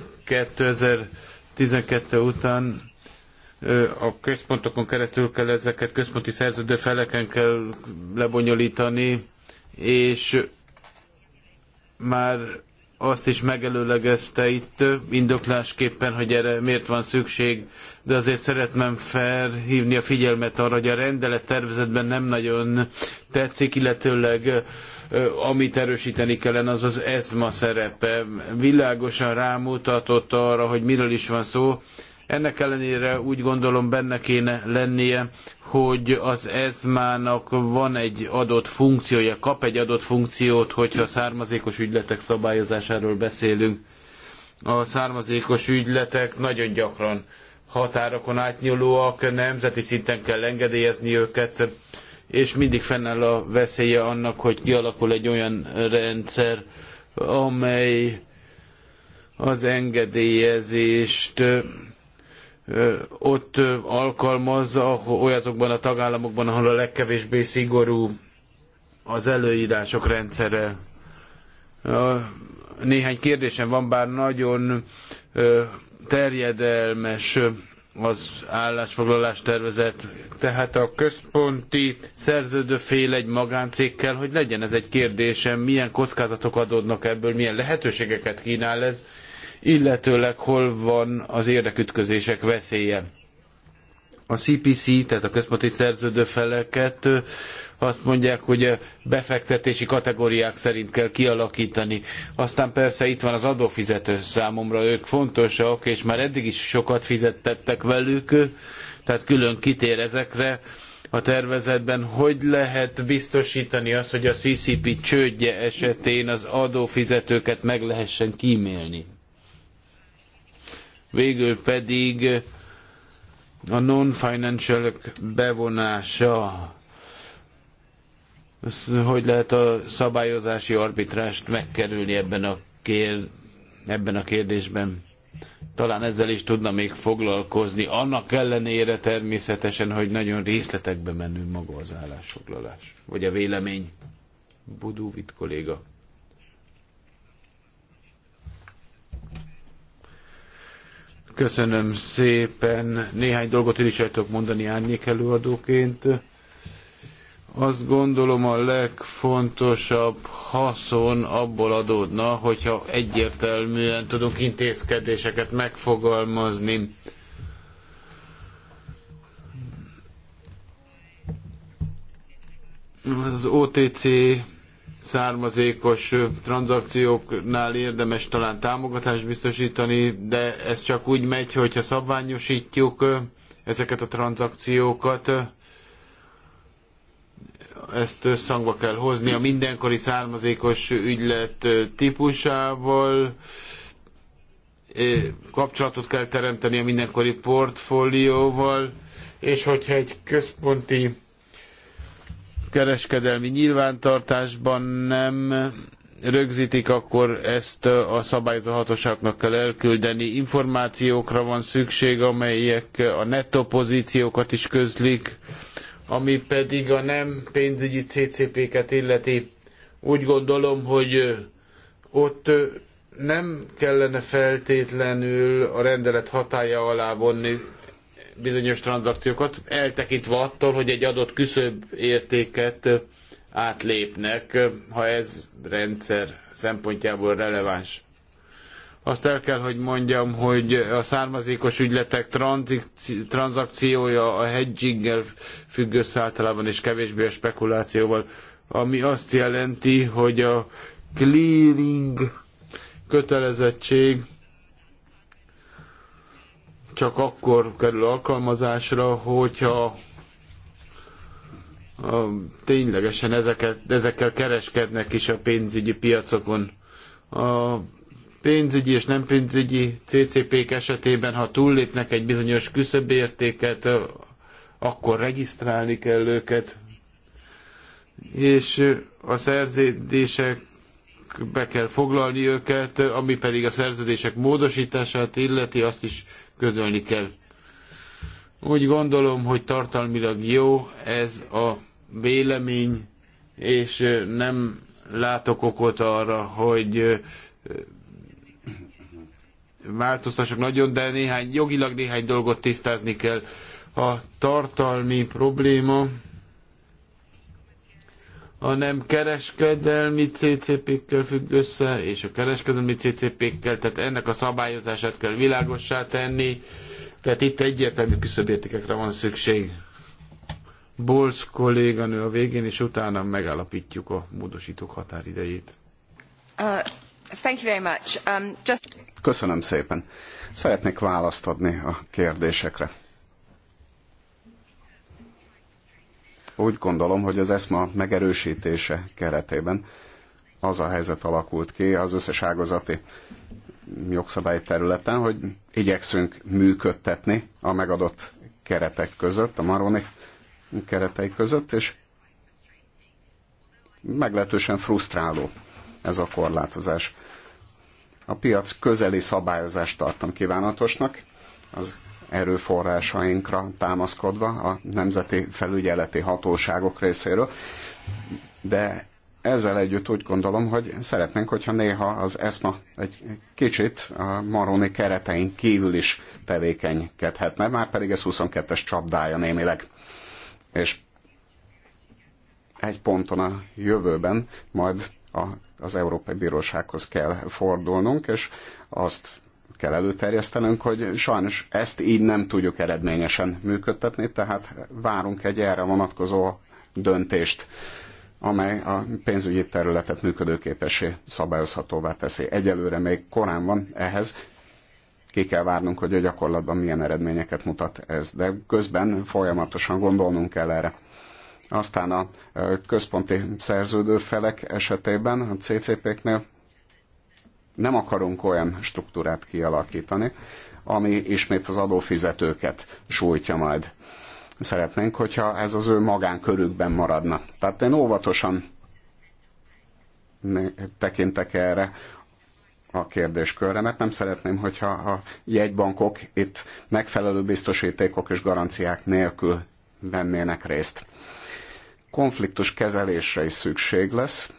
2000 12 után a központokon keresztül kell ezeket központi szerződő feleken kell lebonyolítani, és már azt is megelőlegezte itt indoklásképpen, hogy erre miért van szükség, de azért szeretném felhívni a figyelmet arra, hogy a rendelet tervezetben nem nagyon tetszik, illetőleg amit erősíteni kellene, az az ESMA szerepe. Világosan rámutatott arra, hogy miről is van szó. Ennek ellenére úgy gondolom benne kéne lennie, hogy az ESMA-nak van egy adott funkciója, kap egy adott funkciót, hogyha származékos ügyletek szabályozásáról beszélünk. A származékos ügyletek nagyon gyakran határokon átnyúlóak, nemzeti szinten kell engedélyezni őket és mindig fennáll a veszélye annak, hogy kialakul egy olyan rendszer, amely az engedélyezést ott alkalmazza olyatokban a tagállamokban, ahol a legkevésbé szigorú az előírások rendszere. Néhány kérdésem van, bár nagyon terjedelmes az állásfoglalás tervezet. Tehát a központi szerződő fél egy magáncégkel, hogy legyen ez egy kérdésem, milyen kockázatok adódnak ebből, milyen lehetőségeket kínál ez, illetőleg hol van az érdekütközések veszélye. A CPC, tehát a központi szerződő feleket azt mondják, hogy befektetési kategóriák szerint kell kialakítani. Aztán persze itt van az adófizető számomra, ők fontosak, és már eddig is sokat fizettettek velük, tehát külön kitér ezekre a tervezetben, hogy lehet biztosítani azt, hogy a CCP csődje esetén az adófizetőket meg lehessen kímélni. Végül pedig a non-financial bevonása hogy lehet a szabályozási arbitrást megkerülni ebben a, kér, ebben a kérdésben. Talán ezzel is tudna még foglalkozni, annak ellenére természetesen, hogy nagyon részletekbe menő maga az állásfoglalás, vagy a vélemény. Budúvit kolléga. Köszönöm szépen. Néhány dolgot én is el tudok mondani árnyék előadóként azt gondolom a legfontosabb haszon abból adódna, hogyha egyértelműen tudunk intézkedéseket megfogalmazni. Az OTC származékos tranzakcióknál érdemes talán támogatást biztosítani, de ez csak úgy megy, hogyha szabványosítjuk ezeket a tranzakciókat, ezt összhangba kell hozni a mindenkori származékos ügylet típusával, kapcsolatot kell teremteni a mindenkori portfólióval, és hogyha egy központi kereskedelmi nyilvántartásban nem rögzítik, akkor ezt a szabályozó hatóságnak kell elküldeni. Információkra van szükség, amelyek a nettó pozíciókat is közlik, ami pedig a nem pénzügyi CCP-ket illeti. Úgy gondolom, hogy ott nem kellene feltétlenül a rendelet hatája alá vonni bizonyos tranzakciókat, eltekintve attól, hogy egy adott küszöbb értéket átlépnek, ha ez rendszer szempontjából releváns. Azt el kell, hogy mondjam, hogy a származékos ügyletek tranzakciója a hedginggel függ össze általában, és kevésbé a spekulációval, ami azt jelenti, hogy a clearing kötelezettség csak akkor kerül alkalmazásra, hogyha a, ténylegesen ezeket, ezekkel kereskednek is a pénzügyi piacokon. A pénzügyi és nem pénzügyi CCP-k esetében, ha túllépnek egy bizonyos küszöbértéket, akkor regisztrálni kell őket. És a szerződésekbe be kell foglalni őket, ami pedig a szerződések módosítását illeti, azt is közölni kell. Úgy gondolom, hogy tartalmilag jó ez a vélemény, és nem látok okot arra, hogy változtassak nagyon, de néhány, jogilag néhány dolgot tisztázni kell. A tartalmi probléma a nem kereskedelmi CCP-kkel függ össze, és a kereskedelmi CCP-kkel, tehát ennek a szabályozását kell világossá tenni, tehát itt egyértelmű küszöbértékekre van szükség. Bolsz kolléganő a végén, és utána megállapítjuk a módosítók határidejét. Uh, Um, Köszönöm szépen. Szeretnék választ adni a kérdésekre. Úgy gondolom, hogy az ESMA megerősítése keretében az a helyzet alakult ki az összes ágazati jogszabály területen, hogy igyekszünk működtetni a megadott keretek között, a Maroni keretei között, és meglehetősen frusztráló ez a korlátozás. A piac közeli szabályozást tartom kívánatosnak, az erőforrásainkra támaszkodva a nemzeti felügyeleti hatóságok részéről, de ezzel együtt úgy gondolom, hogy szeretnénk, hogyha néha az ESMA egy kicsit a maroni keretein kívül is tevékenykedhetne, már pedig ez 22-es csapdája némileg. És egy ponton a jövőben majd a, az Európai Bírósághoz kell fordulnunk, és azt kell előterjesztenünk, hogy sajnos ezt így nem tudjuk eredményesen működtetni, tehát várunk egy erre vonatkozó döntést, amely a pénzügyi területet működőképessé szabályozhatóvá teszi. Egyelőre még korán van ehhez, ki kell várnunk, hogy a gyakorlatban milyen eredményeket mutat ez, de közben folyamatosan gondolnunk kell erre. Aztán a központi szerződő felek esetében, a CCP-knél nem akarunk olyan struktúrát kialakítani, ami ismét az adófizetőket sújtja majd. Szeretnénk, hogyha ez az ő magánkörükben maradna. Tehát én óvatosan tekintek erre a kérdéskörre, mert nem szeretném, hogyha a jegybankok itt megfelelő biztosítékok és garanciák nélkül vennének részt konfliktus kezelésre is szükség lesz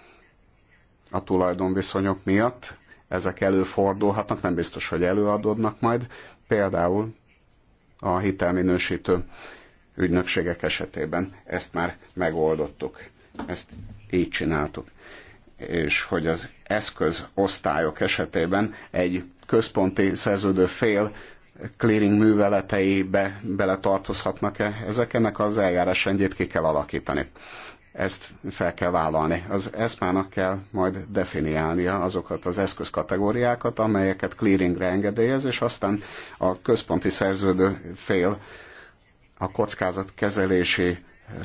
a tulajdonviszonyok miatt. Ezek előfordulhatnak, nem biztos, hogy előadódnak majd. Például a hitelminősítő ügynökségek esetében ezt már megoldottuk. Ezt így csináltuk. És hogy az eszközosztályok esetében egy központi szerződő fél clearing műveleteibe bele tartozhatnak-e ezek, ennek az eljárás rendjét ki kell alakítani. Ezt fel kell vállalni. Az ESMA-nak kell majd definiálnia azokat az eszközkategóriákat, amelyeket clearingre engedélyez, és aztán a központi szerződő fél a kockázatkezelési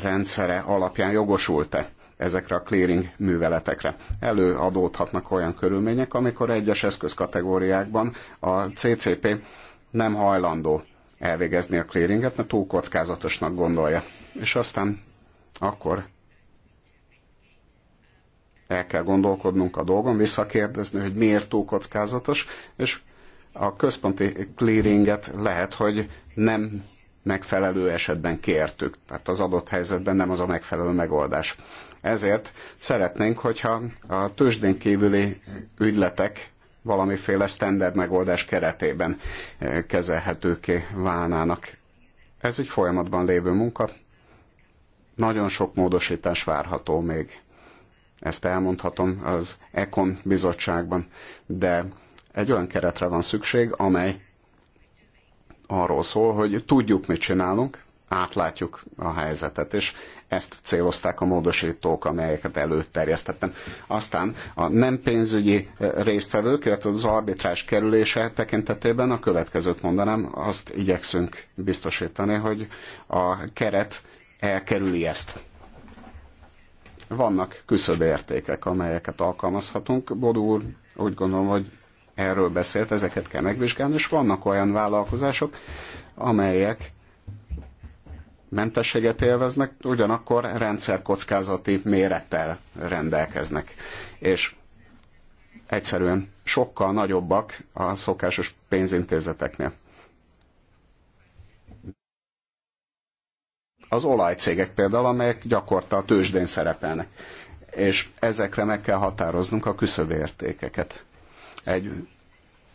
rendszere alapján jogosult-e ezekre a clearing műveletekre. Előadódhatnak olyan körülmények, amikor egyes eszközkategóriákban a CCP nem hajlandó elvégezni a clearinget, mert túl kockázatosnak gondolja. És aztán akkor el kell gondolkodnunk a dolgon, visszakérdezni, hogy miért túl kockázatos, és a központi clearinget lehet, hogy nem megfelelő esetben kértük. Tehát az adott helyzetben nem az a megfelelő megoldás. Ezért szeretnénk, hogyha a tőzsdén kívüli ügyletek valamiféle standard megoldás keretében eh, kezelhetőké válnának. Ez egy folyamatban lévő munka. Nagyon sok módosítás várható még. Ezt elmondhatom az Econ bizottságban, de egy olyan keretre van szükség, amely arról szól, hogy tudjuk, mit csinálunk, átlátjuk a helyzetet, és ezt célozták a módosítók, amelyeket terjesztettem. Aztán a nem pénzügyi eh, résztvevők, illetve az arbitrás kerülése tekintetében a következőt mondanám, azt igyekszünk biztosítani, hogy a keret elkerüli ezt vannak küszöbértékek, amelyeket alkalmazhatunk. Bodó úr úgy gondolom, hogy erről beszélt, ezeket kell megvizsgálni, és vannak olyan vállalkozások, amelyek mentességet élveznek, ugyanakkor rendszerkockázati mérettel rendelkeznek. És egyszerűen sokkal nagyobbak a szokásos pénzintézeteknél. Az olajcégek például, amelyek gyakorta a tőzsdén szerepelnek, és ezekre meg kell határoznunk a küszöbértékeket. Egy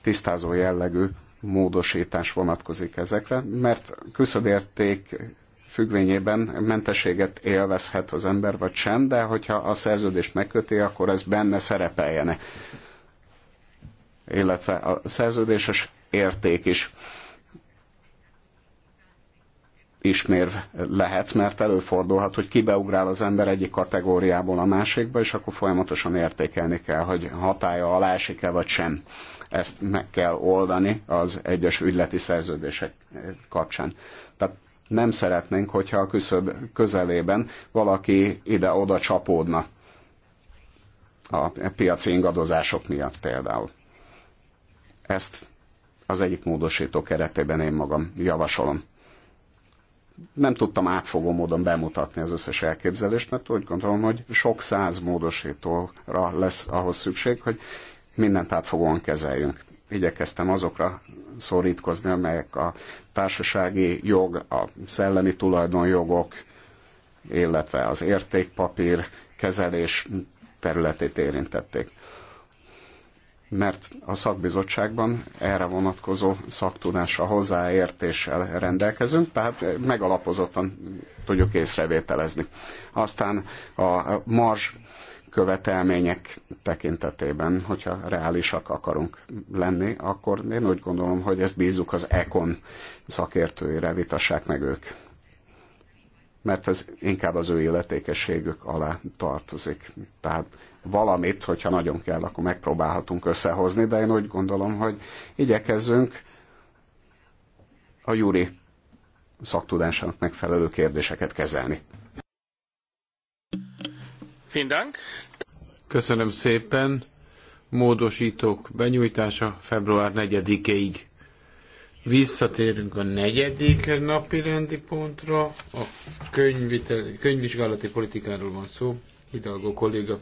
tisztázó jellegű módosítás vonatkozik ezekre, mert küszöbérték függvényében mentességet élvezhet az ember, vagy sem, de hogyha a szerződést megköti, akkor ez benne szerepeljene. Illetve a szerződéses érték is ismérv lehet, mert előfordulhat, hogy kibeugrál az ember egyik kategóriából a másikba, és akkor folyamatosan értékelni kell, hogy hatája alá esik-e vagy sem. Ezt meg kell oldani az egyes ügyleti szerződések kapcsán. Tehát nem szeretnénk, hogyha a küszöb közelében valaki ide-oda csapódna a piaci ingadozások miatt például. Ezt az egyik módosító keretében én magam javasolom. Nem tudtam átfogó módon bemutatni az összes elképzelést, mert úgy gondolom, hogy sok száz módosítóra lesz ahhoz szükség, hogy mindent átfogóan kezeljünk igyekeztem azokra szorítkozni, amelyek a társasági jog, a szellemi tulajdonjogok, illetve az értékpapír kezelés területét érintették mert a szakbizottságban erre vonatkozó szaktudásra hozzáértéssel rendelkezünk, tehát megalapozottan tudjuk észrevételezni. Aztán a marzs követelmények tekintetében, hogyha reálisak akarunk lenni, akkor én úgy gondolom, hogy ezt bízzuk az ECON szakértőire, vitassák meg ők. Mert ez inkább az ő illetékességük alá tartozik. Tehát valamit, hogyha nagyon kell, akkor megpróbálhatunk összehozni, de én úgy gondolom, hogy igyekezzünk a Júri szaktudásának megfelelő kérdéseket kezelni. Köszönöm szépen. Módosítók benyújtása február 4-ig. Visszatérünk a negyedik napi rendi pontra. A könyvvizsgálati politikáról van szó. Hidalgo kolléga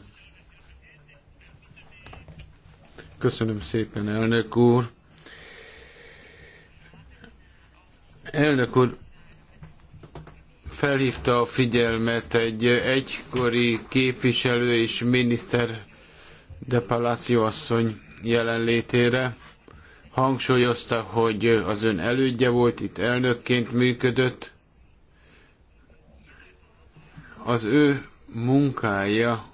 Köszönöm szépen, elnök úr. Elnök úr, felhívta a figyelmet egy egykori képviselő és miniszter de Palacio asszony jelenlétére. Hangsúlyozta, hogy az ön elődje volt, itt elnökként működött. Az ő munkája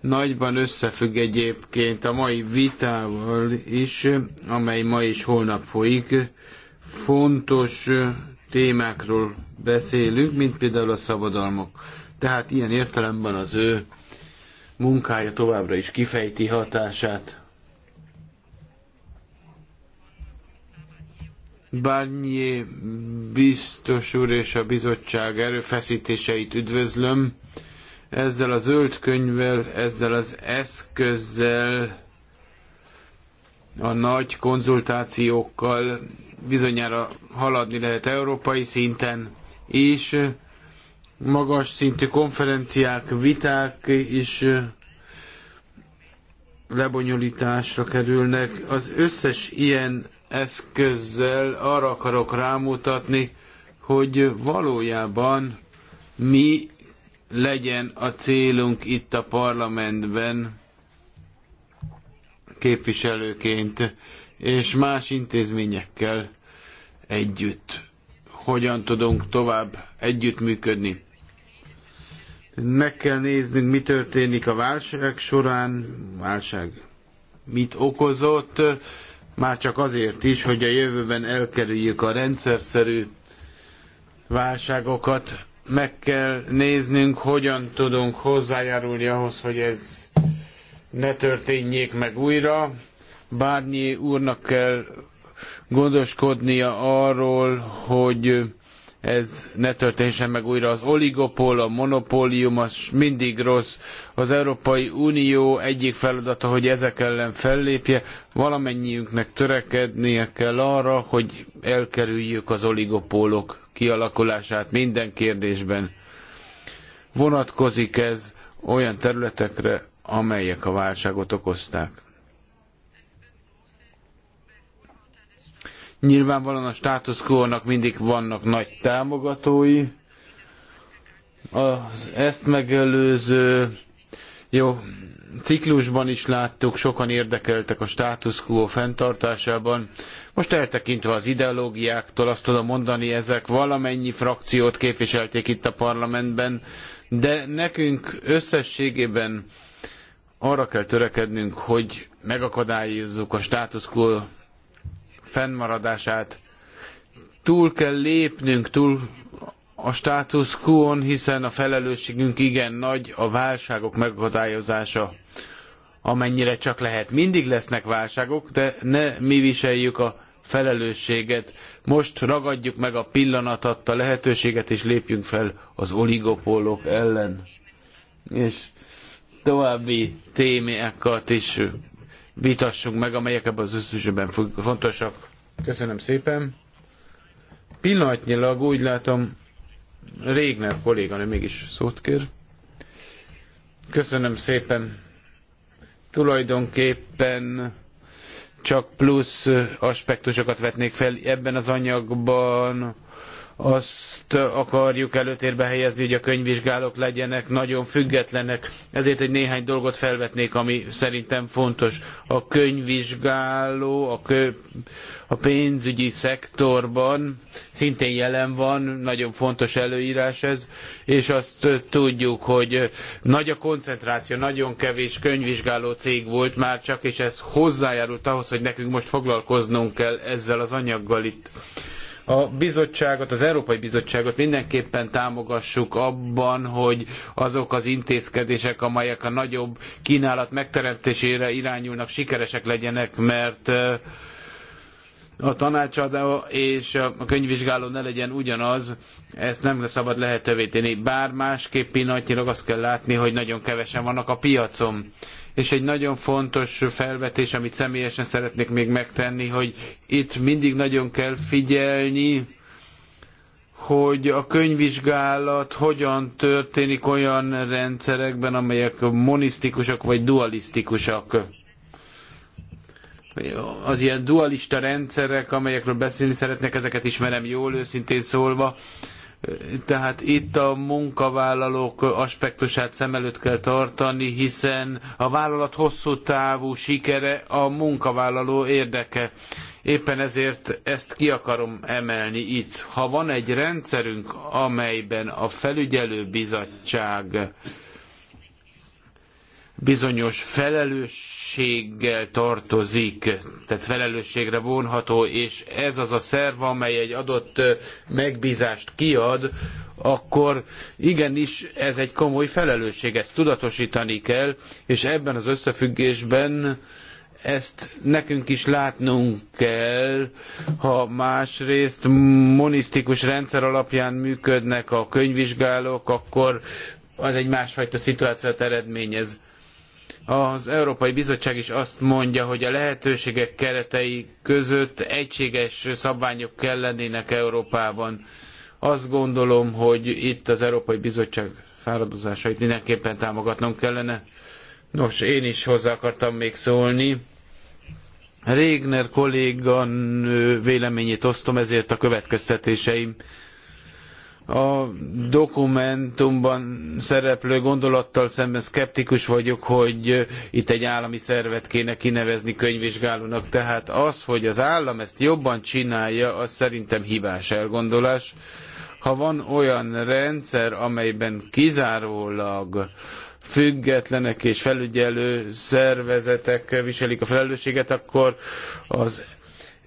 nagyban összefügg egyébként a mai vitával is, amely ma és holnap folyik. Fontos témákról beszélünk, mint például a szabadalmak. Tehát ilyen értelemben az ő munkája továbbra is kifejti hatását. Barnier biztos úr és a bizottság erőfeszítéseit üdvözlöm ezzel a zöld könyvvel, ezzel az eszközzel, a nagy konzultációkkal bizonyára haladni lehet európai szinten, és magas szintű konferenciák, viták is lebonyolításra kerülnek. Az összes ilyen eszközzel arra akarok rámutatni, hogy valójában mi legyen a célunk itt a parlamentben képviselőként és más intézményekkel együtt. Hogyan tudunk tovább együttműködni? Meg kell néznünk, mi történik a válság során, válság mit okozott, már csak azért is, hogy a jövőben elkerüljük a rendszerszerű válságokat, meg kell néznünk, hogyan tudunk hozzájárulni ahhoz, hogy ez ne történjék meg újra. Bárnyi úrnak kell gondoskodnia arról, hogy ez ne történjen meg újra. Az oligopól, a monopólium, az mindig rossz. Az Európai Unió egyik feladata, hogy ezek ellen fellépje. Valamennyiünknek törekednie kell arra, hogy elkerüljük az oligopólok kialakulását minden kérdésben. Vonatkozik ez olyan területekre, amelyek a válságot okozták. Nyilvánvalóan a status quo-nak mindig vannak nagy támogatói, az ezt megelőző jó ciklusban is láttuk, sokan érdekeltek a status quo fenntartásában. Most eltekintve az ideológiáktól, azt tudom mondani, ezek valamennyi frakciót képviselték itt a parlamentben, de nekünk összességében arra kell törekednünk, hogy megakadályozzuk a status quo fennmaradását. Túl kell lépnünk, túl a status quo hiszen a felelősségünk igen nagy, a válságok megakadályozása amennyire csak lehet. Mindig lesznek válságok, de ne mi viseljük a felelősséget. Most ragadjuk meg a pillanatot, a lehetőséget, és lépjünk fel az oligopólok ellen. És további témákat is vitassunk meg, amelyek ebben az összesben fontosak. Köszönöm szépen. Pillanatnyilag úgy látom, régnek kolléganő mégis szót kér. Köszönöm szépen tulajdonképpen csak plusz aspektusokat vetnék fel ebben az anyagban, azt akarjuk előtérbe helyezni, hogy a könyvvizsgálók legyenek nagyon függetlenek. Ezért egy néhány dolgot felvetnék, ami szerintem fontos. A könyvvizsgáló a, kö, a pénzügyi szektorban szintén jelen van, nagyon fontos előírás ez, és azt tudjuk, hogy nagy a koncentráció, nagyon kevés könyvvizsgáló cég volt már csak, és ez hozzájárult ahhoz, hogy nekünk most foglalkoznunk kell ezzel az anyaggal itt a bizottságot, az Európai Bizottságot mindenképpen támogassuk abban, hogy azok az intézkedések, amelyek a nagyobb kínálat megteremtésére irányulnak, sikeresek legyenek, mert a tanácsadó és a könyvvizsgáló ne legyen ugyanaz, ezt nem szabad lehetővé tenni. Bár másképp pillanatnyilag azt kell látni, hogy nagyon kevesen vannak a piacon és egy nagyon fontos felvetés, amit személyesen szeretnék még megtenni, hogy itt mindig nagyon kell figyelni, hogy a könyvvizsgálat hogyan történik olyan rendszerekben, amelyek monisztikusak vagy dualisztikusak. Az ilyen dualista rendszerek, amelyekről beszélni szeretnék, ezeket ismerem jól, őszintén szólva tehát itt a munkavállalók aspektusát szem előtt kell tartani, hiszen a vállalat hosszú távú sikere a munkavállaló érdeke. Éppen ezért ezt ki akarom emelni itt. Ha van egy rendszerünk, amelyben a felügyelő bizottság bizonyos felelősséggel tartozik, tehát felelősségre vonható, és ez az a szerv, amely egy adott megbízást kiad, akkor igenis ez egy komoly felelősség, ezt tudatosítani kell, és ebben az összefüggésben ezt nekünk is látnunk kell, ha másrészt monisztikus rendszer alapján működnek a könyvvizsgálók, akkor az egy másfajta szituációt eredményez az Európai Bizottság is azt mondja, hogy a lehetőségek keretei között egységes szabványok lennének Európában. Azt gondolom, hogy itt az Európai Bizottság fáradozásait mindenképpen támogatnom kellene. Nos, én is hozzá akartam még szólni. Régner kollégan véleményét osztom, ezért a következtetéseim a dokumentumban szereplő gondolattal szemben szkeptikus vagyok, hogy itt egy állami szervet kéne kinevezni könyvvizsgálónak. Tehát az, hogy az állam ezt jobban csinálja, az szerintem hibás elgondolás. Ha van olyan rendszer, amelyben kizárólag függetlenek és felügyelő szervezetek viselik a felelősséget, akkor az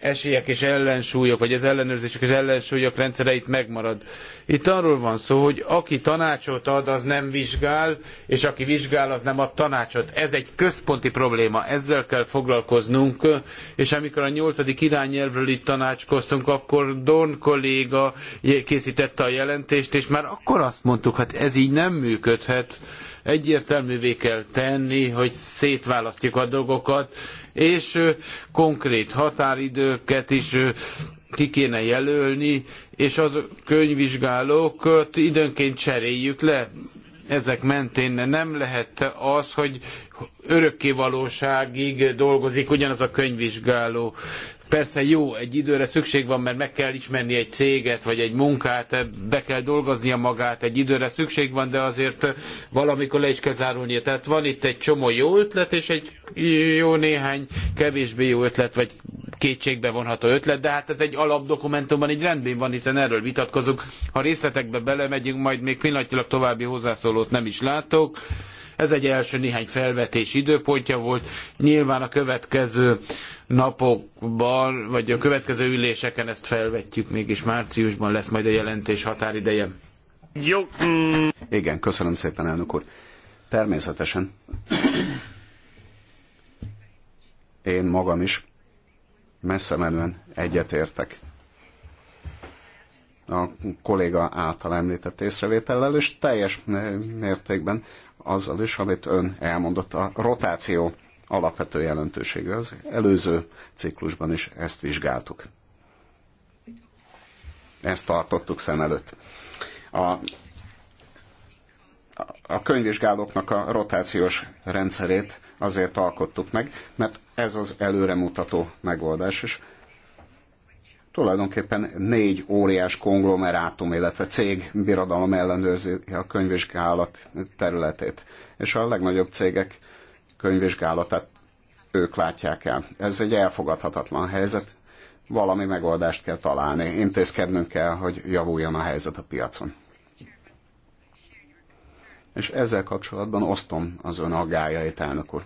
esélyek és ellensúlyok, vagy az ellenőrzések és ellensúlyok rendszere itt megmarad. Itt arról van szó, hogy aki tanácsot ad, az nem vizsgál, és aki vizsgál, az nem ad tanácsot. Ez egy központi probléma, ezzel kell foglalkoznunk, és amikor a nyolcadik irányelvről itt tanácskoztunk, akkor Dorn kolléga készítette a jelentést, és már akkor azt mondtuk, hát ez így nem működhet egyértelművé kell tenni, hogy szétválasztjuk a dolgokat, és konkrét határidőket is ki kéne jelölni, és az könyvvizsgálókat időnként cseréljük le. Ezek mentén nem lehet az, hogy örökkévalóságig valóságig dolgozik ugyanaz a könyvvizsgáló. Persze jó, egy időre szükség van, mert meg kell ismerni egy céget, vagy egy munkát, be kell dolgoznia magát, egy időre szükség van, de azért valamikor le is kell zárulnia. Tehát van itt egy csomó jó ötlet, és egy jó néhány kevésbé jó ötlet, vagy kétségbe vonható ötlet, de hát ez egy alapdokumentumban így rendben van, hiszen erről vitatkozunk. Ha részletekbe belemegyünk, majd még pillanatilag további hozzászólót nem is látok. Ez egy első néhány felvetés időpontja volt. Nyilván a következő napokban, vagy a következő üléseken ezt felvetjük, mégis márciusban lesz majd a jelentés határideje. Jó. Igen, köszönöm szépen, elnök úr. Természetesen. Én magam is messze menően egyetértek a kolléga által említett észrevétellel, és teljes mértékben azzal is, amit ön elmondott, a rotáció alapvető jelentősége Az előző ciklusban is ezt vizsgáltuk. Ezt tartottuk szem előtt. A, a könyvvizsgálóknak a rotációs rendszerét azért alkottuk meg, mert ez az előremutató megoldás, és tulajdonképpen négy óriás konglomerátum, illetve cég birodalom ellenőrzi a könyvvizsgálat területét. És a legnagyobb cégek könyvvizsgálatát ők látják el. Ez egy elfogadhatatlan helyzet. Valami megoldást kell találni, intézkednünk kell, hogy javuljon a helyzet a piacon. És ezzel kapcsolatban osztom az ön aggájait, elnök úr.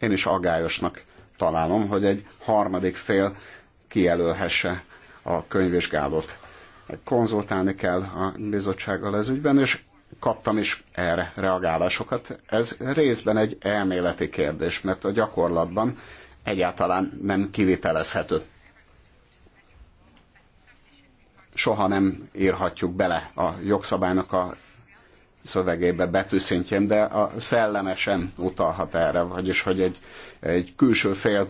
Én is aggályosnak találom, hogy egy harmadik fél kijelölhesse a könyvvizsgálót. Konzultálni kell a bizottsággal ez ügyben, és kaptam is erre reagálásokat. Ez részben egy elméleti kérdés, mert a gyakorlatban egyáltalán nem kivitelezhető. Soha nem írhatjuk bele a jogszabálynak a szövegébe betűszintjén, de a szellemesen utalhat erre, vagyis hogy egy, egy külső fél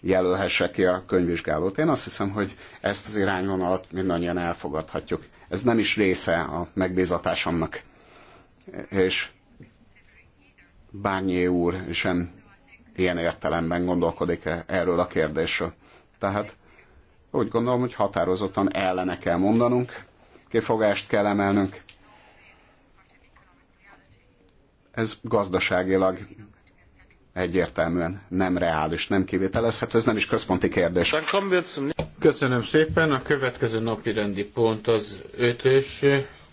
jelölhesse ki a könyvvizsgálót. Én azt hiszem, hogy ezt az irányvonalat mindannyian elfogadhatjuk. Ez nem is része a megbízatásomnak. És Bárnyé úr sem ilyen értelemben gondolkodik -e erről a kérdésről. Tehát úgy gondolom, hogy határozottan ellene kell mondanunk, kifogást kell emelnünk, ez gazdaságilag egyértelműen nem reális, nem kivitelezhető, ez nem is központi kérdés. Köszönöm szépen. A következő napi rendi pont az ötös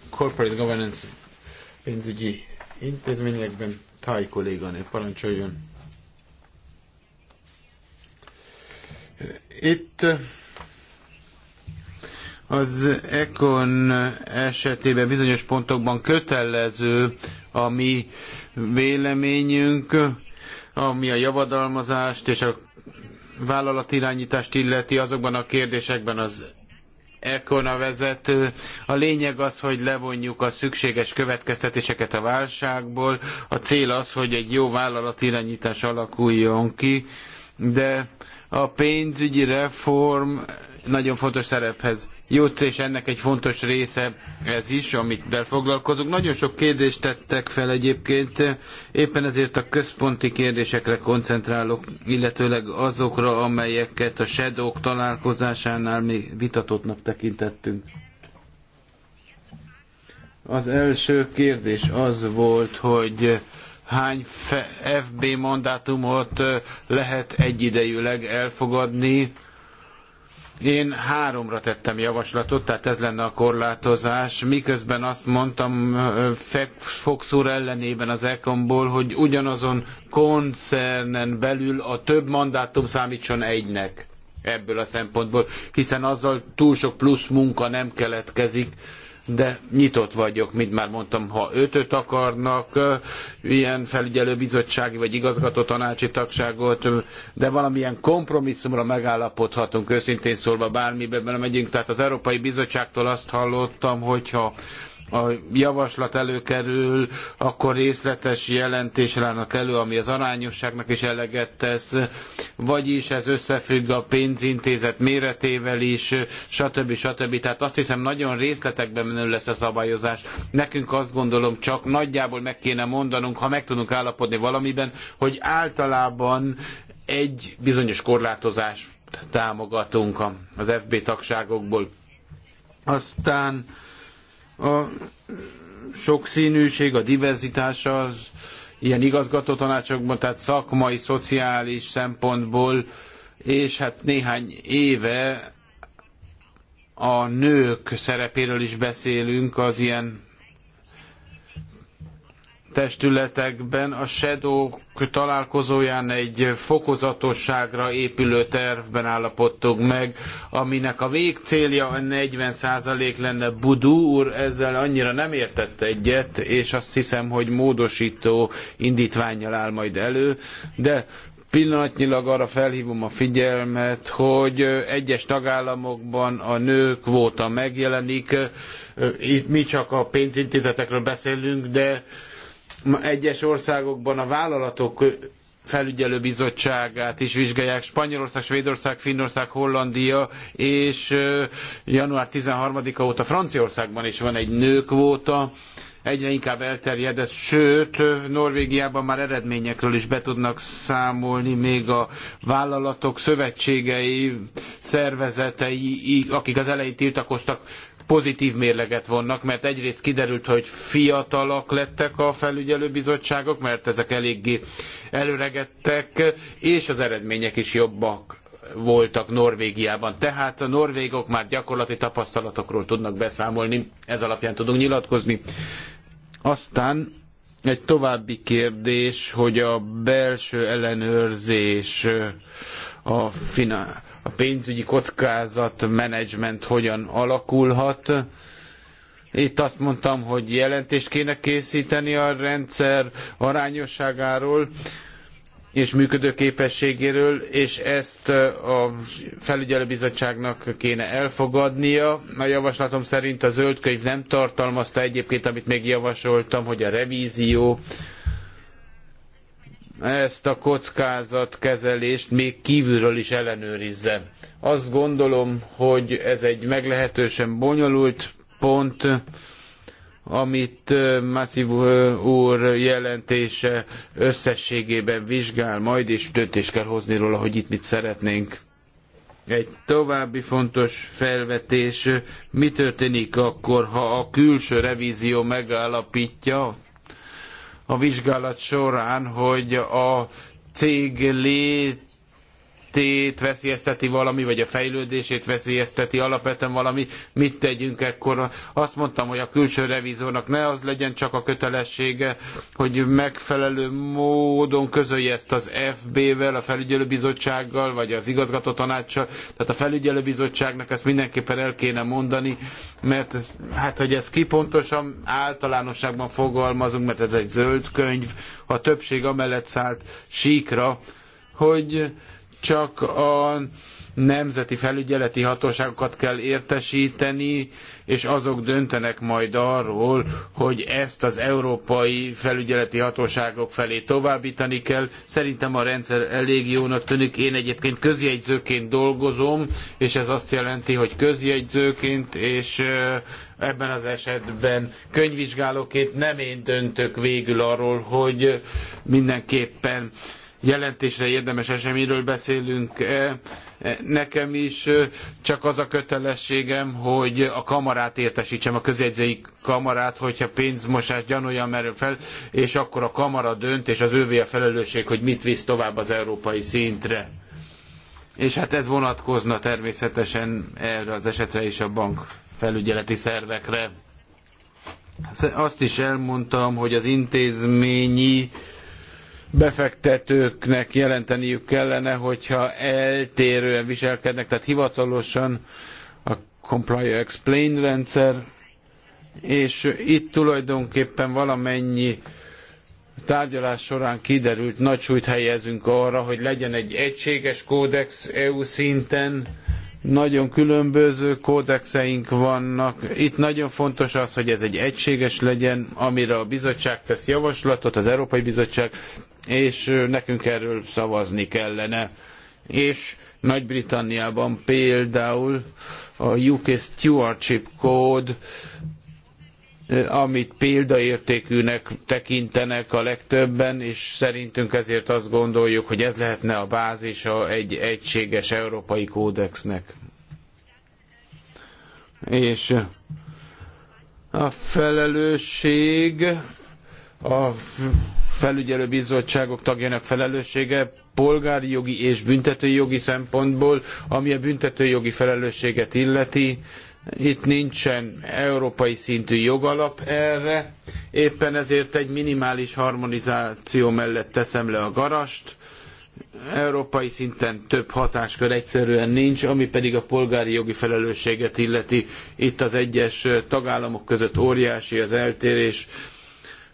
Corporate Governance pénzügyi intézményekben. Táj kolléganő, parancsoljon. Itt az Econ esetében bizonyos pontokban kötelező a mi véleményünk, ami a javadalmazást és a vállalatirányítást illeti azokban a kérdésekben az Ekona vezető. A lényeg az, hogy levonjuk a szükséges következtetéseket a válságból. A cél az, hogy egy jó vállalatirányítás alakuljon ki, de a pénzügyi reform nagyon fontos szerephez jut, és ennek egy fontos része ez is, amivel foglalkozunk. Nagyon sok kérdést tettek fel egyébként, éppen ezért a központi kérdésekre koncentrálok, illetőleg azokra, amelyeket a shadow találkozásánál mi vitatottnak tekintettünk. Az első kérdés az volt, hogy hány FB mandátumot lehet egyidejűleg elfogadni, én háromra tettem javaslatot, tehát ez lenne a korlátozás, miközben azt mondtam Fox úr ellenében az Econból, hogy ugyanazon koncernen belül a több mandátum számítson egynek ebből a szempontból, hiszen azzal túl sok plusz munka nem keletkezik, de nyitott vagyok, mint már mondtam, ha ötöt akarnak, ilyen felügyelőbizottsági vagy igazgató tanácsi tagságot, de valamilyen kompromisszumra megállapodhatunk, őszintén szólva mert megyünk. Tehát az Európai Bizottságtól azt hallottam, hogyha a javaslat előkerül, akkor részletes jelentés állnak elő, ami az arányosságnak is eleget tesz, vagyis ez összefügg a pénzintézet méretével is, stb. stb. Tehát azt hiszem nagyon részletekben menő lesz a szabályozás. Nekünk azt gondolom csak nagyjából meg kéne mondanunk, ha meg tudunk állapodni valamiben, hogy általában egy bizonyos korlátozást támogatunk az FB tagságokból. Aztán a sokszínűség, a diverzitás az ilyen igazgató tanácsokban, tehát szakmai, szociális szempontból, és hát néhány éve a nők szerepéről is beszélünk az ilyen testületekben a shadow találkozóján egy fokozatosságra épülő tervben állapodtunk meg, aminek a végcélja a 40% lenne. Budú úr ezzel annyira nem értett egyet, és azt hiszem, hogy módosító indítványjal áll majd elő, de pillanatnyilag arra felhívom a figyelmet, hogy egyes tagállamokban a nő kvóta megjelenik. Itt mi csak a pénzintézetekről beszélünk, de egyes országokban a vállalatok felügyelő bizottságát is vizsgálják. Spanyolország, Svédország, Finnország, Hollandia, és január 13-a óta Franciaországban is van egy nőkvóta. Egyre inkább elterjed ez, sőt, Norvégiában már eredményekről is be tudnak számolni, még a vállalatok szövetségei, szervezetei, akik az elején tiltakoztak, pozitív mérleget vonnak, mert egyrészt kiderült, hogy fiatalak lettek a felügyelőbizottságok, mert ezek eléggé előregettek, és az eredmények is jobbak voltak Norvégiában. Tehát a norvégok már gyakorlati tapasztalatokról tudnak beszámolni, ez alapján tudunk nyilatkozni. Aztán egy további kérdés, hogy a belső ellenőrzés a finál a pénzügyi kockázat menedzsment hogyan alakulhat. Itt azt mondtam, hogy jelentést kéne készíteni a rendszer arányosságáról és működőképességéről, és ezt a felügyelőbizottságnak kéne elfogadnia. A javaslatom szerint a zöld könyv nem tartalmazta egyébként, amit még javasoltam, hogy a revízió ezt a kockázatkezelést még kívülről is ellenőrizze. Azt gondolom, hogy ez egy meglehetősen bonyolult pont, amit Massiv úr jelentése összességében vizsgál majd, és döntést kell hozni róla, hogy itt mit szeretnénk. Egy további fontos felvetés, mi történik akkor, ha a külső revízió megállapítja, a vizsgálat során, hogy a cég lét életét veszélyezteti valami, vagy a fejlődését veszélyezteti alapvetően valami, mit tegyünk ekkor. Azt mondtam, hogy a külső revizornak ne az legyen csak a kötelessége, hogy megfelelő módon közölje ezt az FB-vel, a felügyelőbizottsággal, vagy az igazgató igazgatótanácssal. Tehát a felügyelőbizottságnak ezt mindenképpen el kéne mondani, mert ez, hát, hogy ezt kipontosan általánosságban fogalmazunk, mert ez egy zöld könyv, a többség amellett szállt síkra, hogy csak a nemzeti felügyeleti hatóságokat kell értesíteni, és azok döntenek majd arról, hogy ezt az európai felügyeleti hatóságok felé továbbítani kell. Szerintem a rendszer elég jónak tűnik. Én egyébként közjegyzőként dolgozom, és ez azt jelenti, hogy közjegyzőként és ebben az esetben könyvvizsgálóként nem én döntök végül arról, hogy mindenképpen jelentésre érdemes eseményről beszélünk. E, nekem is csak az a kötelességem, hogy a kamarát értesítsem, a közjegyzői kamarát, hogyha pénzmosás gyanúja merül fel, és akkor a kamara dönt, és az ővé a felelősség, hogy mit visz tovább az európai szintre. És hát ez vonatkozna természetesen erre az esetre is a bank felügyeleti szervekre. Azt is elmondtam, hogy az intézményi befektetőknek jelenteniük kellene, hogyha eltérően viselkednek, tehát hivatalosan a Comply Explain rendszer, és itt tulajdonképpen valamennyi tárgyalás során kiderült, nagy súlyt helyezünk arra, hogy legyen egy egységes kódex EU szinten, nagyon különböző kódexeink vannak. Itt nagyon fontos az, hogy ez egy egységes legyen, amire a bizottság tesz javaslatot, az Európai Bizottság, és nekünk erről szavazni kellene. És Nagy-Britanniában például a UK Stewardship Code amit példaértékűnek tekintenek a legtöbben, és szerintünk ezért azt gondoljuk, hogy ez lehetne a bázisa egy egységes európai kódexnek. És a felelősség a bizottságok tagjának felelőssége polgári jogi és jogi szempontból, ami a jogi felelősséget illeti. Itt nincsen európai szintű jogalap erre, éppen ezért egy minimális harmonizáció mellett teszem le a garast. Európai szinten több hatáskör egyszerűen nincs, ami pedig a polgári jogi felelősséget illeti. Itt az egyes tagállamok között óriási az eltérés,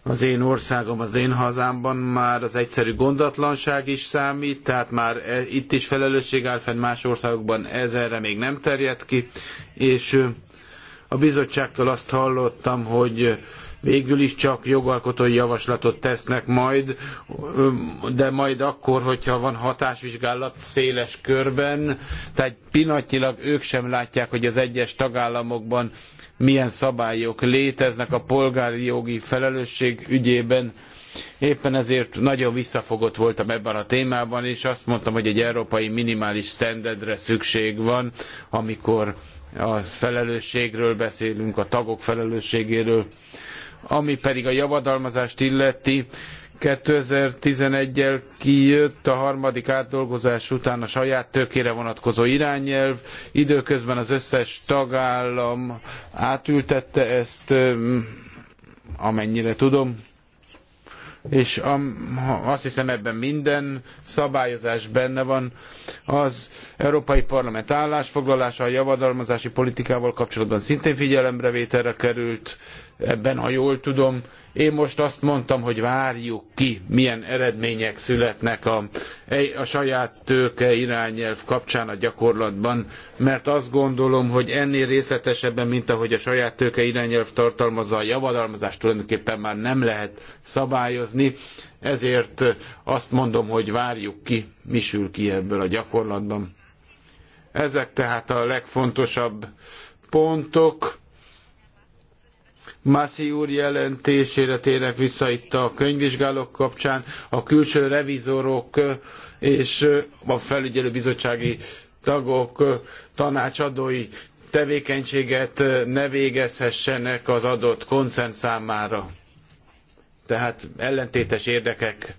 az én országom, az én hazámban már az egyszerű gondatlanság is számít, tehát már e, itt is felelősség áll fenn, más országokban ez erre még nem terjed ki, és a bizottságtól azt hallottam, hogy végül is csak jogalkotói javaslatot tesznek majd, de majd akkor, hogyha van hatásvizsgálat széles körben, tehát pillanatnyilag ők sem látják, hogy az egyes tagállamokban milyen szabályok léteznek a polgári jogi felelősség ügyében. Éppen ezért nagyon visszafogott voltam ebben a témában, és azt mondtam, hogy egy európai minimális standardre szükség van, amikor a felelősségről beszélünk, a tagok felelősségéről. Ami pedig a javadalmazást illeti, 2011-el kijött a harmadik átdolgozás után a saját tökére vonatkozó irányelv. Időközben az összes tagállam átültette ezt, amennyire tudom. És azt hiszem ebben minden szabályozás benne van. Az Európai Parlament állásfoglalása a javadalmazási politikával kapcsolatban szintén figyelemre vételre került, ebben, ha jól tudom, én most azt mondtam, hogy várjuk ki, milyen eredmények születnek a, a saját tőke irányelv kapcsán a gyakorlatban, mert azt gondolom, hogy ennél részletesebben, mint ahogy a saját tőke irányelv tartalmazza a javadalmazást, tulajdonképpen már nem lehet szabályozni, ezért azt mondom, hogy várjuk ki, mi sül ki ebből a gyakorlatban. Ezek tehát a legfontosabb pontok Mászi úr jelentésére térek vissza itt a könyvvizsgálók kapcsán, a külső revizorok és a felügyelőbizottsági tagok tanácsadói tevékenységet ne végezhessenek az adott koncern számára. Tehát ellentétes érdekek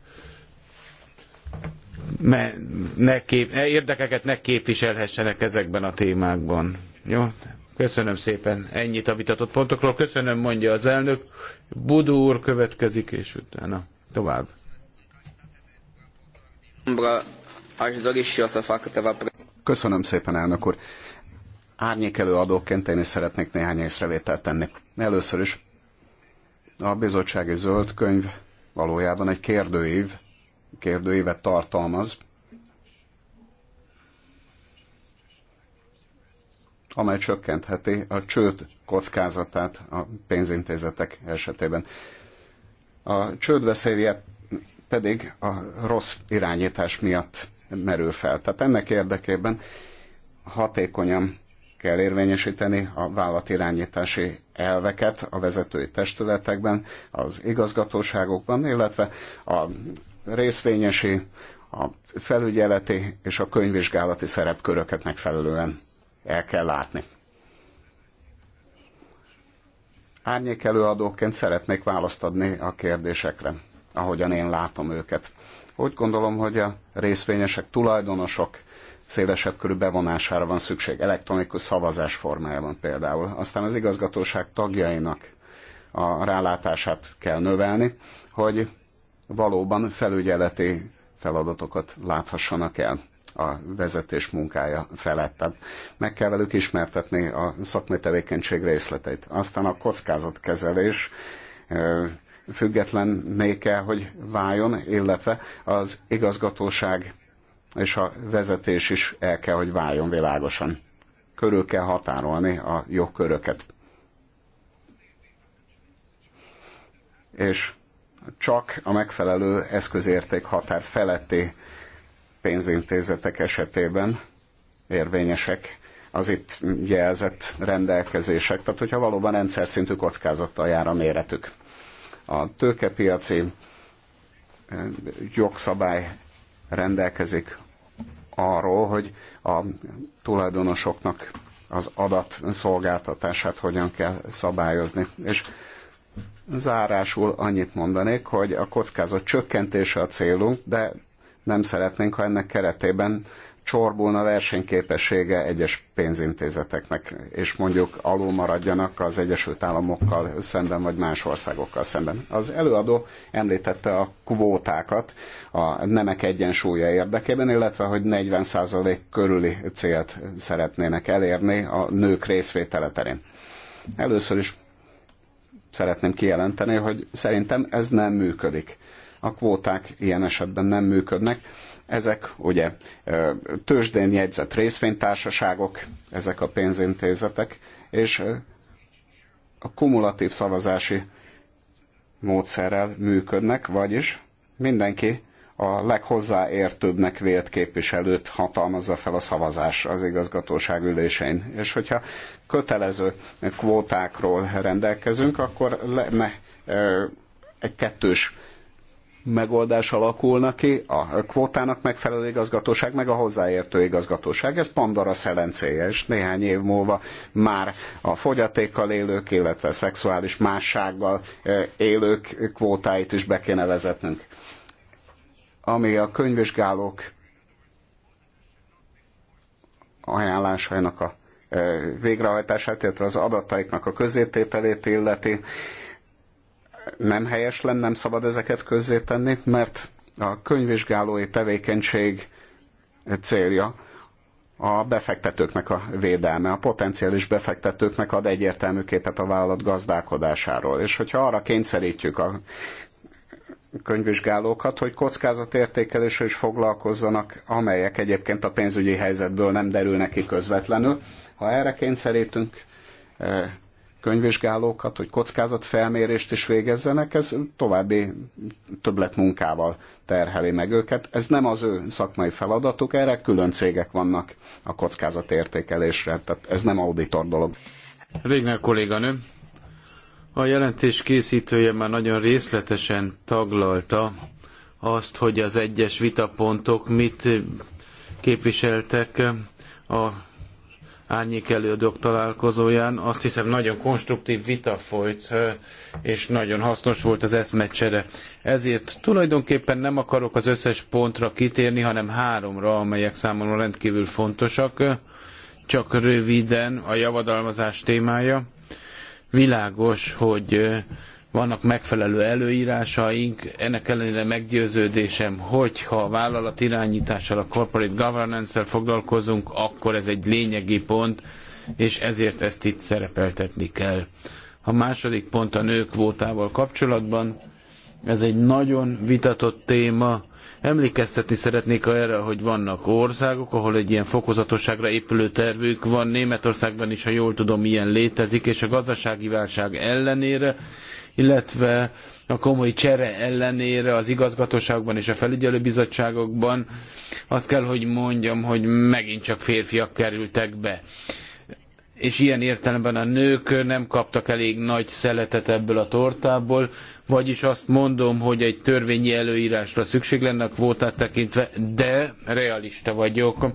ne kép, érdekeket ne képviselhessenek ezekben a témákban. Jó? Köszönöm szépen. Ennyit a vitatott pontokról. Köszönöm, mondja az elnök. Budó úr következik, és utána tovább. Köszönöm szépen, elnök úr. Árnyékelő adóként én is szeretnék néhány észrevételt tenni. Először is a bizottsági zöld könyv valójában egy kérdőív, kérdőívet tartalmaz amely csökkentheti a csőd kockázatát a pénzintézetek esetében. A csődveszélye pedig a rossz irányítás miatt merül fel. Tehát ennek érdekében hatékonyan kell érvényesíteni a vállalatirányítási elveket a vezetői testületekben, az igazgatóságokban, illetve a részvényesi, a felügyeleti és a könyvvizsgálati szerepköröket megfelelően el kell látni. Árnyék előadóként szeretnék választ adni a kérdésekre, ahogyan én látom őket. Úgy gondolom, hogy a részvényesek, tulajdonosok szélesebb körű bevonására van szükség, elektronikus szavazás formájában például. Aztán az igazgatóság tagjainak a rálátását kell növelni, hogy valóban felügyeleti feladatokat láthassanak el a vezetés munkája felett. Tehát meg kell velük ismertetni a szakmai tevékenység részleteit. Aztán a kockázatkezelés függetlenné kell, hogy váljon, illetve az igazgatóság és a vezetés is el kell, hogy váljon világosan. Körül kell határolni a jogköröket. És csak a megfelelő eszközérték határ feletti pénzintézetek esetében érvényesek az itt jelzett rendelkezések, tehát hogyha valóban rendszer szintű kockázattal jár a méretük. A tőkepiaci eh, jogszabály rendelkezik arról, hogy a tulajdonosoknak az adat szolgáltatását hogyan kell szabályozni. És zárásul annyit mondanék, hogy a kockázat csökkentése a célunk, de nem szeretnénk, ha ennek keretében csorbulna versenyképessége egyes pénzintézeteknek, és mondjuk alul maradjanak az Egyesült Államokkal szemben, vagy más országokkal szemben. Az előadó említette a kvótákat a nemek egyensúlya érdekében, illetve hogy 40% körüli célt szeretnének elérni a nők részvétele terén. Először is szeretném kijelenteni, hogy szerintem ez nem működik a kvóták ilyen esetben nem működnek. Ezek ugye tőzsdén jegyzett részvénytársaságok, ezek a pénzintézetek, és a kumulatív szavazási módszerrel működnek, vagyis mindenki a leghozzáértőbbnek vélt képviselőt hatalmazza fel a szavazás az igazgatóság ülésein. És hogyha kötelező kvótákról rendelkezünk, akkor lenne egy kettős megoldás alakulna ki, a kvótának megfelelő igazgatóság, meg a hozzáértő igazgatóság. Ez Pandora szelencéje, és néhány év múlva már a fogyatékkal élők, illetve szexuális mássággal e, élők kvótáit is be kéne vezetnünk. Ami a könyvvizsgálók ajánlásainak a e, végrehajtását, illetve az adataiknak a közértételét illeti, nem helyes lenne, nem szabad ezeket közzétenni, mert a könyvvizsgálói tevékenység célja a befektetőknek a védelme, a potenciális befektetőknek ad egyértelmű képet a vállalat gazdálkodásáról. És hogyha arra kényszerítjük a könyvvizsgálókat, hogy kockázatértékeléssel is foglalkozzanak, amelyek egyébként a pénzügyi helyzetből nem derülnek ki közvetlenül. Ha erre kényszerítünk eh, könyvvizsgálókat, hogy kockázatfelmérést is végezzenek, ez további többletmunkával terheli meg őket. Ez nem az ő szakmai feladatuk, erre külön cégek vannak a kockázatértékelésre, tehát ez nem auditor dolog. Régner kolléganő, a jelentés készítője már nagyon részletesen taglalta azt, hogy az egyes vitapontok mit képviseltek a árnyék előadók találkozóján. Azt hiszem nagyon konstruktív vita folyt, és nagyon hasznos volt az eszmecsere. Ezért tulajdonképpen nem akarok az összes pontra kitérni, hanem háromra, amelyek számomra rendkívül fontosak. Csak röviden a javadalmazás témája. Világos, hogy vannak megfelelő előírásaink, ennek ellenére meggyőződésem, hogy ha a vállalat irányítással, a corporate governance szel foglalkozunk, akkor ez egy lényegi pont, és ezért ezt itt szerepeltetni kell. A második pont a nők kvótával kapcsolatban. Ez egy nagyon vitatott téma. Emlékeztetni szeretnék erre, hogy vannak országok, ahol egy ilyen fokozatosságra épülő tervük van. Németországban is, ha jól tudom, ilyen létezik, és a gazdasági válság ellenére illetve a komoly csere ellenére az igazgatóságban és a felügyelőbizottságokban azt kell, hogy mondjam, hogy megint csak férfiak kerültek be. És ilyen értelemben a nők nem kaptak elég nagy szeletet ebből a tortából, vagyis azt mondom, hogy egy törvényi előírásra szükség lenne a kvótát tekintve, de realista vagyok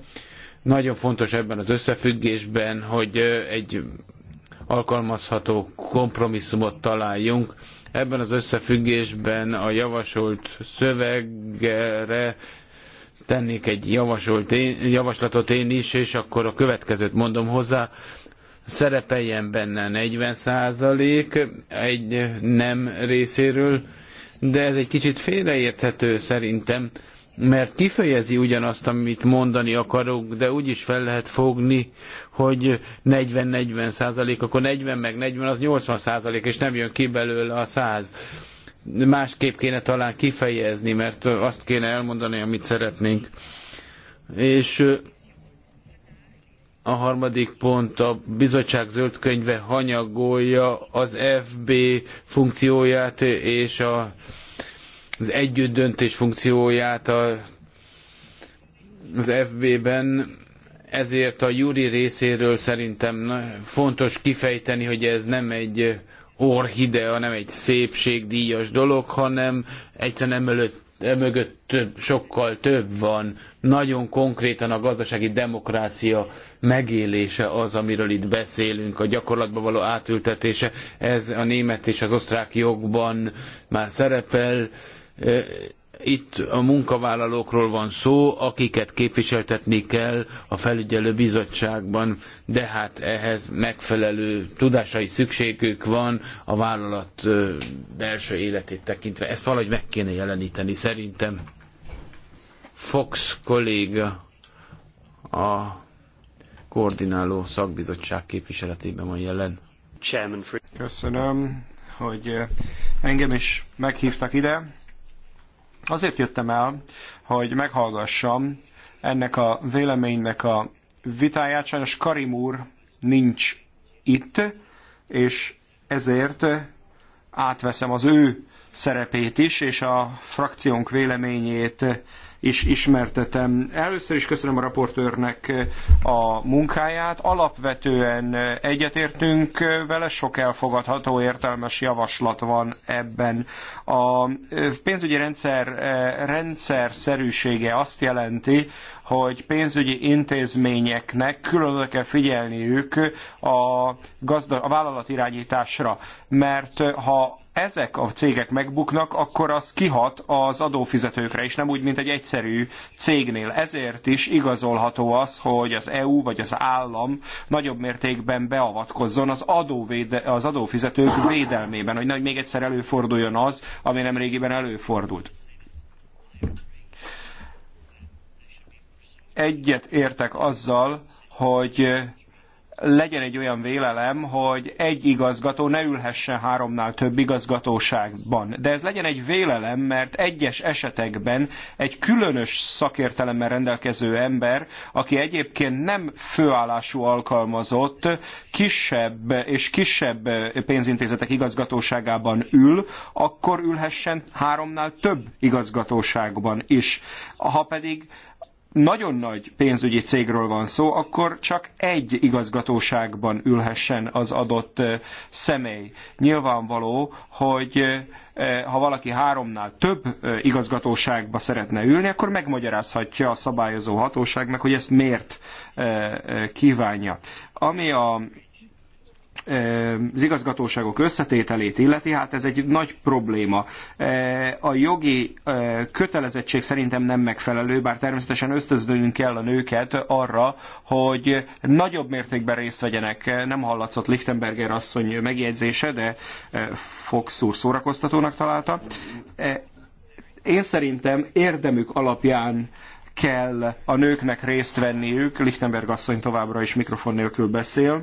nagyon fontos ebben az összefüggésben, hogy egy alkalmazható kompromisszumot találjunk. Ebben az összefüggésben a javasolt szövegre tennék egy javasolt én, javaslatot én is, és akkor a következőt mondom hozzá. Szerepeljen benne 40 egy nem részéről, de ez egy kicsit félreérthető szerintem mert kifejezi ugyanazt, amit mondani akarok, de úgy is fel lehet fogni, hogy 40-40 százalék, akkor 40 meg 40 az 80 százalék, és nem jön ki belőle a 100. Másképp kéne talán kifejezni, mert azt kéne elmondani, amit szeretnénk. És a harmadik pont a bizottság zöld könyve hanyagolja az FB funkcióját és a az együtt döntés funkcióját a, az FB-ben, ezért a Juri részéről szerintem fontos kifejteni, hogy ez nem egy orhidea, nem egy szépségdíjas dolog, hanem egyszerűen emölött mögött több, sokkal több van. Nagyon konkrétan a gazdasági demokrácia megélése az, amiről itt beszélünk, a gyakorlatba való átültetése. Ez a német és az osztrák jogban már szerepel, itt a munkavállalókról van szó, akiket képviseltetni kell a felügyelő bizottságban, de hát ehhez megfelelő tudásai szükségük van a vállalat belső életét tekintve. Ezt valahogy meg kéne jeleníteni szerintem. Fox kolléga a koordináló szakbizottság képviseletében van jelen. Köszönöm, hogy engem is meghívtak ide. Azért jöttem el, hogy meghallgassam ennek a véleménynek a vitáját. Sajnos Karim úr nincs itt, és ezért átveszem az ő szerepét is, és a frakciónk véleményét is ismertetem. Először is köszönöm a raportőrnek a munkáját. Alapvetően egyetértünk vele, sok elfogadható értelmes javaslat van ebben. A pénzügyi rendszer rendszer szerűsége azt jelenti, hogy pénzügyi intézményeknek külön oda kell figyelniük a, gazda, a vállalatirányításra, mert ha ezek a cégek megbuknak, akkor az kihat az adófizetőkre is, nem úgy, mint egy egyszerű cégnél. Ezért is igazolható az, hogy az EU vagy az állam nagyobb mértékben beavatkozzon az, adóvéde, az adófizetők védelmében, hogy nagy még egyszer előforduljon az, ami nem régiben előfordult. Egyet értek azzal, hogy legyen egy olyan vélelem, hogy egy igazgató ne ülhessen háromnál több igazgatóságban. De ez legyen egy vélelem, mert egyes esetekben egy különös szakértelemmel rendelkező ember, aki egyébként nem főállású alkalmazott, kisebb és kisebb pénzintézetek igazgatóságában ül, akkor ülhessen háromnál több igazgatóságban is. Ha pedig nagyon nagy pénzügyi cégről van szó, akkor csak egy igazgatóságban ülhessen az adott személy. Nyilvánvaló, hogy ha valaki háromnál több igazgatóságba szeretne ülni, akkor megmagyarázhatja a szabályozó hatóságnak, hogy ezt miért kívánja. Ami a Eh, az igazgatóságok összetételét illeti, hát ez egy nagy probléma. Eh, a jogi eh, kötelezettség szerintem nem megfelelő, bár természetesen ösztöznünk kell a nőket arra, hogy nagyobb mértékben részt vegyenek. Nem hallatszott Lichtenberger asszony megjegyzése, de Fox úr szórakoztatónak találta. Én szerintem érdemük alapján kell a nőknek részt venniük, Lichtenberg asszony továbbra is mikrofon nélkül beszél,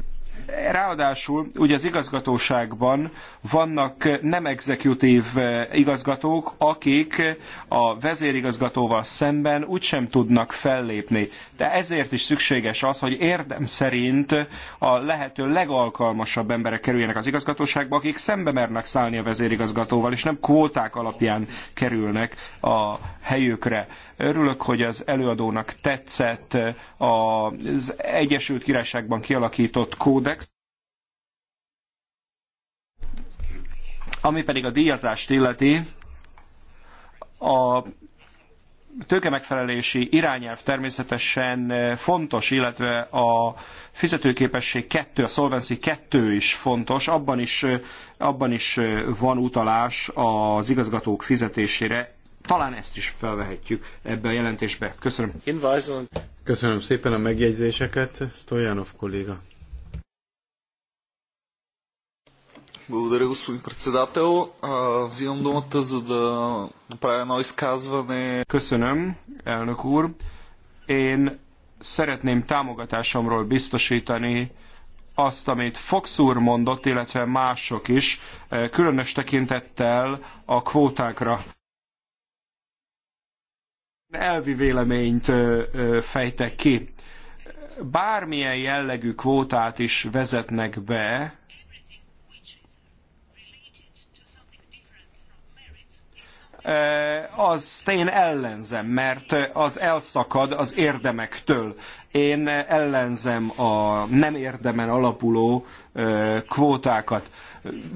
Ráadásul ugye az igazgatóságban vannak nem exekutív eh, igazgatók, akik a vezérigazgatóval szemben úgysem tudnak fellépni. De ezért is szükséges az, hogy érdem szerint a lehető legalkalmasabb emberek kerüljenek az igazgatóságba, akik szembe mernek szállni a vezérigazgatóval, és nem kvóták alapján kerülnek a helyükre. Örülök, hogy az előadónak tetszett az Egyesült Királyságban kialakított kódex, Ami pedig a díjazást illeti, a tőkemegfelelési irányelv természetesen fontos, illetve a fizetőképesség 2, a szolvenci 2 is fontos, abban is, abban is van utalás az igazgatók fizetésére. Talán ezt is felvehetjük ebbe a jelentésbe. Köszönöm. Köszönöm szépen a megjegyzéseket, Stojanov kolléga. Благодаря, господин председател. Взимам думата, за да направя едно изказване. Köszönöm, elnök úr. Én szeretném támogatásomról biztosítani azt, amit Fox úr mondott, illetve mások is, különös tekintettel a kvótákra. Elvi véleményt fejtek ki. Bármilyen jellegű kvótát is vezetnek be, azt én ellenzem, mert az elszakad az érdemektől. Én ellenzem a nem érdemen alapuló kvótákat.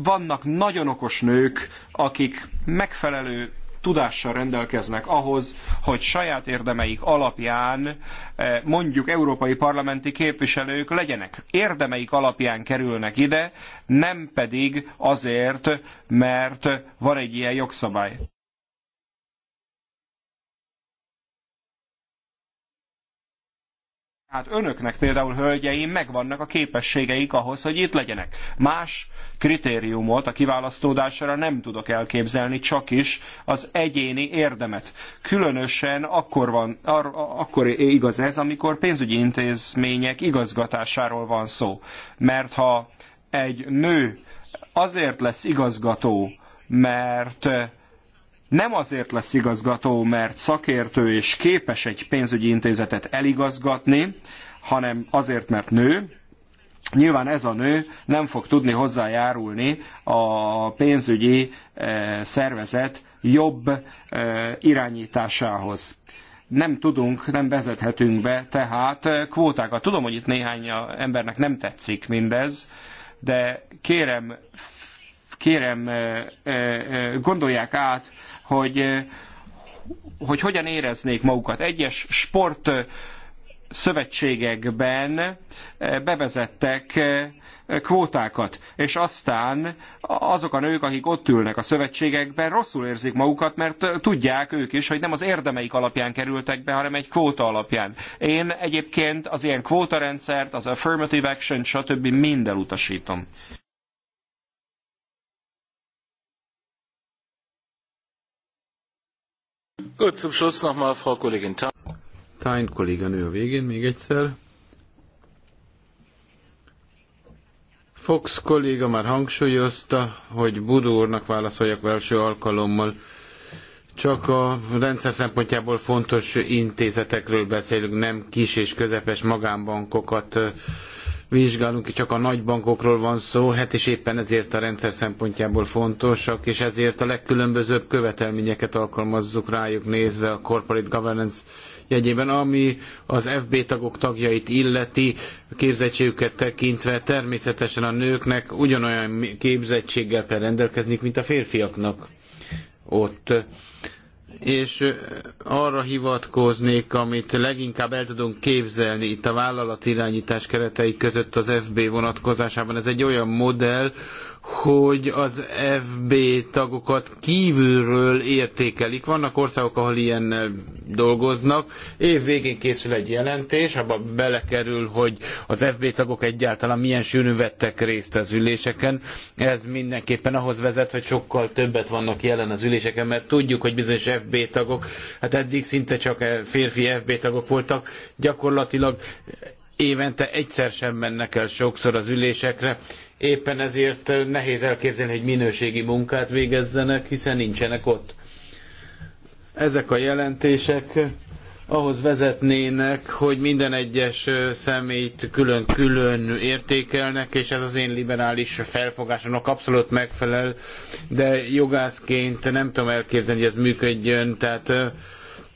Vannak nagyon okos nők, akik megfelelő tudással rendelkeznek ahhoz, hogy saját érdemeik alapján mondjuk európai parlamenti képviselők legyenek. Érdemeik alapján kerülnek ide, nem pedig azért, mert van egy ilyen jogszabály. Hát önöknek például, hölgyeim, megvannak a képességeik ahhoz, hogy itt legyenek. Más kritériumot a kiválasztódásra nem tudok elképzelni, csak is az egyéni érdemet. Különösen akkor, van, ar, akkor igaz ez, amikor pénzügyi intézmények igazgatásáról van szó. Mert ha egy nő azért lesz igazgató, mert nem azért lesz igazgató, mert szakértő és képes egy pénzügyi intézetet eligazgatni, hanem azért, mert nő, Nyilván ez a nő nem fog tudni hozzájárulni a pénzügyi eh, szervezet jobb eh, irányításához. Nem tudunk, nem vezethetünk be tehát eh, kvótákat. Tudom, hogy itt néhány embernek nem tetszik mindez, de kérem, kérem gondolják át, hogy, hogy hogyan éreznék magukat. Egyes sport szövetségekben bevezettek kvótákat, és aztán azok a nők, akik ott ülnek a szövetségekben, rosszul érzik magukat, mert tudják ők is, hogy nem az érdemeik alapján kerültek be, hanem egy kvóta alapján. Én egyébként az ilyen kvótarendszert, az affirmative action, stb. minden utasítom. Gut, zum Schluss nochmal Frau Kollegin Tain. Tain kolléganő a végén még egyszer. Fox kolléga már hangsúlyozta, hogy Budó úrnak válaszoljak első alkalommal. Csak a rendszer szempontjából fontos intézetekről beszélünk, nem kis és közepes magánbankokat vizsgálunk, csak a nagybankokról van szó, hát és éppen ezért a rendszer szempontjából fontosak, és ezért a legkülönbözőbb követelményeket alkalmazzuk rájuk nézve a corporate governance jegyében, ami az FB tagok tagjait illeti képzettségüket tekintve természetesen a nőknek ugyanolyan képzettséggel kell rendelkezniük, mint a férfiaknak ott és arra hivatkoznék, amit leginkább el tudunk képzelni itt a vállalatirányítás keretei között az FB vonatkozásában. Ez egy olyan modell, hogy az FB tagokat kívülről értékelik. Vannak országok, ahol ilyennel eh, dolgoznak. Év végén készül egy jelentés, abba belekerül, hogy az FB tagok egyáltalán milyen sűrűn vettek részt az üléseken. Ez mindenképpen ahhoz vezet, hogy sokkal többet vannak jelen az üléseken, mert tudjuk, hogy bizonyos FB tagok, hát eddig szinte csak eh, férfi FB tagok voltak, gyakorlatilag évente egyszer sem mennek el sokszor az ülésekre éppen ezért eh, nehéz elképzelni, hogy minőségi munkát végezzenek, hiszen nincsenek ott. Ezek a jelentések eh, ahhoz vezetnének, hogy minden egyes eh, személyt külön-külön értékelnek, és ez az én liberális felfogásomnak abszolút megfelel, de jogászként nem tudom elképzelni, hogy ez működjön, tehát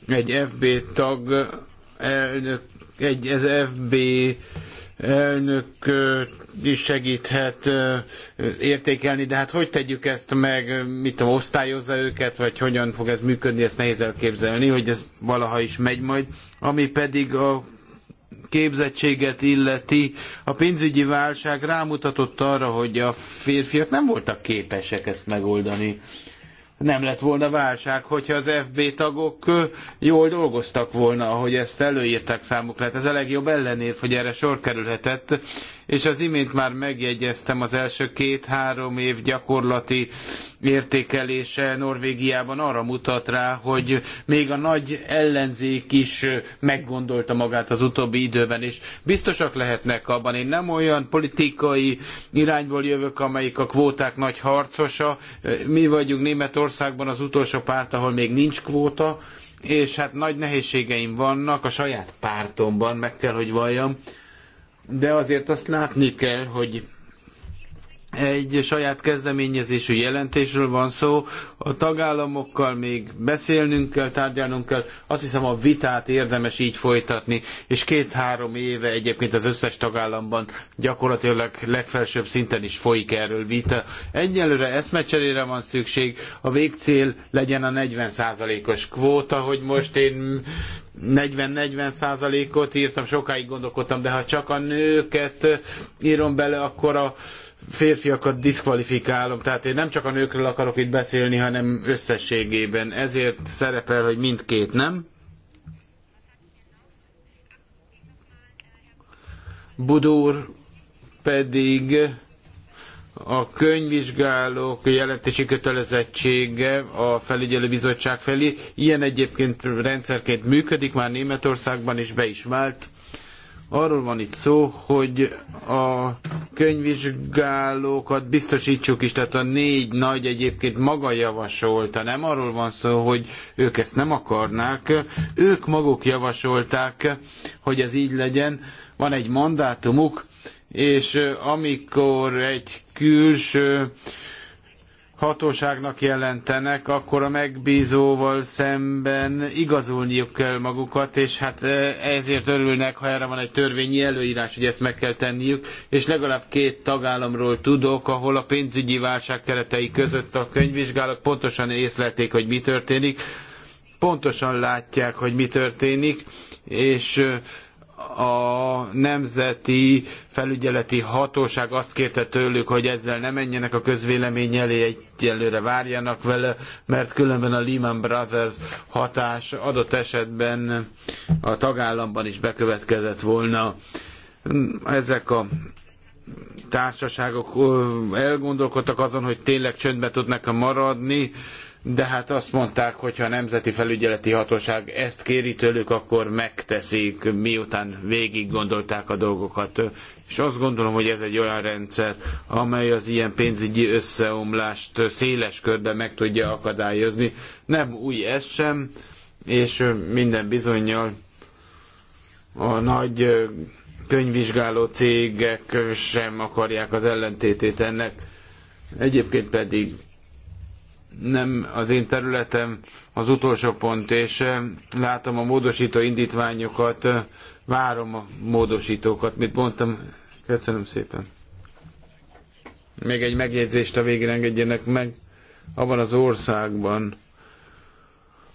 egy FB tag, egy ez FB elnök is segíthet értékelni, de hát hogy tegyük ezt meg, mit tudom, osztályozza őket, vagy hogyan fog ez működni, ezt nehéz elképzelni, hogy ez valaha is megy majd. Ami pedig a képzettséget illeti, a pénzügyi válság rámutatott arra, hogy a férfiak nem voltak képesek ezt megoldani nem lett volna válság, hogyha az FB tagok jól dolgoztak volna, ahogy ezt előírták számukra. Hát ez a legjobb ellenérv, hogy erre sor kerülhetett, és az imént már megjegyeztem az első két-három év gyakorlati értékelése Norvégiában arra mutat rá, hogy még a nagy ellenzék is meggondolta magát az utóbbi időben, és biztosak lehetnek abban. Én nem olyan politikai irányból jövök, amelyik a kvóták nagy harcosa. Mi vagyunk Németországban az utolsó párt, ahol még nincs kvóta, és hát nagy nehézségeim vannak a saját pártomban, meg kell, hogy valljam, de azért azt látni kell, hogy egy saját kezdeményezésű jelentésről van szó, a tagállamokkal még beszélnünk kell, tárgyalnunk kell, azt hiszem a vitát érdemes így folytatni, és két-három éve egyébként az összes tagállamban gyakorlatilag legfelsőbb szinten is folyik erről vita. Egyelőre eszmecserére van szükség, a végcél legyen a 40%-os kvóta, hogy most én 40-40 százalékot írtam, sokáig gondolkodtam, de ha csak a nőket írom bele, akkor a férfiakat diszkvalifikálom, tehát én nem csak a nőkről akarok itt beszélni, hanem összességében. Ezért szerepel, hogy mindkét, nem? Budúr pedig a könyvvizsgálók jelentési kötelezettsége a felügyelőbizottság felé. Ilyen egyébként rendszerként működik, már Németországban is be is vált Arról van itt szó, hogy a könyvvizsgálókat biztosítsuk is, tehát a négy nagy egyébként maga javasolta, nem arról van szó, hogy ők ezt nem akarnák, ők maguk javasolták, hogy ez így legyen, van egy mandátumuk, és amikor egy külső hatóságnak jelentenek, akkor a megbízóval szemben igazolniuk kell magukat, és hát e, ezért örülnek, ha erre van egy törvényi előírás, hogy ezt meg kell tenniük, és legalább két tagállamról tudok, ahol a pénzügyi válság keretei között a könyvvizsgálók pontosan észlelték, hogy mi történik, pontosan látják, hogy mi történik, és a nemzeti felügyeleti hatóság azt kérte tőlük, hogy ezzel ne menjenek a közvélemény elé, egyelőre várjanak vele, mert különben a Lehman Brothers hatás adott esetben a tagállamban is bekövetkezett volna. Ezek a társaságok elgondolkodtak azon, hogy tényleg csöndbe tudnak -e maradni, de hát azt mondták, hogy ha a Nemzeti Felügyeleti Hatóság ezt kéri tőlük, akkor megteszik, miután végig gondolták a dolgokat. És azt gondolom, hogy ez egy olyan rendszer, amely az ilyen pénzügyi összeomlást széles körben meg tudja akadályozni. Nem új ez sem, és minden bizonyal a nagy könyvvizsgáló cégek sem akarják az ellentétét ennek. Egyébként pedig nem az én területem az utolsó pont, és eh, látom a módosító indítványokat, eh, várom a módosítókat, mit mondtam. Köszönöm szépen. Még egy megjegyzést a végén engedjenek meg. Abban az országban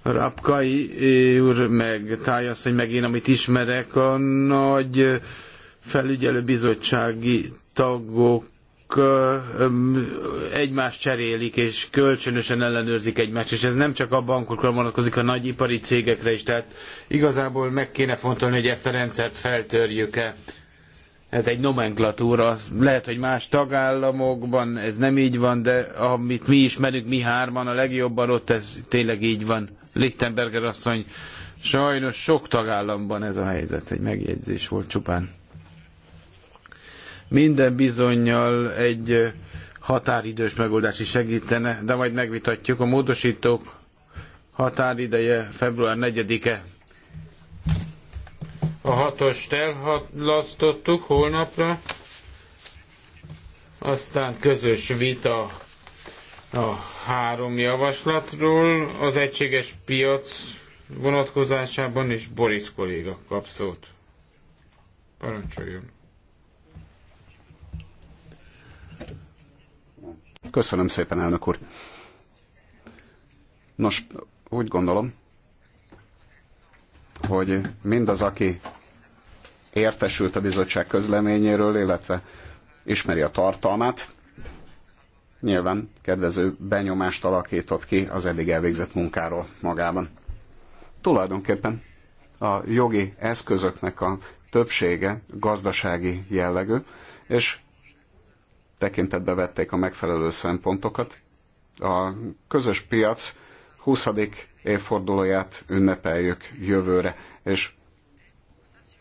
Rapkai eh, úr, meg Tájasz, hogy meg én, amit ismerek, a nagy felügyelőbizottsági tagok egymást cserélik, és kölcsönösen ellenőrzik egymást, és ez nem csak a bankokra vonatkozik, a nagy ipari cégekre is, tehát igazából meg kéne fontolni, hogy ezt a rendszert feltörjük-e. Ez egy nomenklatúra. Lehet, hogy más tagállamokban ez nem így van, de amit mi ismerünk, mi hárman, a legjobban ott ez tényleg így van. Lichtenberger asszony, sajnos sok tagállamban ez a helyzet. Egy megjegyzés volt csupán minden bizonyal egy határidős megoldás is segítene, de majd megvitatjuk. A módosítók határideje február 4-e. A hatost elhalasztottuk holnapra, aztán közös vita a három javaslatról, az egységes piac vonatkozásában is Boris kolléga kap szót. Parancsoljon! Köszönöm szépen, elnök úr. Nos, úgy gondolom, hogy mindaz, aki értesült a bizottság közleményéről, illetve ismeri a tartalmát, nyilván kedvező benyomást alakított ki az eddig elvégzett munkáról magában. Tulajdonképpen a jogi eszközöknek a többsége gazdasági jellegű, és tekintetbe vették a megfelelő szempontokat. A közös piac 20. évfordulóját ünnepeljük jövőre, és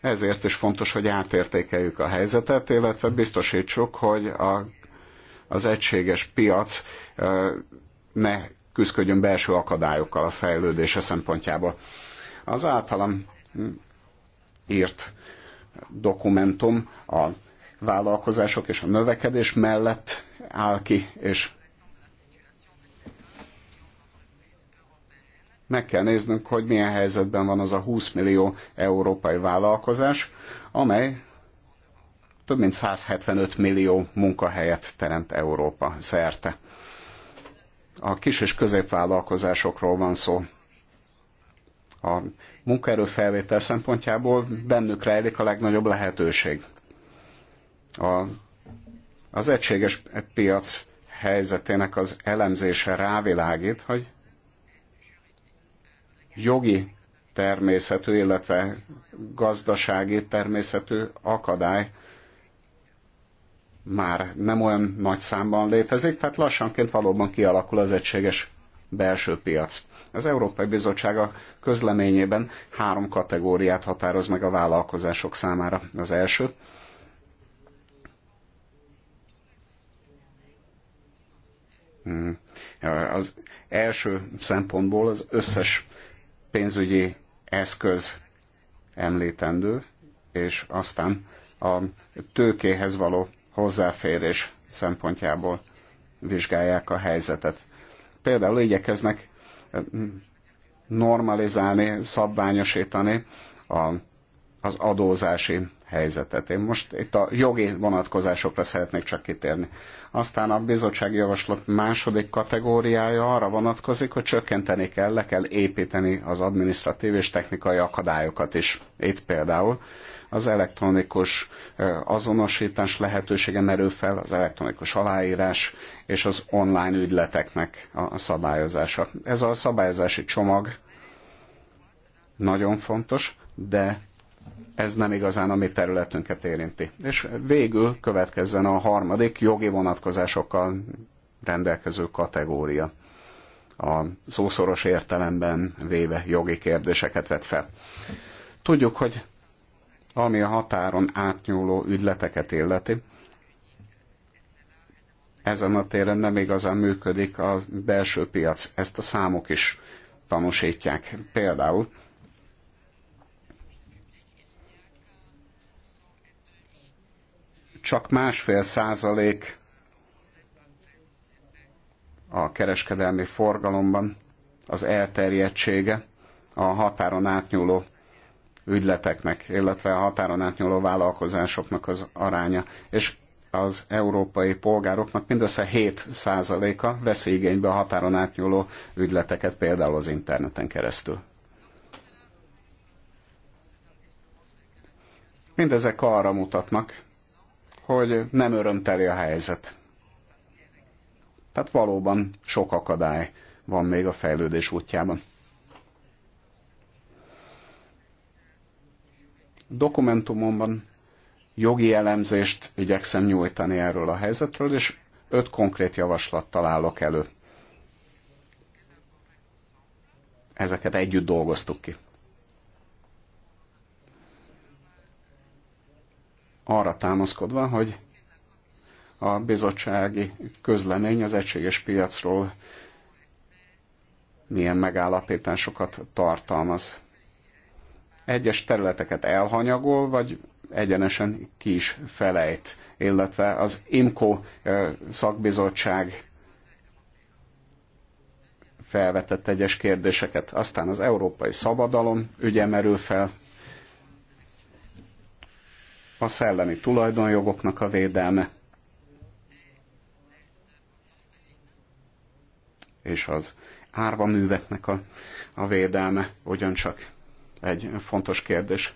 ezért is fontos, hogy átértékeljük a helyzetet, illetve biztosítsuk, hogy a, az egységes piac ne küzdködjön belső akadályokkal a fejlődése szempontjából. Az általam írt dokumentum a vállalkozások és a növekedés mellett áll ki, és meg kell néznünk, hogy milyen helyzetben van az a 20 millió európai vállalkozás, amely több mint 175 millió munkahelyet teremt Európa szerte. A kis és középvállalkozásokról van szó. A munkaerőfelvétel szempontjából bennük rejlik a legnagyobb lehetőség. A, az egységes piac helyzetének az elemzése rávilágít, hogy jogi természetű, illetve gazdasági természetű akadály már nem olyan nagy számban létezik, tehát lassanként valóban kialakul az egységes belső piac. Az Európai Bizottság a közleményében három kategóriát határoz meg a vállalkozások számára. Az első Mm. Az első szempontból az összes pénzügyi eszköz említendő, és aztán a tőkéhez való hozzáférés szempontjából vizsgálják a helyzetet. Például igyekeznek eh, normalizálni, szabványosítani a, az adózási helyzetet. Én most itt a jogi vonatkozásokra szeretnék csak kitérni. Aztán a bizottsági javaslat második kategóriája arra vonatkozik, hogy csökkenteni kell, le kell építeni az administratív és technikai akadályokat is. Itt például az elektronikus azonosítás lehetősége merül fel, az elektronikus aláírás és az online ügyleteknek a szabályozása. Ez a szabályozási csomag nagyon fontos, de ez nem igazán a mi területünket érinti. És végül következzen a harmadik jogi vonatkozásokkal rendelkező kategória. A szószoros értelemben véve jogi kérdéseket vet fel. Tudjuk, hogy ami a határon átnyúló ügyleteket illeti, ezen a téren nem igazán működik a belső piac. Ezt a számok is tanúsítják. Például csak másfél százalék a kereskedelmi forgalomban az elterjedtsége a határon átnyúló ügyleteknek, illetve a határon átnyúló vállalkozásoknak az aránya. És az európai polgároknak mindössze 7 százaléka veszi igénybe a határon átnyúló ügyleteket, például az interneten keresztül. Mindezek arra mutatnak, hogy nem örömteli a helyzet. Tehát valóban sok akadály van még a fejlődés útjában. Dokumentumomban jogi elemzést igyekszem nyújtani erről a helyzetről, és öt konkrét javaslat találok elő. Ezeket együtt dolgoztuk ki. arra támaszkodva, hogy a bizottsági közlemény az egységes piacról milyen megállapításokat tartalmaz. Egyes területeket elhanyagol, vagy egyenesen ki is felejt, illetve az IMCO szakbizottság felvetett egyes kérdéseket. Aztán az európai szabadalom ügye merül fel, a szellemi tulajdonjogoknak a védelme, és az árva műveknek a, a védelme ugyancsak egy fontos kérdés.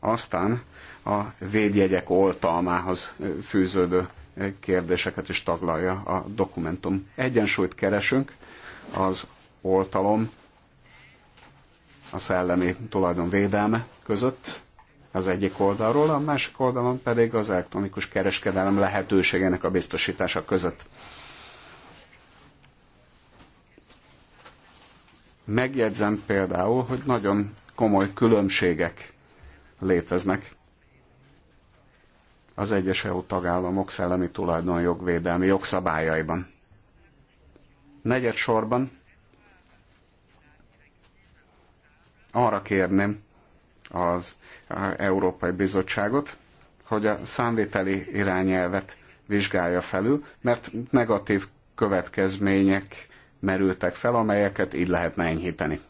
Aztán a védjegyek oltalmához fűződő kérdéseket is taglalja a dokumentum. Egyensúlyt keresünk az oltalom a szellemi tulajdon védelme között az egyik oldalról, a másik oldalon pedig az elektronikus kereskedelem lehetőségének a biztosítása között. Megjegyzem például, hogy nagyon komoly különbségek léteznek az egyes EU tagállamok szellemi tulajdonjogvédelmi jogszabályaiban. Negyed sorban arra kérném az Európai Bizottságot, hogy a számviteli irányelvet vizsgálja felül, mert negatív következmények merültek fel, amelyeket így lehetne enyhíteni.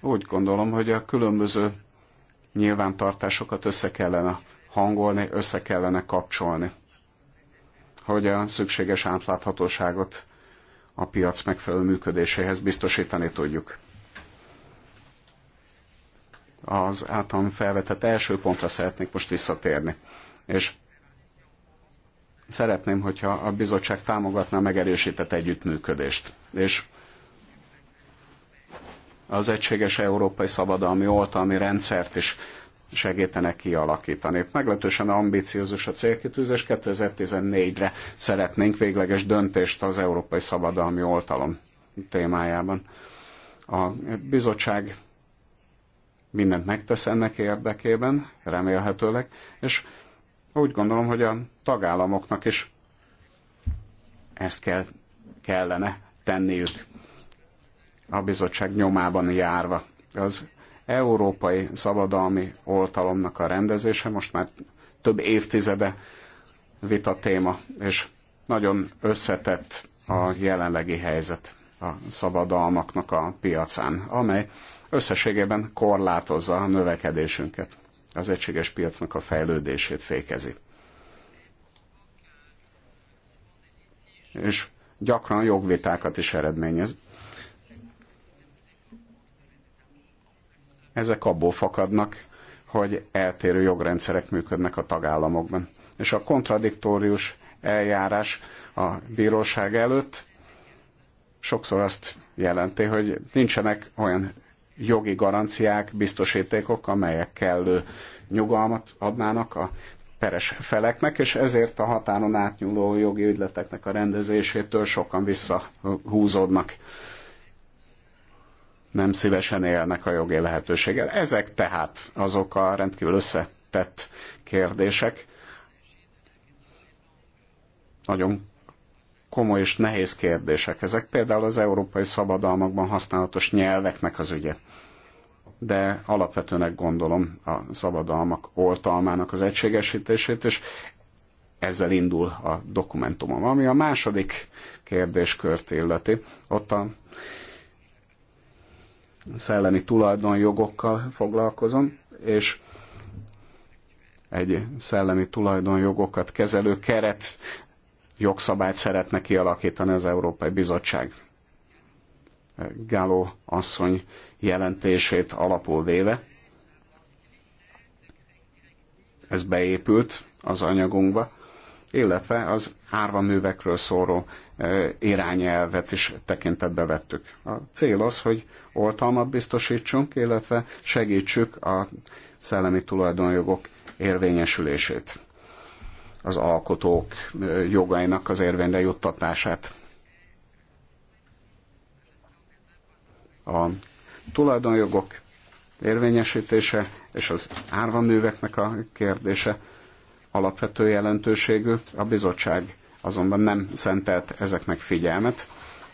Úgy gondolom, hogy a különböző nyilvántartásokat össze kellene hangolni, össze kellene kapcsolni, hogy a szükséges átláthatóságot a piac megfelelő működéséhez biztosítani tudjuk. Az általam felvetett első pontra szeretnék most visszatérni, és szeretném, hogyha a bizottság támogatná megerősített együttműködést, és az egységes európai szabadalmi oltalmi rendszert is segítenek kialakítani. Meglehetősen ambiciózus a célkitűzés, 2014-re szeretnénk végleges döntést az Európai Szabadalmi Oltalom témájában. A bizottság mindent megtesz ennek érdekében, remélhetőleg, és úgy gondolom, hogy a tagállamoknak is ezt kell, kellene tenniük a bizottság nyomában járva. Az európai szabadalmi oltalomnak a rendezése most már több évtizede vita téma, és nagyon összetett a jelenlegi helyzet a szabadalmaknak a piacán, amely összességében korlátozza a növekedésünket, az egységes piacnak a fejlődését fékezi. És gyakran jogvitákat is eredményez, Ezek abból fakadnak, hogy eltérő jogrendszerek működnek a tagállamokban. És a kontradiktórius eljárás a bíróság előtt sokszor azt jelenti, hogy nincsenek olyan jogi garanciák, biztosítékok, amelyek kellő nyugalmat adnának a peres feleknek, és ezért a határon átnyúló jogi ügyleteknek a rendezésétől sokan visszahúzódnak nem szívesen élnek a jogi lehetőséggel. Ezek tehát azok a rendkívül összetett kérdések, nagyon komoly és nehéz kérdések. Ezek például az európai szabadalmakban használatos nyelveknek az ügye. De alapvetőnek gondolom a szabadalmak oltalmának az egységesítését, és ezzel indul a dokumentumom. Ami a második kérdéskört illeti, ott a szellemi tulajdonjogokkal foglalkozom, és egy szellemi tulajdonjogokat kezelő keret jogszabályt szeretne kialakítani az Európai Bizottság. Gáló asszony jelentését alapul véve. Ez beépült az anyagunkba, illetve az művekről szóró e, irányelvet is tekintetbe vettük. A cél az, hogy oltalmat biztosítsunk, illetve segítsük a szellemi tulajdonjogok érvényesülését, az alkotók e, jogainak az érvényre juttatását. A tulajdonjogok érvényesítése és az árvaműveknek a kérdése alapvető jelentőségű, a bizottság azonban nem szentelt ezeknek figyelmet,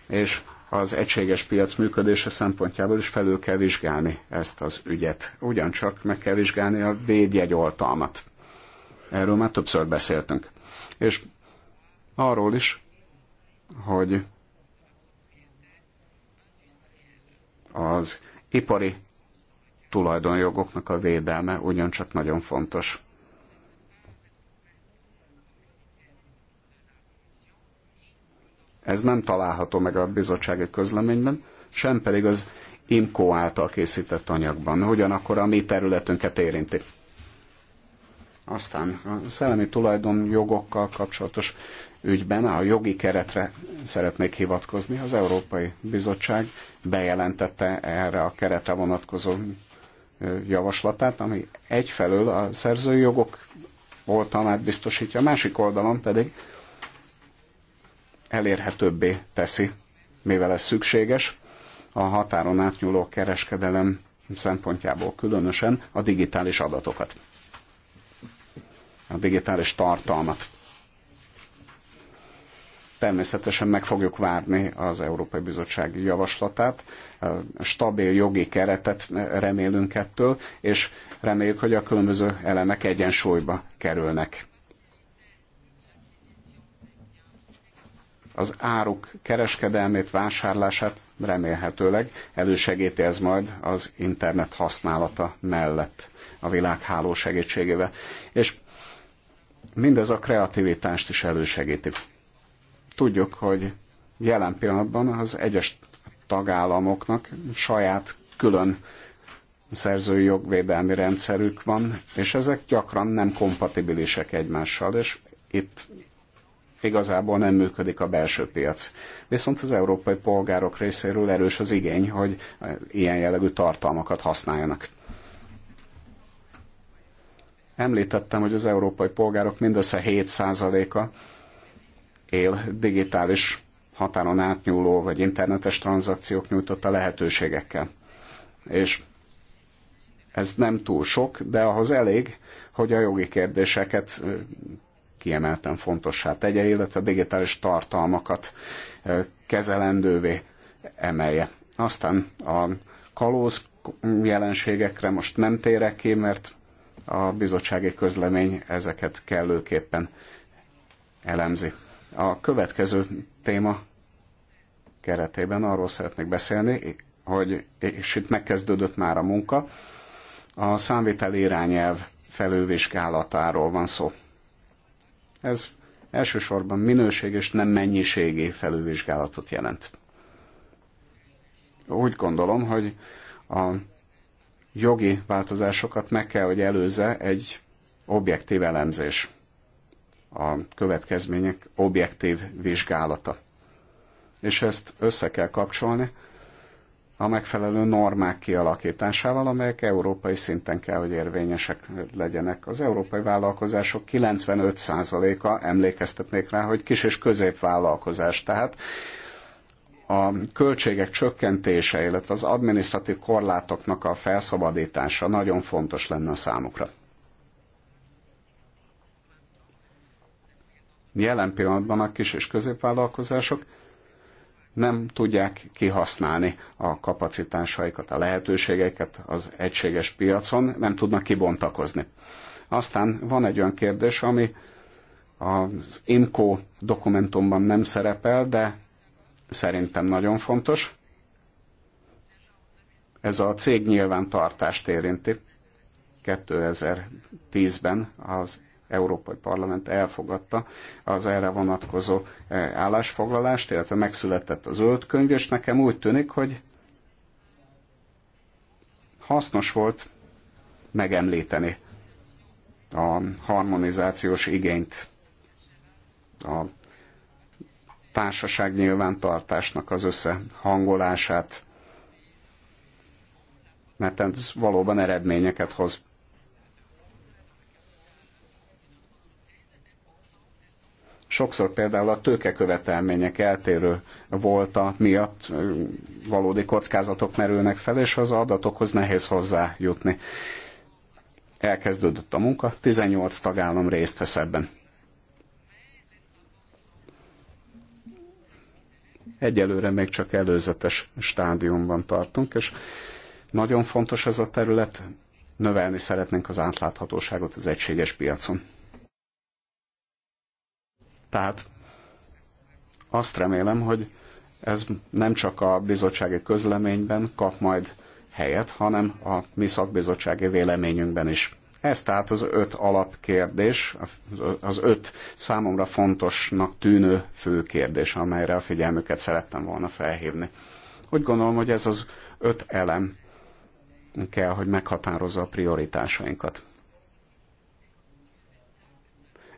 és az egységes piac működése szempontjából is felül kell vizsgálni ezt az ügyet. Ugyancsak meg kell vizsgálni a védjegyoltalmat. Erről már többször beszéltünk. És arról is, hogy az ipari tulajdonjogoknak a védelme ugyancsak nagyon fontos. Ez nem található meg a bizottsági közleményben, sem pedig az IMCO által készített anyagban, ugyanakkor a mi területünket érinti. Aztán a szellemi jogokkal kapcsolatos ügyben a jogi keretre szeretnék hivatkozni. Az Európai Bizottság bejelentette erre a keretre vonatkozó javaslatát, ami egyfelől a szerzői jogok oltalmát biztosítja, a másik oldalon pedig elérhetőbbé teszi, mivel ez szükséges, a határon átnyúló kereskedelem szempontjából különösen a digitális adatokat, a digitális tartalmat. Természetesen meg fogjuk várni az Európai Bizottság javaslatát, stabil jogi keretet remélünk ettől, és reméljük, hogy a különböző elemek egyensúlyba kerülnek az áruk kereskedelmét, vásárlását remélhetőleg elősegíti ez majd az internet használata mellett a világháló segítségével. És mindez a kreativitást is elősegíti. Tudjuk, hogy jelen pillanatban az egyes tagállamoknak saját külön szerzői jogvédelmi rendszerük van, és ezek gyakran nem kompatibilisek egymással, és itt igazából nem működik a belső piac. Viszont az európai polgárok részéről erős az igény, hogy ilyen jellegű tartalmakat használjanak. Említettem, hogy az európai polgárok mindössze 7%-a él digitális határon átnyúló vagy internetes tranzakciók nyújtotta lehetőségekkel. És ez nem túl sok, de ahhoz elég, hogy a jogi kérdéseket kiemelten fontossá tegye, illetve a digitális tartalmakat kezelendővé emelje. Aztán a kalóz jelenségekre most nem térek ki, mert a bizottsági közlemény ezeket kellőképpen elemzi. A következő téma keretében arról szeretnék beszélni, hogy, és itt megkezdődött már a munka, a számvitel irányelv felővizsgálatáról van szó. Ez elsősorban minőség és nem mennyiségi felülvizsgálatot jelent. Úgy gondolom, hogy a jogi változásokat meg kell, hogy előzze egy objektív elemzés, a következmények objektív vizsgálata. És ezt össze kell kapcsolni a megfelelő normák kialakításával, amelyek európai szinten kell, hogy érvényesek legyenek. Az európai vállalkozások 95%-a emlékeztetnék rá, hogy kis és középvállalkozás. Tehát a költségek csökkentése, illetve az adminisztratív korlátoknak a felszabadítása nagyon fontos lenne a számukra. Jelen pillanatban a kis és középvállalkozások nem tudják kihasználni a kapacitásaikat, a lehetőségeiket az egységes piacon, nem tudnak kibontakozni. Aztán van egy olyan kérdés, ami az IMCO dokumentumban nem szerepel, de szerintem nagyon fontos. Ez a cég nyilvántartást érinti. 2010-ben az Európai Parlament elfogadta az erre vonatkozó eh, állásfoglalást, illetve megszületett a zöld könyv, és nekem úgy tűnik, hogy hasznos volt megemlíteni a harmonizációs igényt a társaság nyilvántartásnak az összehangolását, mert ez valóban eredményeket hoz. sokszor például a tőkekövetelmények eltérő volta miatt valódi kockázatok merülnek fel, és az adatokhoz nehéz hozzájutni. Elkezdődött a munka, 18 tagállam részt vesz ebben. Egyelőre még csak előzetes stádiumban tartunk, és nagyon fontos ez a terület, növelni szeretnénk az átláthatóságot az egységes piacon. Tehát azt remélem, hogy ez nem csak a bizottsági közleményben kap majd helyet, hanem a mi szakbizottsági véleményünkben is. Ez tehát az öt alapkérdés, az öt számomra fontosnak tűnő fő kérdés, amelyre a figyelmüket szerettem volna felhívni. Úgy gondolom, hogy ez az öt elem kell, hogy meghatározza a prioritásainkat.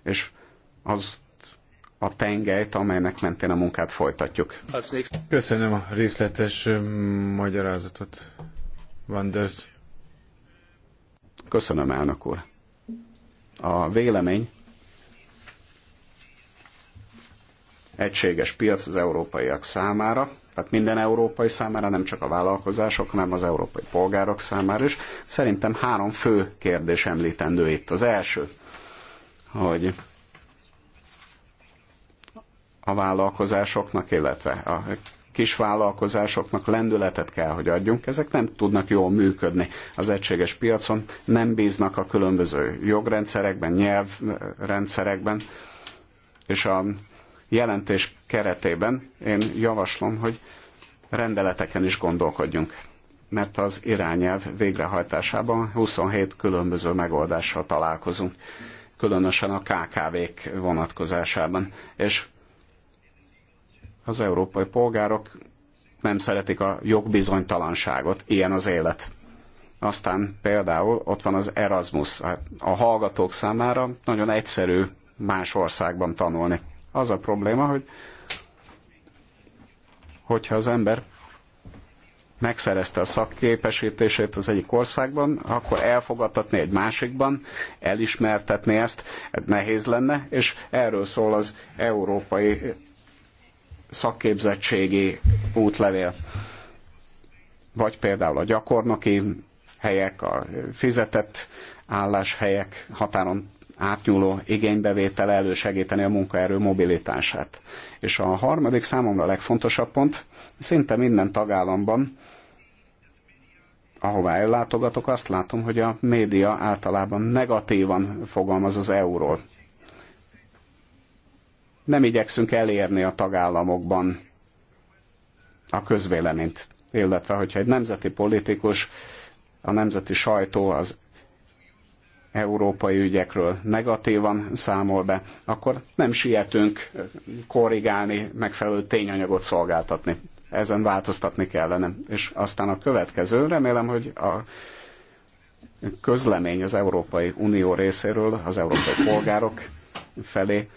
És az a tengelyt, amelynek mentén a munkát folytatjuk. Köszönöm a részletes magyarázatot, Vanders. Köszönöm, elnök úr. A vélemény egységes piac az európaiak számára, tehát minden európai számára, nem csak a vállalkozások, hanem az európai polgárok számára is. Szerintem három fő kérdés említendő itt. Az első, hogy a vállalkozásoknak, illetve a kisvállalkozásoknak lendületet kell, hogy adjunk. Ezek nem tudnak jól működni az egységes piacon, nem bíznak a különböző jogrendszerekben, nyelvrendszerekben, és a jelentés keretében én javaslom, hogy rendeleteken is gondolkodjunk mert az irányelv végrehajtásában 27 különböző megoldással találkozunk, különösen a KKV-k vonatkozásában. És az európai polgárok nem szeretik a jogbizonytalanságot, ilyen az élet. Aztán például ott van az Erasmus, hát a hallgatók számára nagyon egyszerű más országban tanulni. Az a probléma, hogy hogyha az ember megszerezte a szakképesítését az egyik országban, akkor elfogadtatni egy másikban, elismertetni ezt, ez nehéz lenne, és erről szól az európai szakképzettségi útlevél, vagy például a gyakornoki helyek, a fizetett álláshelyek határon átnyúló igénybevétele elősegíteni a munkaerő mobilitását. És a harmadik számomra legfontosabb pont, szinte minden tagállamban, ahová ellátogatok, azt látom, hogy a média általában negatívan fogalmaz az euróról nem igyekszünk elérni a tagállamokban a közvéleményt. Illetve, hogyha egy nemzeti politikus, a nemzeti sajtó az európai ügyekről negatívan számol be, akkor nem sietünk korrigálni, megfelelő tényanyagot szolgáltatni. Ezen változtatni kellene. És aztán a következő, remélem, hogy a közlemény az Európai Unió részéről az európai polgárok felé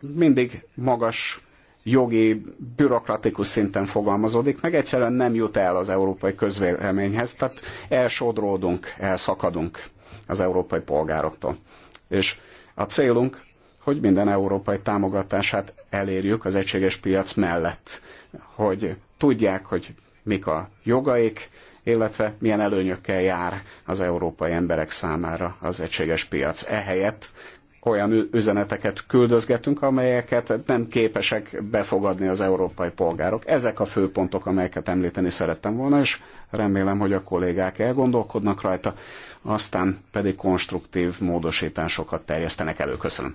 mindig magas jogi, bürokratikus szinten fogalmazódik, meg egyszerűen nem jut el az európai közvéleményhez, tehát elsodródunk, elszakadunk az európai polgároktól. És a célunk, hogy minden európai támogatását elérjük az egységes piac mellett, hogy tudják, hogy mik a jogaik, illetve milyen előnyökkel jár az európai emberek számára az egységes piac. Ehelyett olyan üzeneteket küldözgetünk, amelyeket nem képesek befogadni az európai polgárok. Ezek a fő pontok, amelyeket említeni szerettem volna, és remélem, hogy a kollégák elgondolkodnak rajta, aztán pedig konstruktív módosításokat terjesztenek elő. Köszönöm.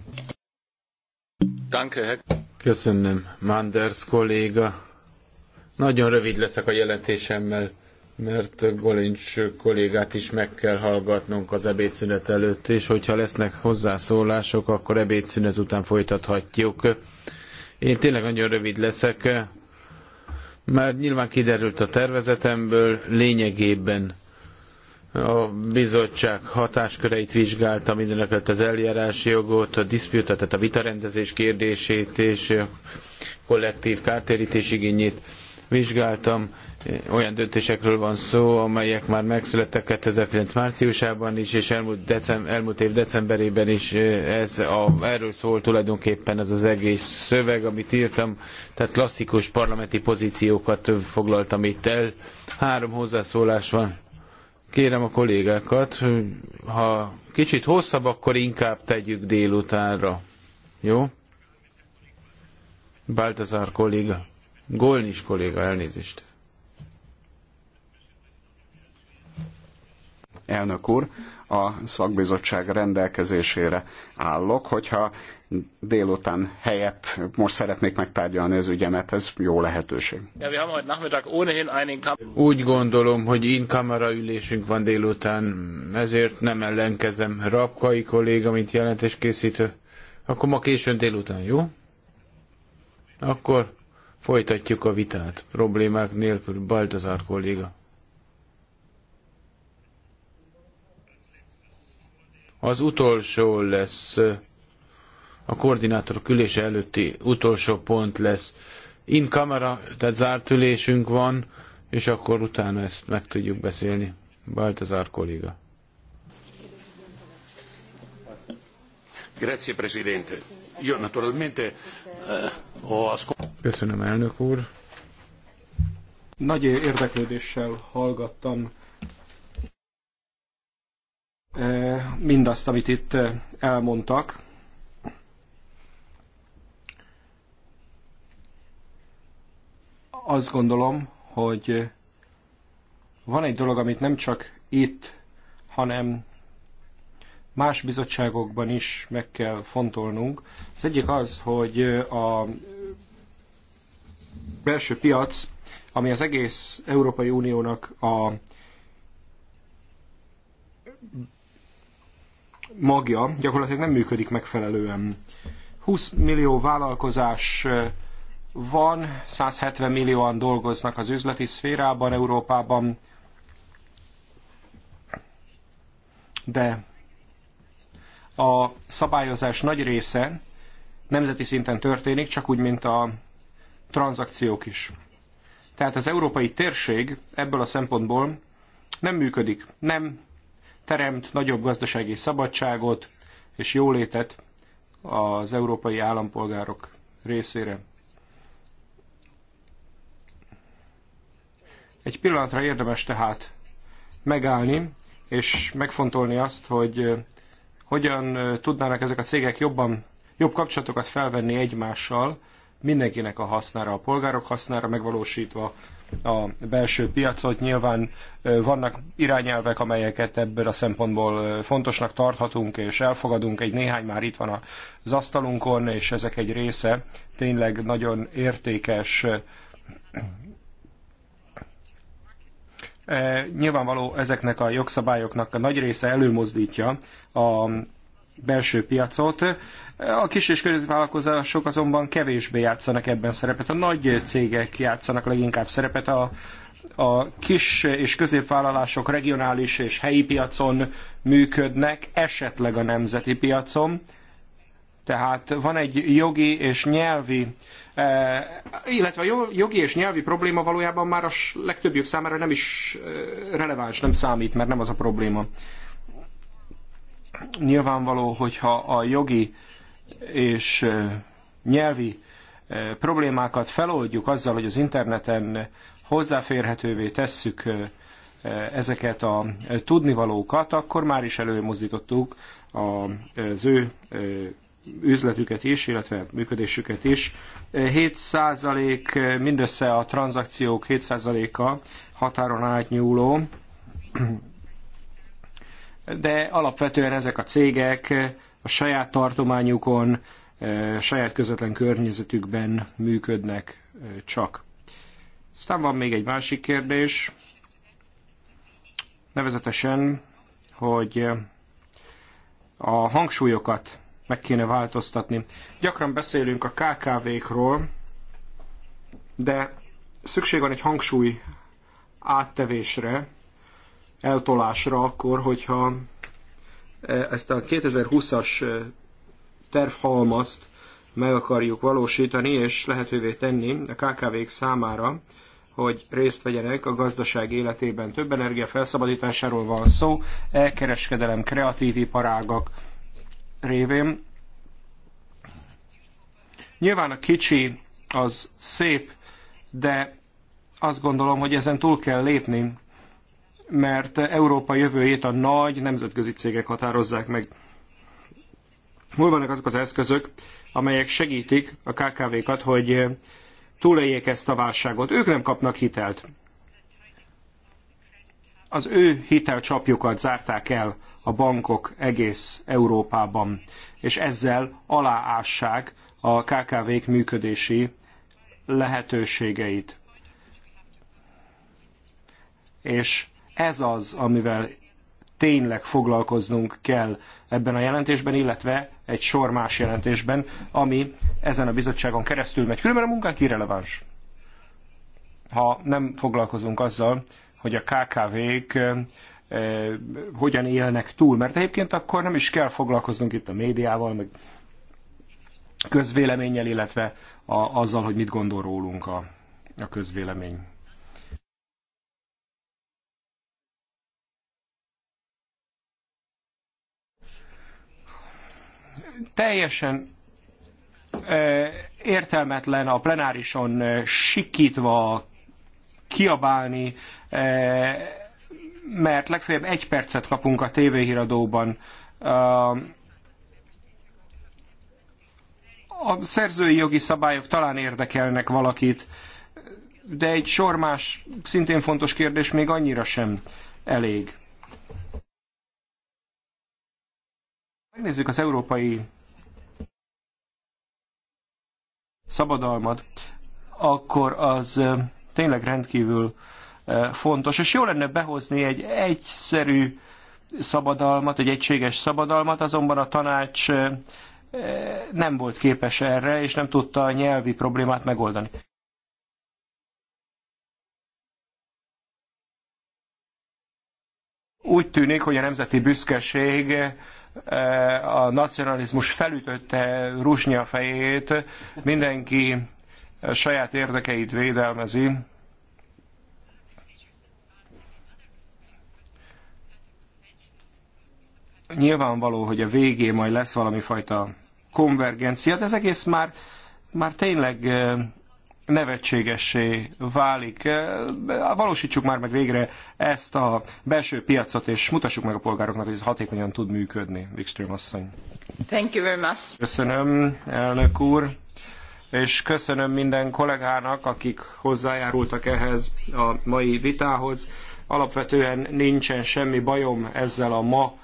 Köszönöm, Manders kolléga. Nagyon rövid leszek a jelentésemmel mert Golincs kollégát is meg kell hallgatnunk az ebédszünet előtt, és hogyha lesznek hozzászólások, akkor ebédszünet után folytathatjuk. Én tényleg nagyon rövid leszek, mert nyilván kiderült a tervezetemből, lényegében a bizottság hatásköreit vizsgálta, mindenekelőtt az eljárási jogot, a diszpjút, tehát a vitarendezés kérdését és a kollektív kártérítés igényét vizsgáltam, eh, olyan döntésekről van szó, amelyek már megszülettek 2009 márciusában is, és elmúlt, decem, elmúlt év decemberében is eh, ez a, erről szól tulajdonképpen ez az egész szöveg, amit írtam, tehát klasszikus parlamenti pozíciókat foglaltam itt el. Három hozzászólás van. Kérem a kollégákat, ha kicsit hosszabb, akkor inkább tegyük délutánra. Jó? Baltazar kolléga. Golnis kolléga, elnézést. Elnök úr, a szakbizottság rendelkezésére állok, hogyha délután helyett most szeretnék megtárgyalni az ügyemet, ez jó lehetőség. Úgy gondolom, hogy én ülésünk van délután, ezért nem ellenkezem Rapkai kolléga, mint jelentéskészítő. Akkor ma későn délután, jó? Akkor Folytatjuk a vitát. Problémák nélkül. Baltazar kolléga. Az utolsó lesz, a koordinátorok ülése előtti utolsó pont lesz. In kamera, tehát zárt ülésünk van, és akkor utána ezt meg tudjuk beszélni. Baltazar kolléga. Grazie, Presidente. Io naturalmente eh, ho ascoltato. elnök úr. Nagy érdeklődéssel hallgattam eh, mindazt, amit itt eh, elmondtak. Azt gondolom, hogy van egy dolog, amit nem csak itt, hanem más bizottságokban is meg kell fontolnunk. Az egyik az, hogy a belső piac, ami az egész Európai Uniónak a magja, gyakorlatilag nem működik megfelelően. 20 millió vállalkozás van, 170 millióan dolgoznak az üzleti szférában, Európában, de a szabályozás nagy része nemzeti szinten történik, csak úgy, mint a tranzakciók is. Tehát az európai térség ebből a szempontból nem működik, nem teremt nagyobb gazdasági szabadságot és jólétet az európai állampolgárok részére. Egy pillanatra érdemes tehát megállni, és megfontolni azt, hogy hogyan tudnának ezek a cégek jobban, jobb kapcsolatokat felvenni egymással, mindenkinek a hasznára, a polgárok hasznára, megvalósítva a belső piacot. Nyilván vannak irányelvek, amelyeket ebből a szempontból fontosnak tarthatunk és elfogadunk. Egy néhány már itt van az asztalunkon, és ezek egy része tényleg nagyon értékes E, nyilvánvaló ezeknek a jogszabályoknak a nagy része előmozdítja a belső piacot. E, a kis és középvállalkozások azonban kevésbé játszanak ebben szerepet. A nagy cégek játszanak leginkább szerepet. A, a kis és középvállalások regionális és helyi piacon működnek, esetleg a nemzeti piacon. Tehát van egy jogi és nyelvi illetve a jogi és nyelvi probléma valójában már a legtöbbjük számára nem is releváns, nem számít, mert nem az a probléma. Nyilvánvaló, hogyha a jogi és nyelvi problémákat feloldjuk azzal, hogy az interneten hozzáférhetővé tesszük ezeket a tudnivalókat, akkor már is előmozdítottuk az ő üzletüket is, illetve működésüket is. 7% mindössze a tranzakciók 7%-a határon átnyúló, de alapvetően ezek a cégek a saját tartományukon, a eh, saját közvetlen környezetükben működnek eh, csak. Aztán van még egy másik kérdés, nevezetesen, hogy a hangsúlyokat meg kéne változtatni. Gyakran beszélünk a KKV-król, de szükség van egy hangsúly áttevésre, eltolásra akkor, hogyha e, ezt a 2020-as e, tervhalmazt meg akarjuk valósítani, és lehetővé tenni a KKV-k számára, hogy részt vegyenek a gazdaság életében. Több energia felszabadításáról van szó, elkereskedelem, kreatív iparágak, révén. Nyilván a kicsi az szép, de azt gondolom, hogy ezen túl kell lépni, mert Európa jövőjét a nagy nemzetközi cégek határozzák meg. Hol vannak azok az eszközök, amelyek segítik a KKV-kat, hogy túléljék ezt a válságot. Ők nem kapnak hitelt. Az ő hitelcsapjukat zárták el a bankok egész Európában, és ezzel aláássák a KKV-k működési lehetőségeit. És ez az, amivel tényleg foglalkoznunk kell ebben a jelentésben, illetve egy sor más jelentésben, ami ezen a bizottságon keresztül megy. Különben a munkánk irreleváns. Ha nem foglalkozunk azzal, hogy a KKV-k E, hogyan élnek túl. Mert egyébként akkor nem is kell foglalkoznunk itt a médiával, meg közvéleménnyel, illetve a, azzal, hogy mit gondol rólunk a, a közvélemény. Teljesen e, értelmetlen a plenárison e, sikítva kiabálni, e, mert legfeljebb egy percet kapunk a tévéhíradóban. A szerzői jogi szabályok talán érdekelnek valakit, de egy sor más szintén fontos kérdés még annyira sem elég. Megnézzük az európai szabadalmat, akkor az tényleg rendkívül fontos, és jó lenne behozni egy egyszerű szabadalmat, egy egységes szabadalmat, azonban a tanács nem volt képes erre, és nem tudta a nyelvi problémát megoldani. Úgy tűnik, hogy a nemzeti büszkeség a nacionalizmus felütötte rusnya fejét, mindenki saját érdekeit védelmezi, nyilvánvaló, hogy a végén majd lesz valami fajta konvergencia, de ez egész már, már tényleg nevetségessé válik. Valósítsuk már meg végre ezt a belső piacot, és mutassuk meg a polgároknak, hogy ez hatékonyan tud működni, Wikström asszony. Thank you very much. Köszönöm, elnök úr, és köszönöm minden kollégának, akik hozzájárultak ehhez a mai vitához. Alapvetően nincsen semmi bajom ezzel a ma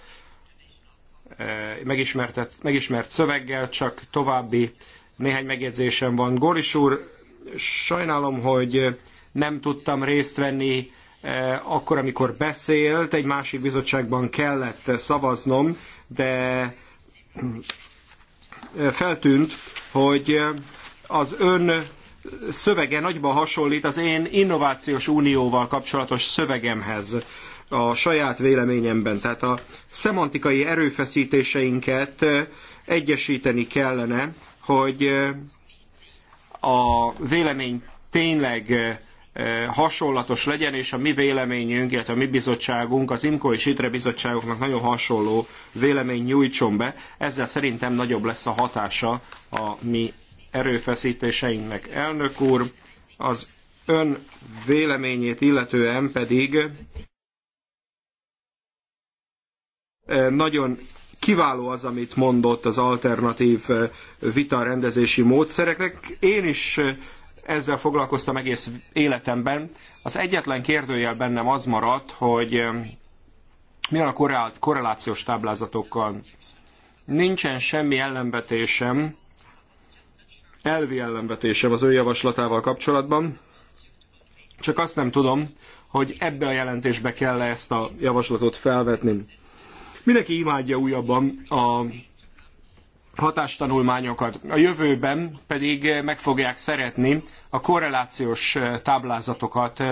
Eh, megismertet, megismert szöveggel, csak további néhány megjegyzésem van. Góris úr, sajnálom, hogy nem tudtam részt venni eh, akkor, amikor beszélt, egy másik bizottságban kellett szavaznom, de eh, feltűnt, hogy az ön szövege nagyban hasonlít az én innovációs unióval kapcsolatos szövegemhez a saját véleményemben. Tehát a szemantikai erőfeszítéseinket egyesíteni kellene, hogy a vélemény tényleg hasonlatos legyen, és a mi véleményünk, illetve a mi bizottságunk, az IMCO és ITRE bizottságoknak nagyon hasonló vélemény nyújtson be. Ezzel szerintem nagyobb lesz a hatása a mi erőfeszítéseinknek. Elnök úr, az ön véleményét illetően pedig nagyon kiváló az, amit mondott az alternatív vita rendezési módszereknek. Én is ezzel foglalkoztam egész életemben. Az egyetlen kérdőjel bennem az maradt, hogy mi a korrelációs táblázatokkal. Nincsen semmi ellenvetésem, elvi ellenvetésem az ő javaslatával kapcsolatban, csak azt nem tudom, hogy ebbe a jelentésbe kell -e ezt a javaslatot felvetni. Mindenki imádja újabban a hatástanulmányokat. A jövőben pedig meg fogják szeretni a korrelációs táblázatokat.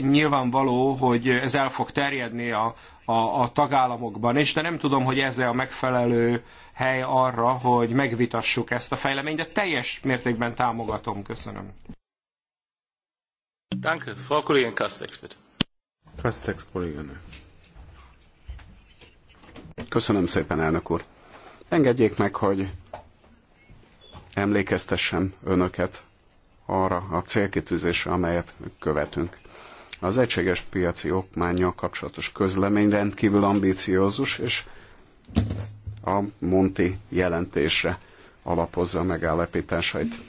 Nyilvánvaló, hogy ez el fog terjedni a, a, a tagállamokban is, de nem tudom, hogy ez a megfelelő hely arra, hogy megvitassuk ezt a fejleményt, de teljes mértékben támogatom. Köszönöm. Danke. Frau Kollegin Kastex, Kastex Köszönöm szépen, elnök úr. Engedjék meg, hogy emlékeztessem önöket arra a célkitűzésre, amelyet követünk. Az egységes piaci okmányjal kapcsolatos közlemény rendkívül ambíciózus, és a Monti jelentésre alapozza a megállapításait.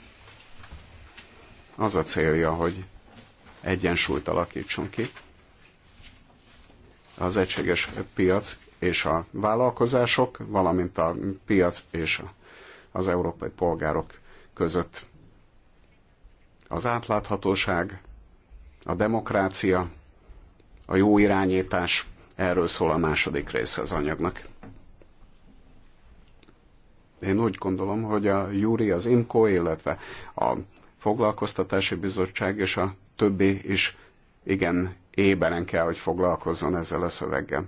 Az a célja, hogy egyensúlyt alakítson ki az egységes piac és a vállalkozások, valamint a piac és az európai polgárok között. Az átláthatóság, a demokrácia, a jó irányítás, erről szól a második része az anyagnak. Én úgy gondolom, hogy a Júri, az IMCO illetve a Foglalkoztatási Bizottság és a többi is igen éberen kell, hogy foglalkozzon ezzel a szöveggel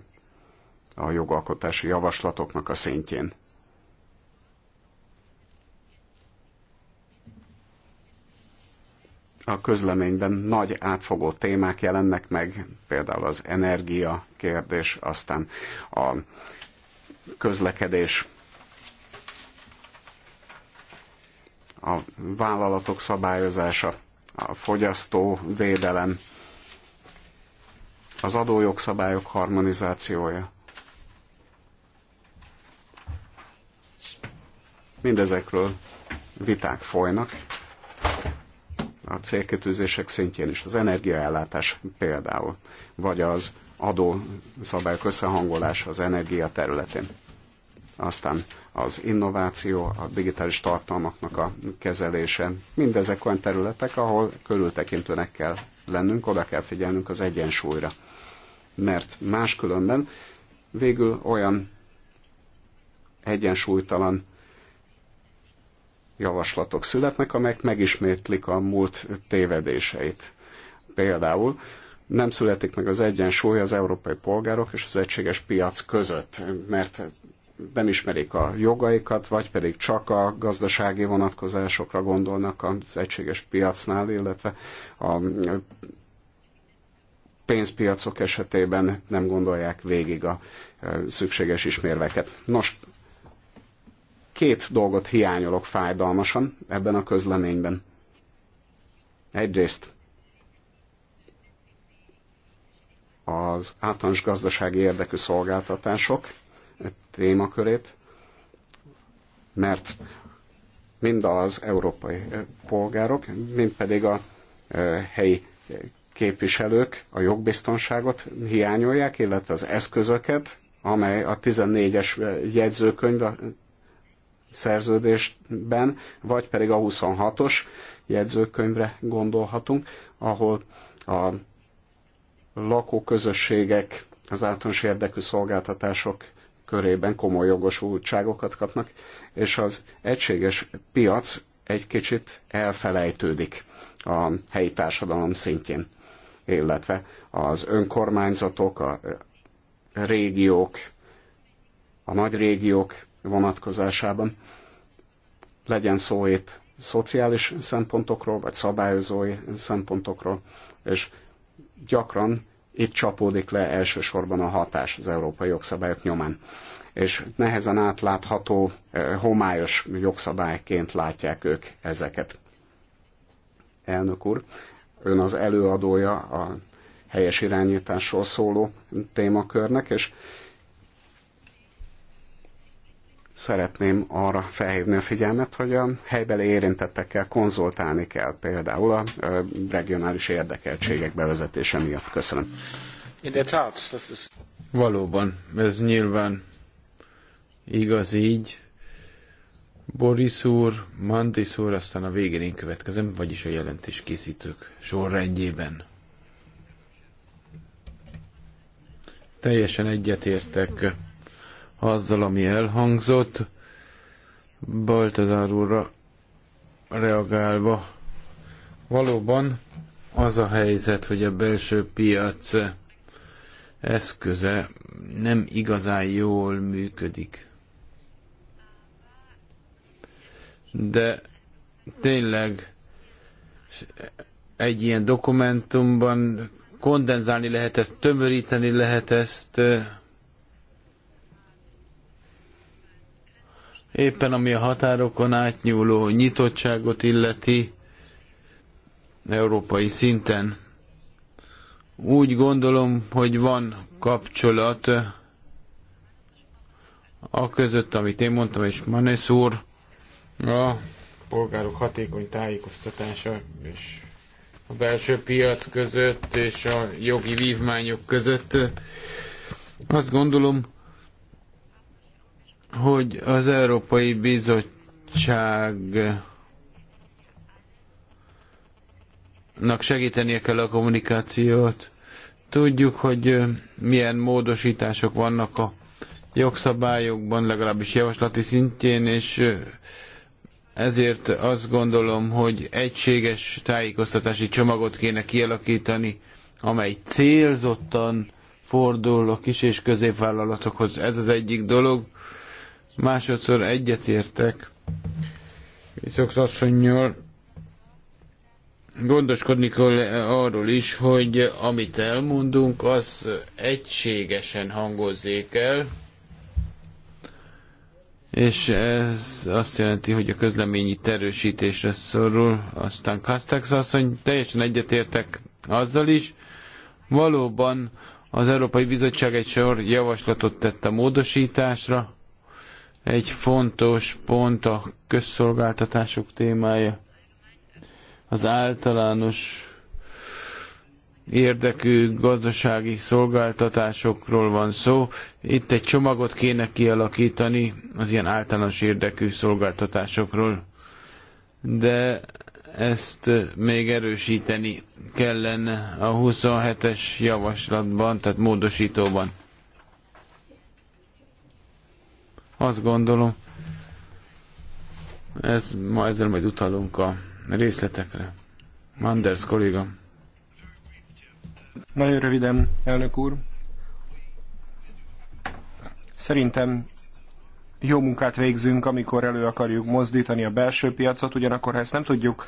a jogalkotási javaslatoknak a szintjén. a közleményben nagy átfogó témák jelennek meg, például az energia kérdés, aztán a közlekedés, a vállalatok szabályozása, a fogyasztó védelem, az adójogszabályok harmonizációja, Mindezekről viták folynak a célkötőzések szintjén is, az energiaellátás például, vagy az adó szabályok összehangolása az energia területén. Aztán az innováció, a digitális tartalmaknak a kezelése, mindezek olyan területek, ahol körültekintőnek kell lennünk, oda kell figyelnünk az egyensúlyra. Mert máskülönben végül olyan egyensúlytalan javaslatok születnek, amelyek megismétlik a múlt tévedéseit. Például nem születik meg az egyensúly az európai polgárok és az egységes piac között, mert nem ismerik a jogaikat, vagy pedig csak a gazdasági vonatkozásokra gondolnak az egységes piacnál, illetve a pénzpiacok esetében nem gondolják végig a szükséges ismérveket. Nos, két dolgot hiányolok fájdalmasan ebben a közleményben. Egyrészt az általános gazdasági érdekű szolgáltatások témakörét, mert mind az európai eh, polgárok, mind pedig a eh, helyi képviselők a jogbiztonságot hiányolják, illetve az eszközöket, amely a 14-es eh, jegyzőkönyv a szerződésben, vagy pedig a 26-os jegyzőkönyvre gondolhatunk, ahol a lakóközösségek az általános érdekű szolgáltatások körében komoly jogosultságokat kapnak, és az egységes piac egy kicsit elfelejtődik a helyi társadalom szintjén, illetve az önkormányzatok, a régiók, a nagy régiók vonatkozásában. Legyen szó itt szociális szempontokról, vagy szabályozói szempontokról, és gyakran itt csapódik le elsősorban a hatás az európai jogszabályok nyomán. És nehezen átlátható, eh, homályos jogszabályként látják ők ezeket. Elnök úr, ön az előadója a helyes irányításról szóló témakörnek, és szeretném arra felhívni a figyelmet, hogy a helybeli érintettekkel konzultálni kell, például a regionális érdekeltségek bevezetése miatt. Köszönöm. Valóban, ez nyilván igaz így. Boris úr, Mandis úr, aztán a végén én következem, vagyis a jelentés készítők sorrendjében. Teljesen egyetértek azzal, ami elhangzott. Baltazár úrra reagálva, valóban az a helyzet, hogy a belső piac eszköze nem igazán jól működik. De tényleg egy ilyen dokumentumban kondenzálni lehet ezt, tömöríteni lehet ezt, éppen ami a határokon átnyúló nyitottságot illeti európai szinten. Úgy gondolom, hogy van kapcsolat a között, amit én mondtam, és Manes úr, a polgárok hatékony tájékoztatása és a belső piac között és a jogi vívmányok között. Azt gondolom, hogy az Európai Bizottságnak segítenie kell a kommunikációt. Tudjuk, hogy milyen módosítások vannak a jogszabályokban, legalábbis javaslati szintjén, és ezért azt gondolom, hogy egységes tájékoztatási csomagot kéne kialakítani, amely célzottan fordul a kis és középvállalatokhoz. Ez az egyik dolog. Másodszor egyetértek Viszok asszonynal, gondoskodni kell arról is, hogy amit elmondunk, az egységesen hangozzék el, és ez azt jelenti, hogy a közleményi terősítésre szorul. Aztán Kastex asszony, teljesen egyetértek azzal is. Valóban az Európai Bizottság egy sor javaslatot tett a módosításra, egy fontos pont a közszolgáltatások témája. Az általános érdekű gazdasági szolgáltatásokról van szó. Itt egy csomagot kéne kialakítani az ilyen általános érdekű szolgáltatásokról. De ezt még erősíteni kellene a 27-es javaslatban, tehát módosítóban. Azt gondolom, ez, ma ezzel majd utalunk a részletekre. Manders kolléga. Nagyon röviden, elnök úr. Szerintem jó munkát végzünk, amikor elő akarjuk mozdítani a belső piacot, ugyanakkor ha ezt nem tudjuk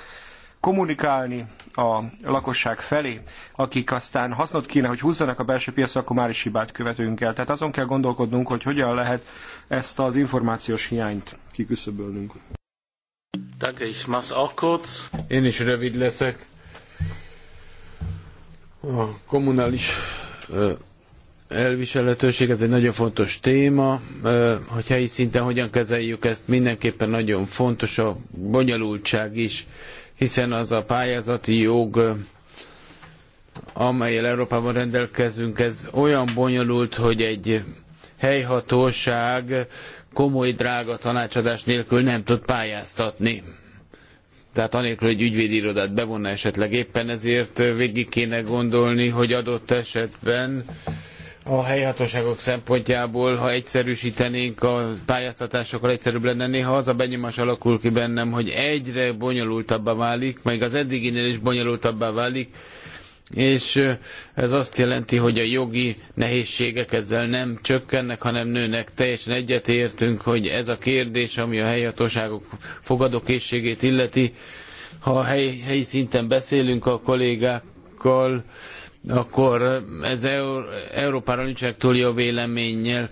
kommunikálni a lakosság felé, akik aztán hasznot kéne, hogy húzzanak a belső piacra, akkor már is hibát követünk el. Tehát azon kell gondolkodnunk, hogy hogyan lehet ezt az információs hiányt kiküszöbölnünk. Danke, ich mach's auch kurz. Én is rövid leszek. A kommunális elviselhetőség, ez egy nagyon fontos téma, hogy helyi szinten hogyan kezeljük ezt, mindenképpen nagyon fontos a bonyolultság is hiszen az a pályázati jog amelyel Európában rendelkezünk, ez olyan bonyolult, hogy egy helyhatóság komoly drága tanácsadás nélkül nem tud pályáztatni. Tehát anélkül, hogy ügyvédirodát bevonna esetleg éppen ezért végig kéne gondolni, hogy adott esetben a helyi hatóságok szempontjából, ha egyszerűsítenénk a pályáztatásokkal, egyszerűbb lenne. Néha az a benyomás alakul ki bennem, hogy egyre bonyolultabbá válik, meg az eddiginél is bonyolultabbá válik, és ez azt jelenti, hogy a jogi nehézségek ezzel nem csökkennek, hanem nőnek. Teljesen egyetértünk, hogy ez a kérdés, ami a helyi hatóságok fogadókészségét illeti, ha helyi, helyi szinten beszélünk a kollégákkal, akkor ez Európára nincsenek túl jó véleménnyel.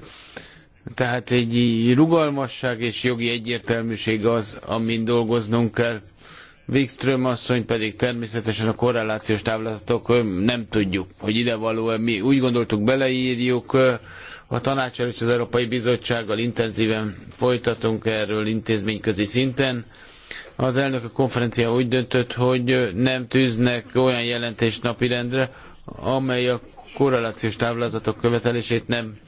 Tehát egy rugalmasság és jogi egyértelműség az, amin dolgoznunk kell. Wikström asszony pedig természetesen a korrelációs táblázatok nem tudjuk, hogy ide való -e. Mi úgy gondoltuk, beleírjuk, a tanácsal és az Európai Bizottsággal intenzíven folytatunk erről intézményközi szinten. Az elnök a konferencia úgy döntött, hogy nem tűznek olyan jelentést napirendre, amely a korrelációs táblázatok követelését nem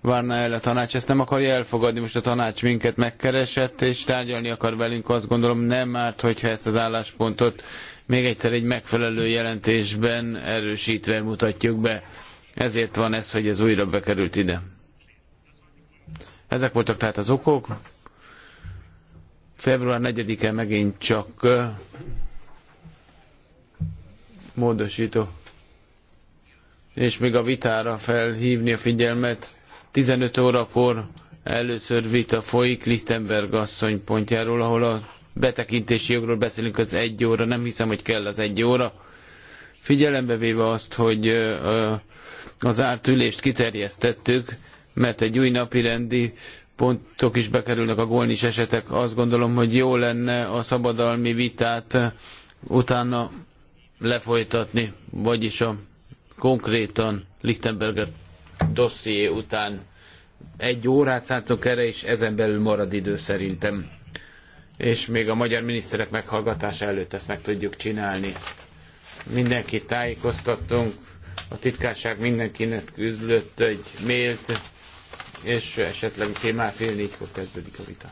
várná el a tanács, ezt nem akarja elfogadni, most a tanács minket megkeresett, és tárgyalni akar velünk, azt gondolom nem árt, hogyha ezt az álláspontot még egyszer egy megfelelő jelentésben erősítve mutatjuk be. Ezért van ez, hogy ez újra bekerült ide. Ezek voltak tehát az okok. Február 4-e megint csak módosító és még a vitára felhívni a figyelmet. 15 órakor először vita folyik Lichtenberg asszony pontjáról, ahol a betekintési jogról beszélünk az egy óra, nem hiszem, hogy kell az egy óra. Figyelembe véve azt, hogy az árt ülést kiterjesztettük, mert egy új rendi pontok is bekerülnek a gólnis esetek, azt gondolom, hogy jó lenne a szabadalmi vitát utána lefolytatni, vagyis a konkrétan Lichtenberger dosszié után egy órát szántunk erre, és ezen belül marad idő szerintem. És még a magyar miniszterek meghallgatása előtt ezt meg tudjuk csinálni. Mindenkit tájékoztattunk, a titkárság mindenkinek küzdött egy mélt, és esetleg témát élni, így kezdődik a vita.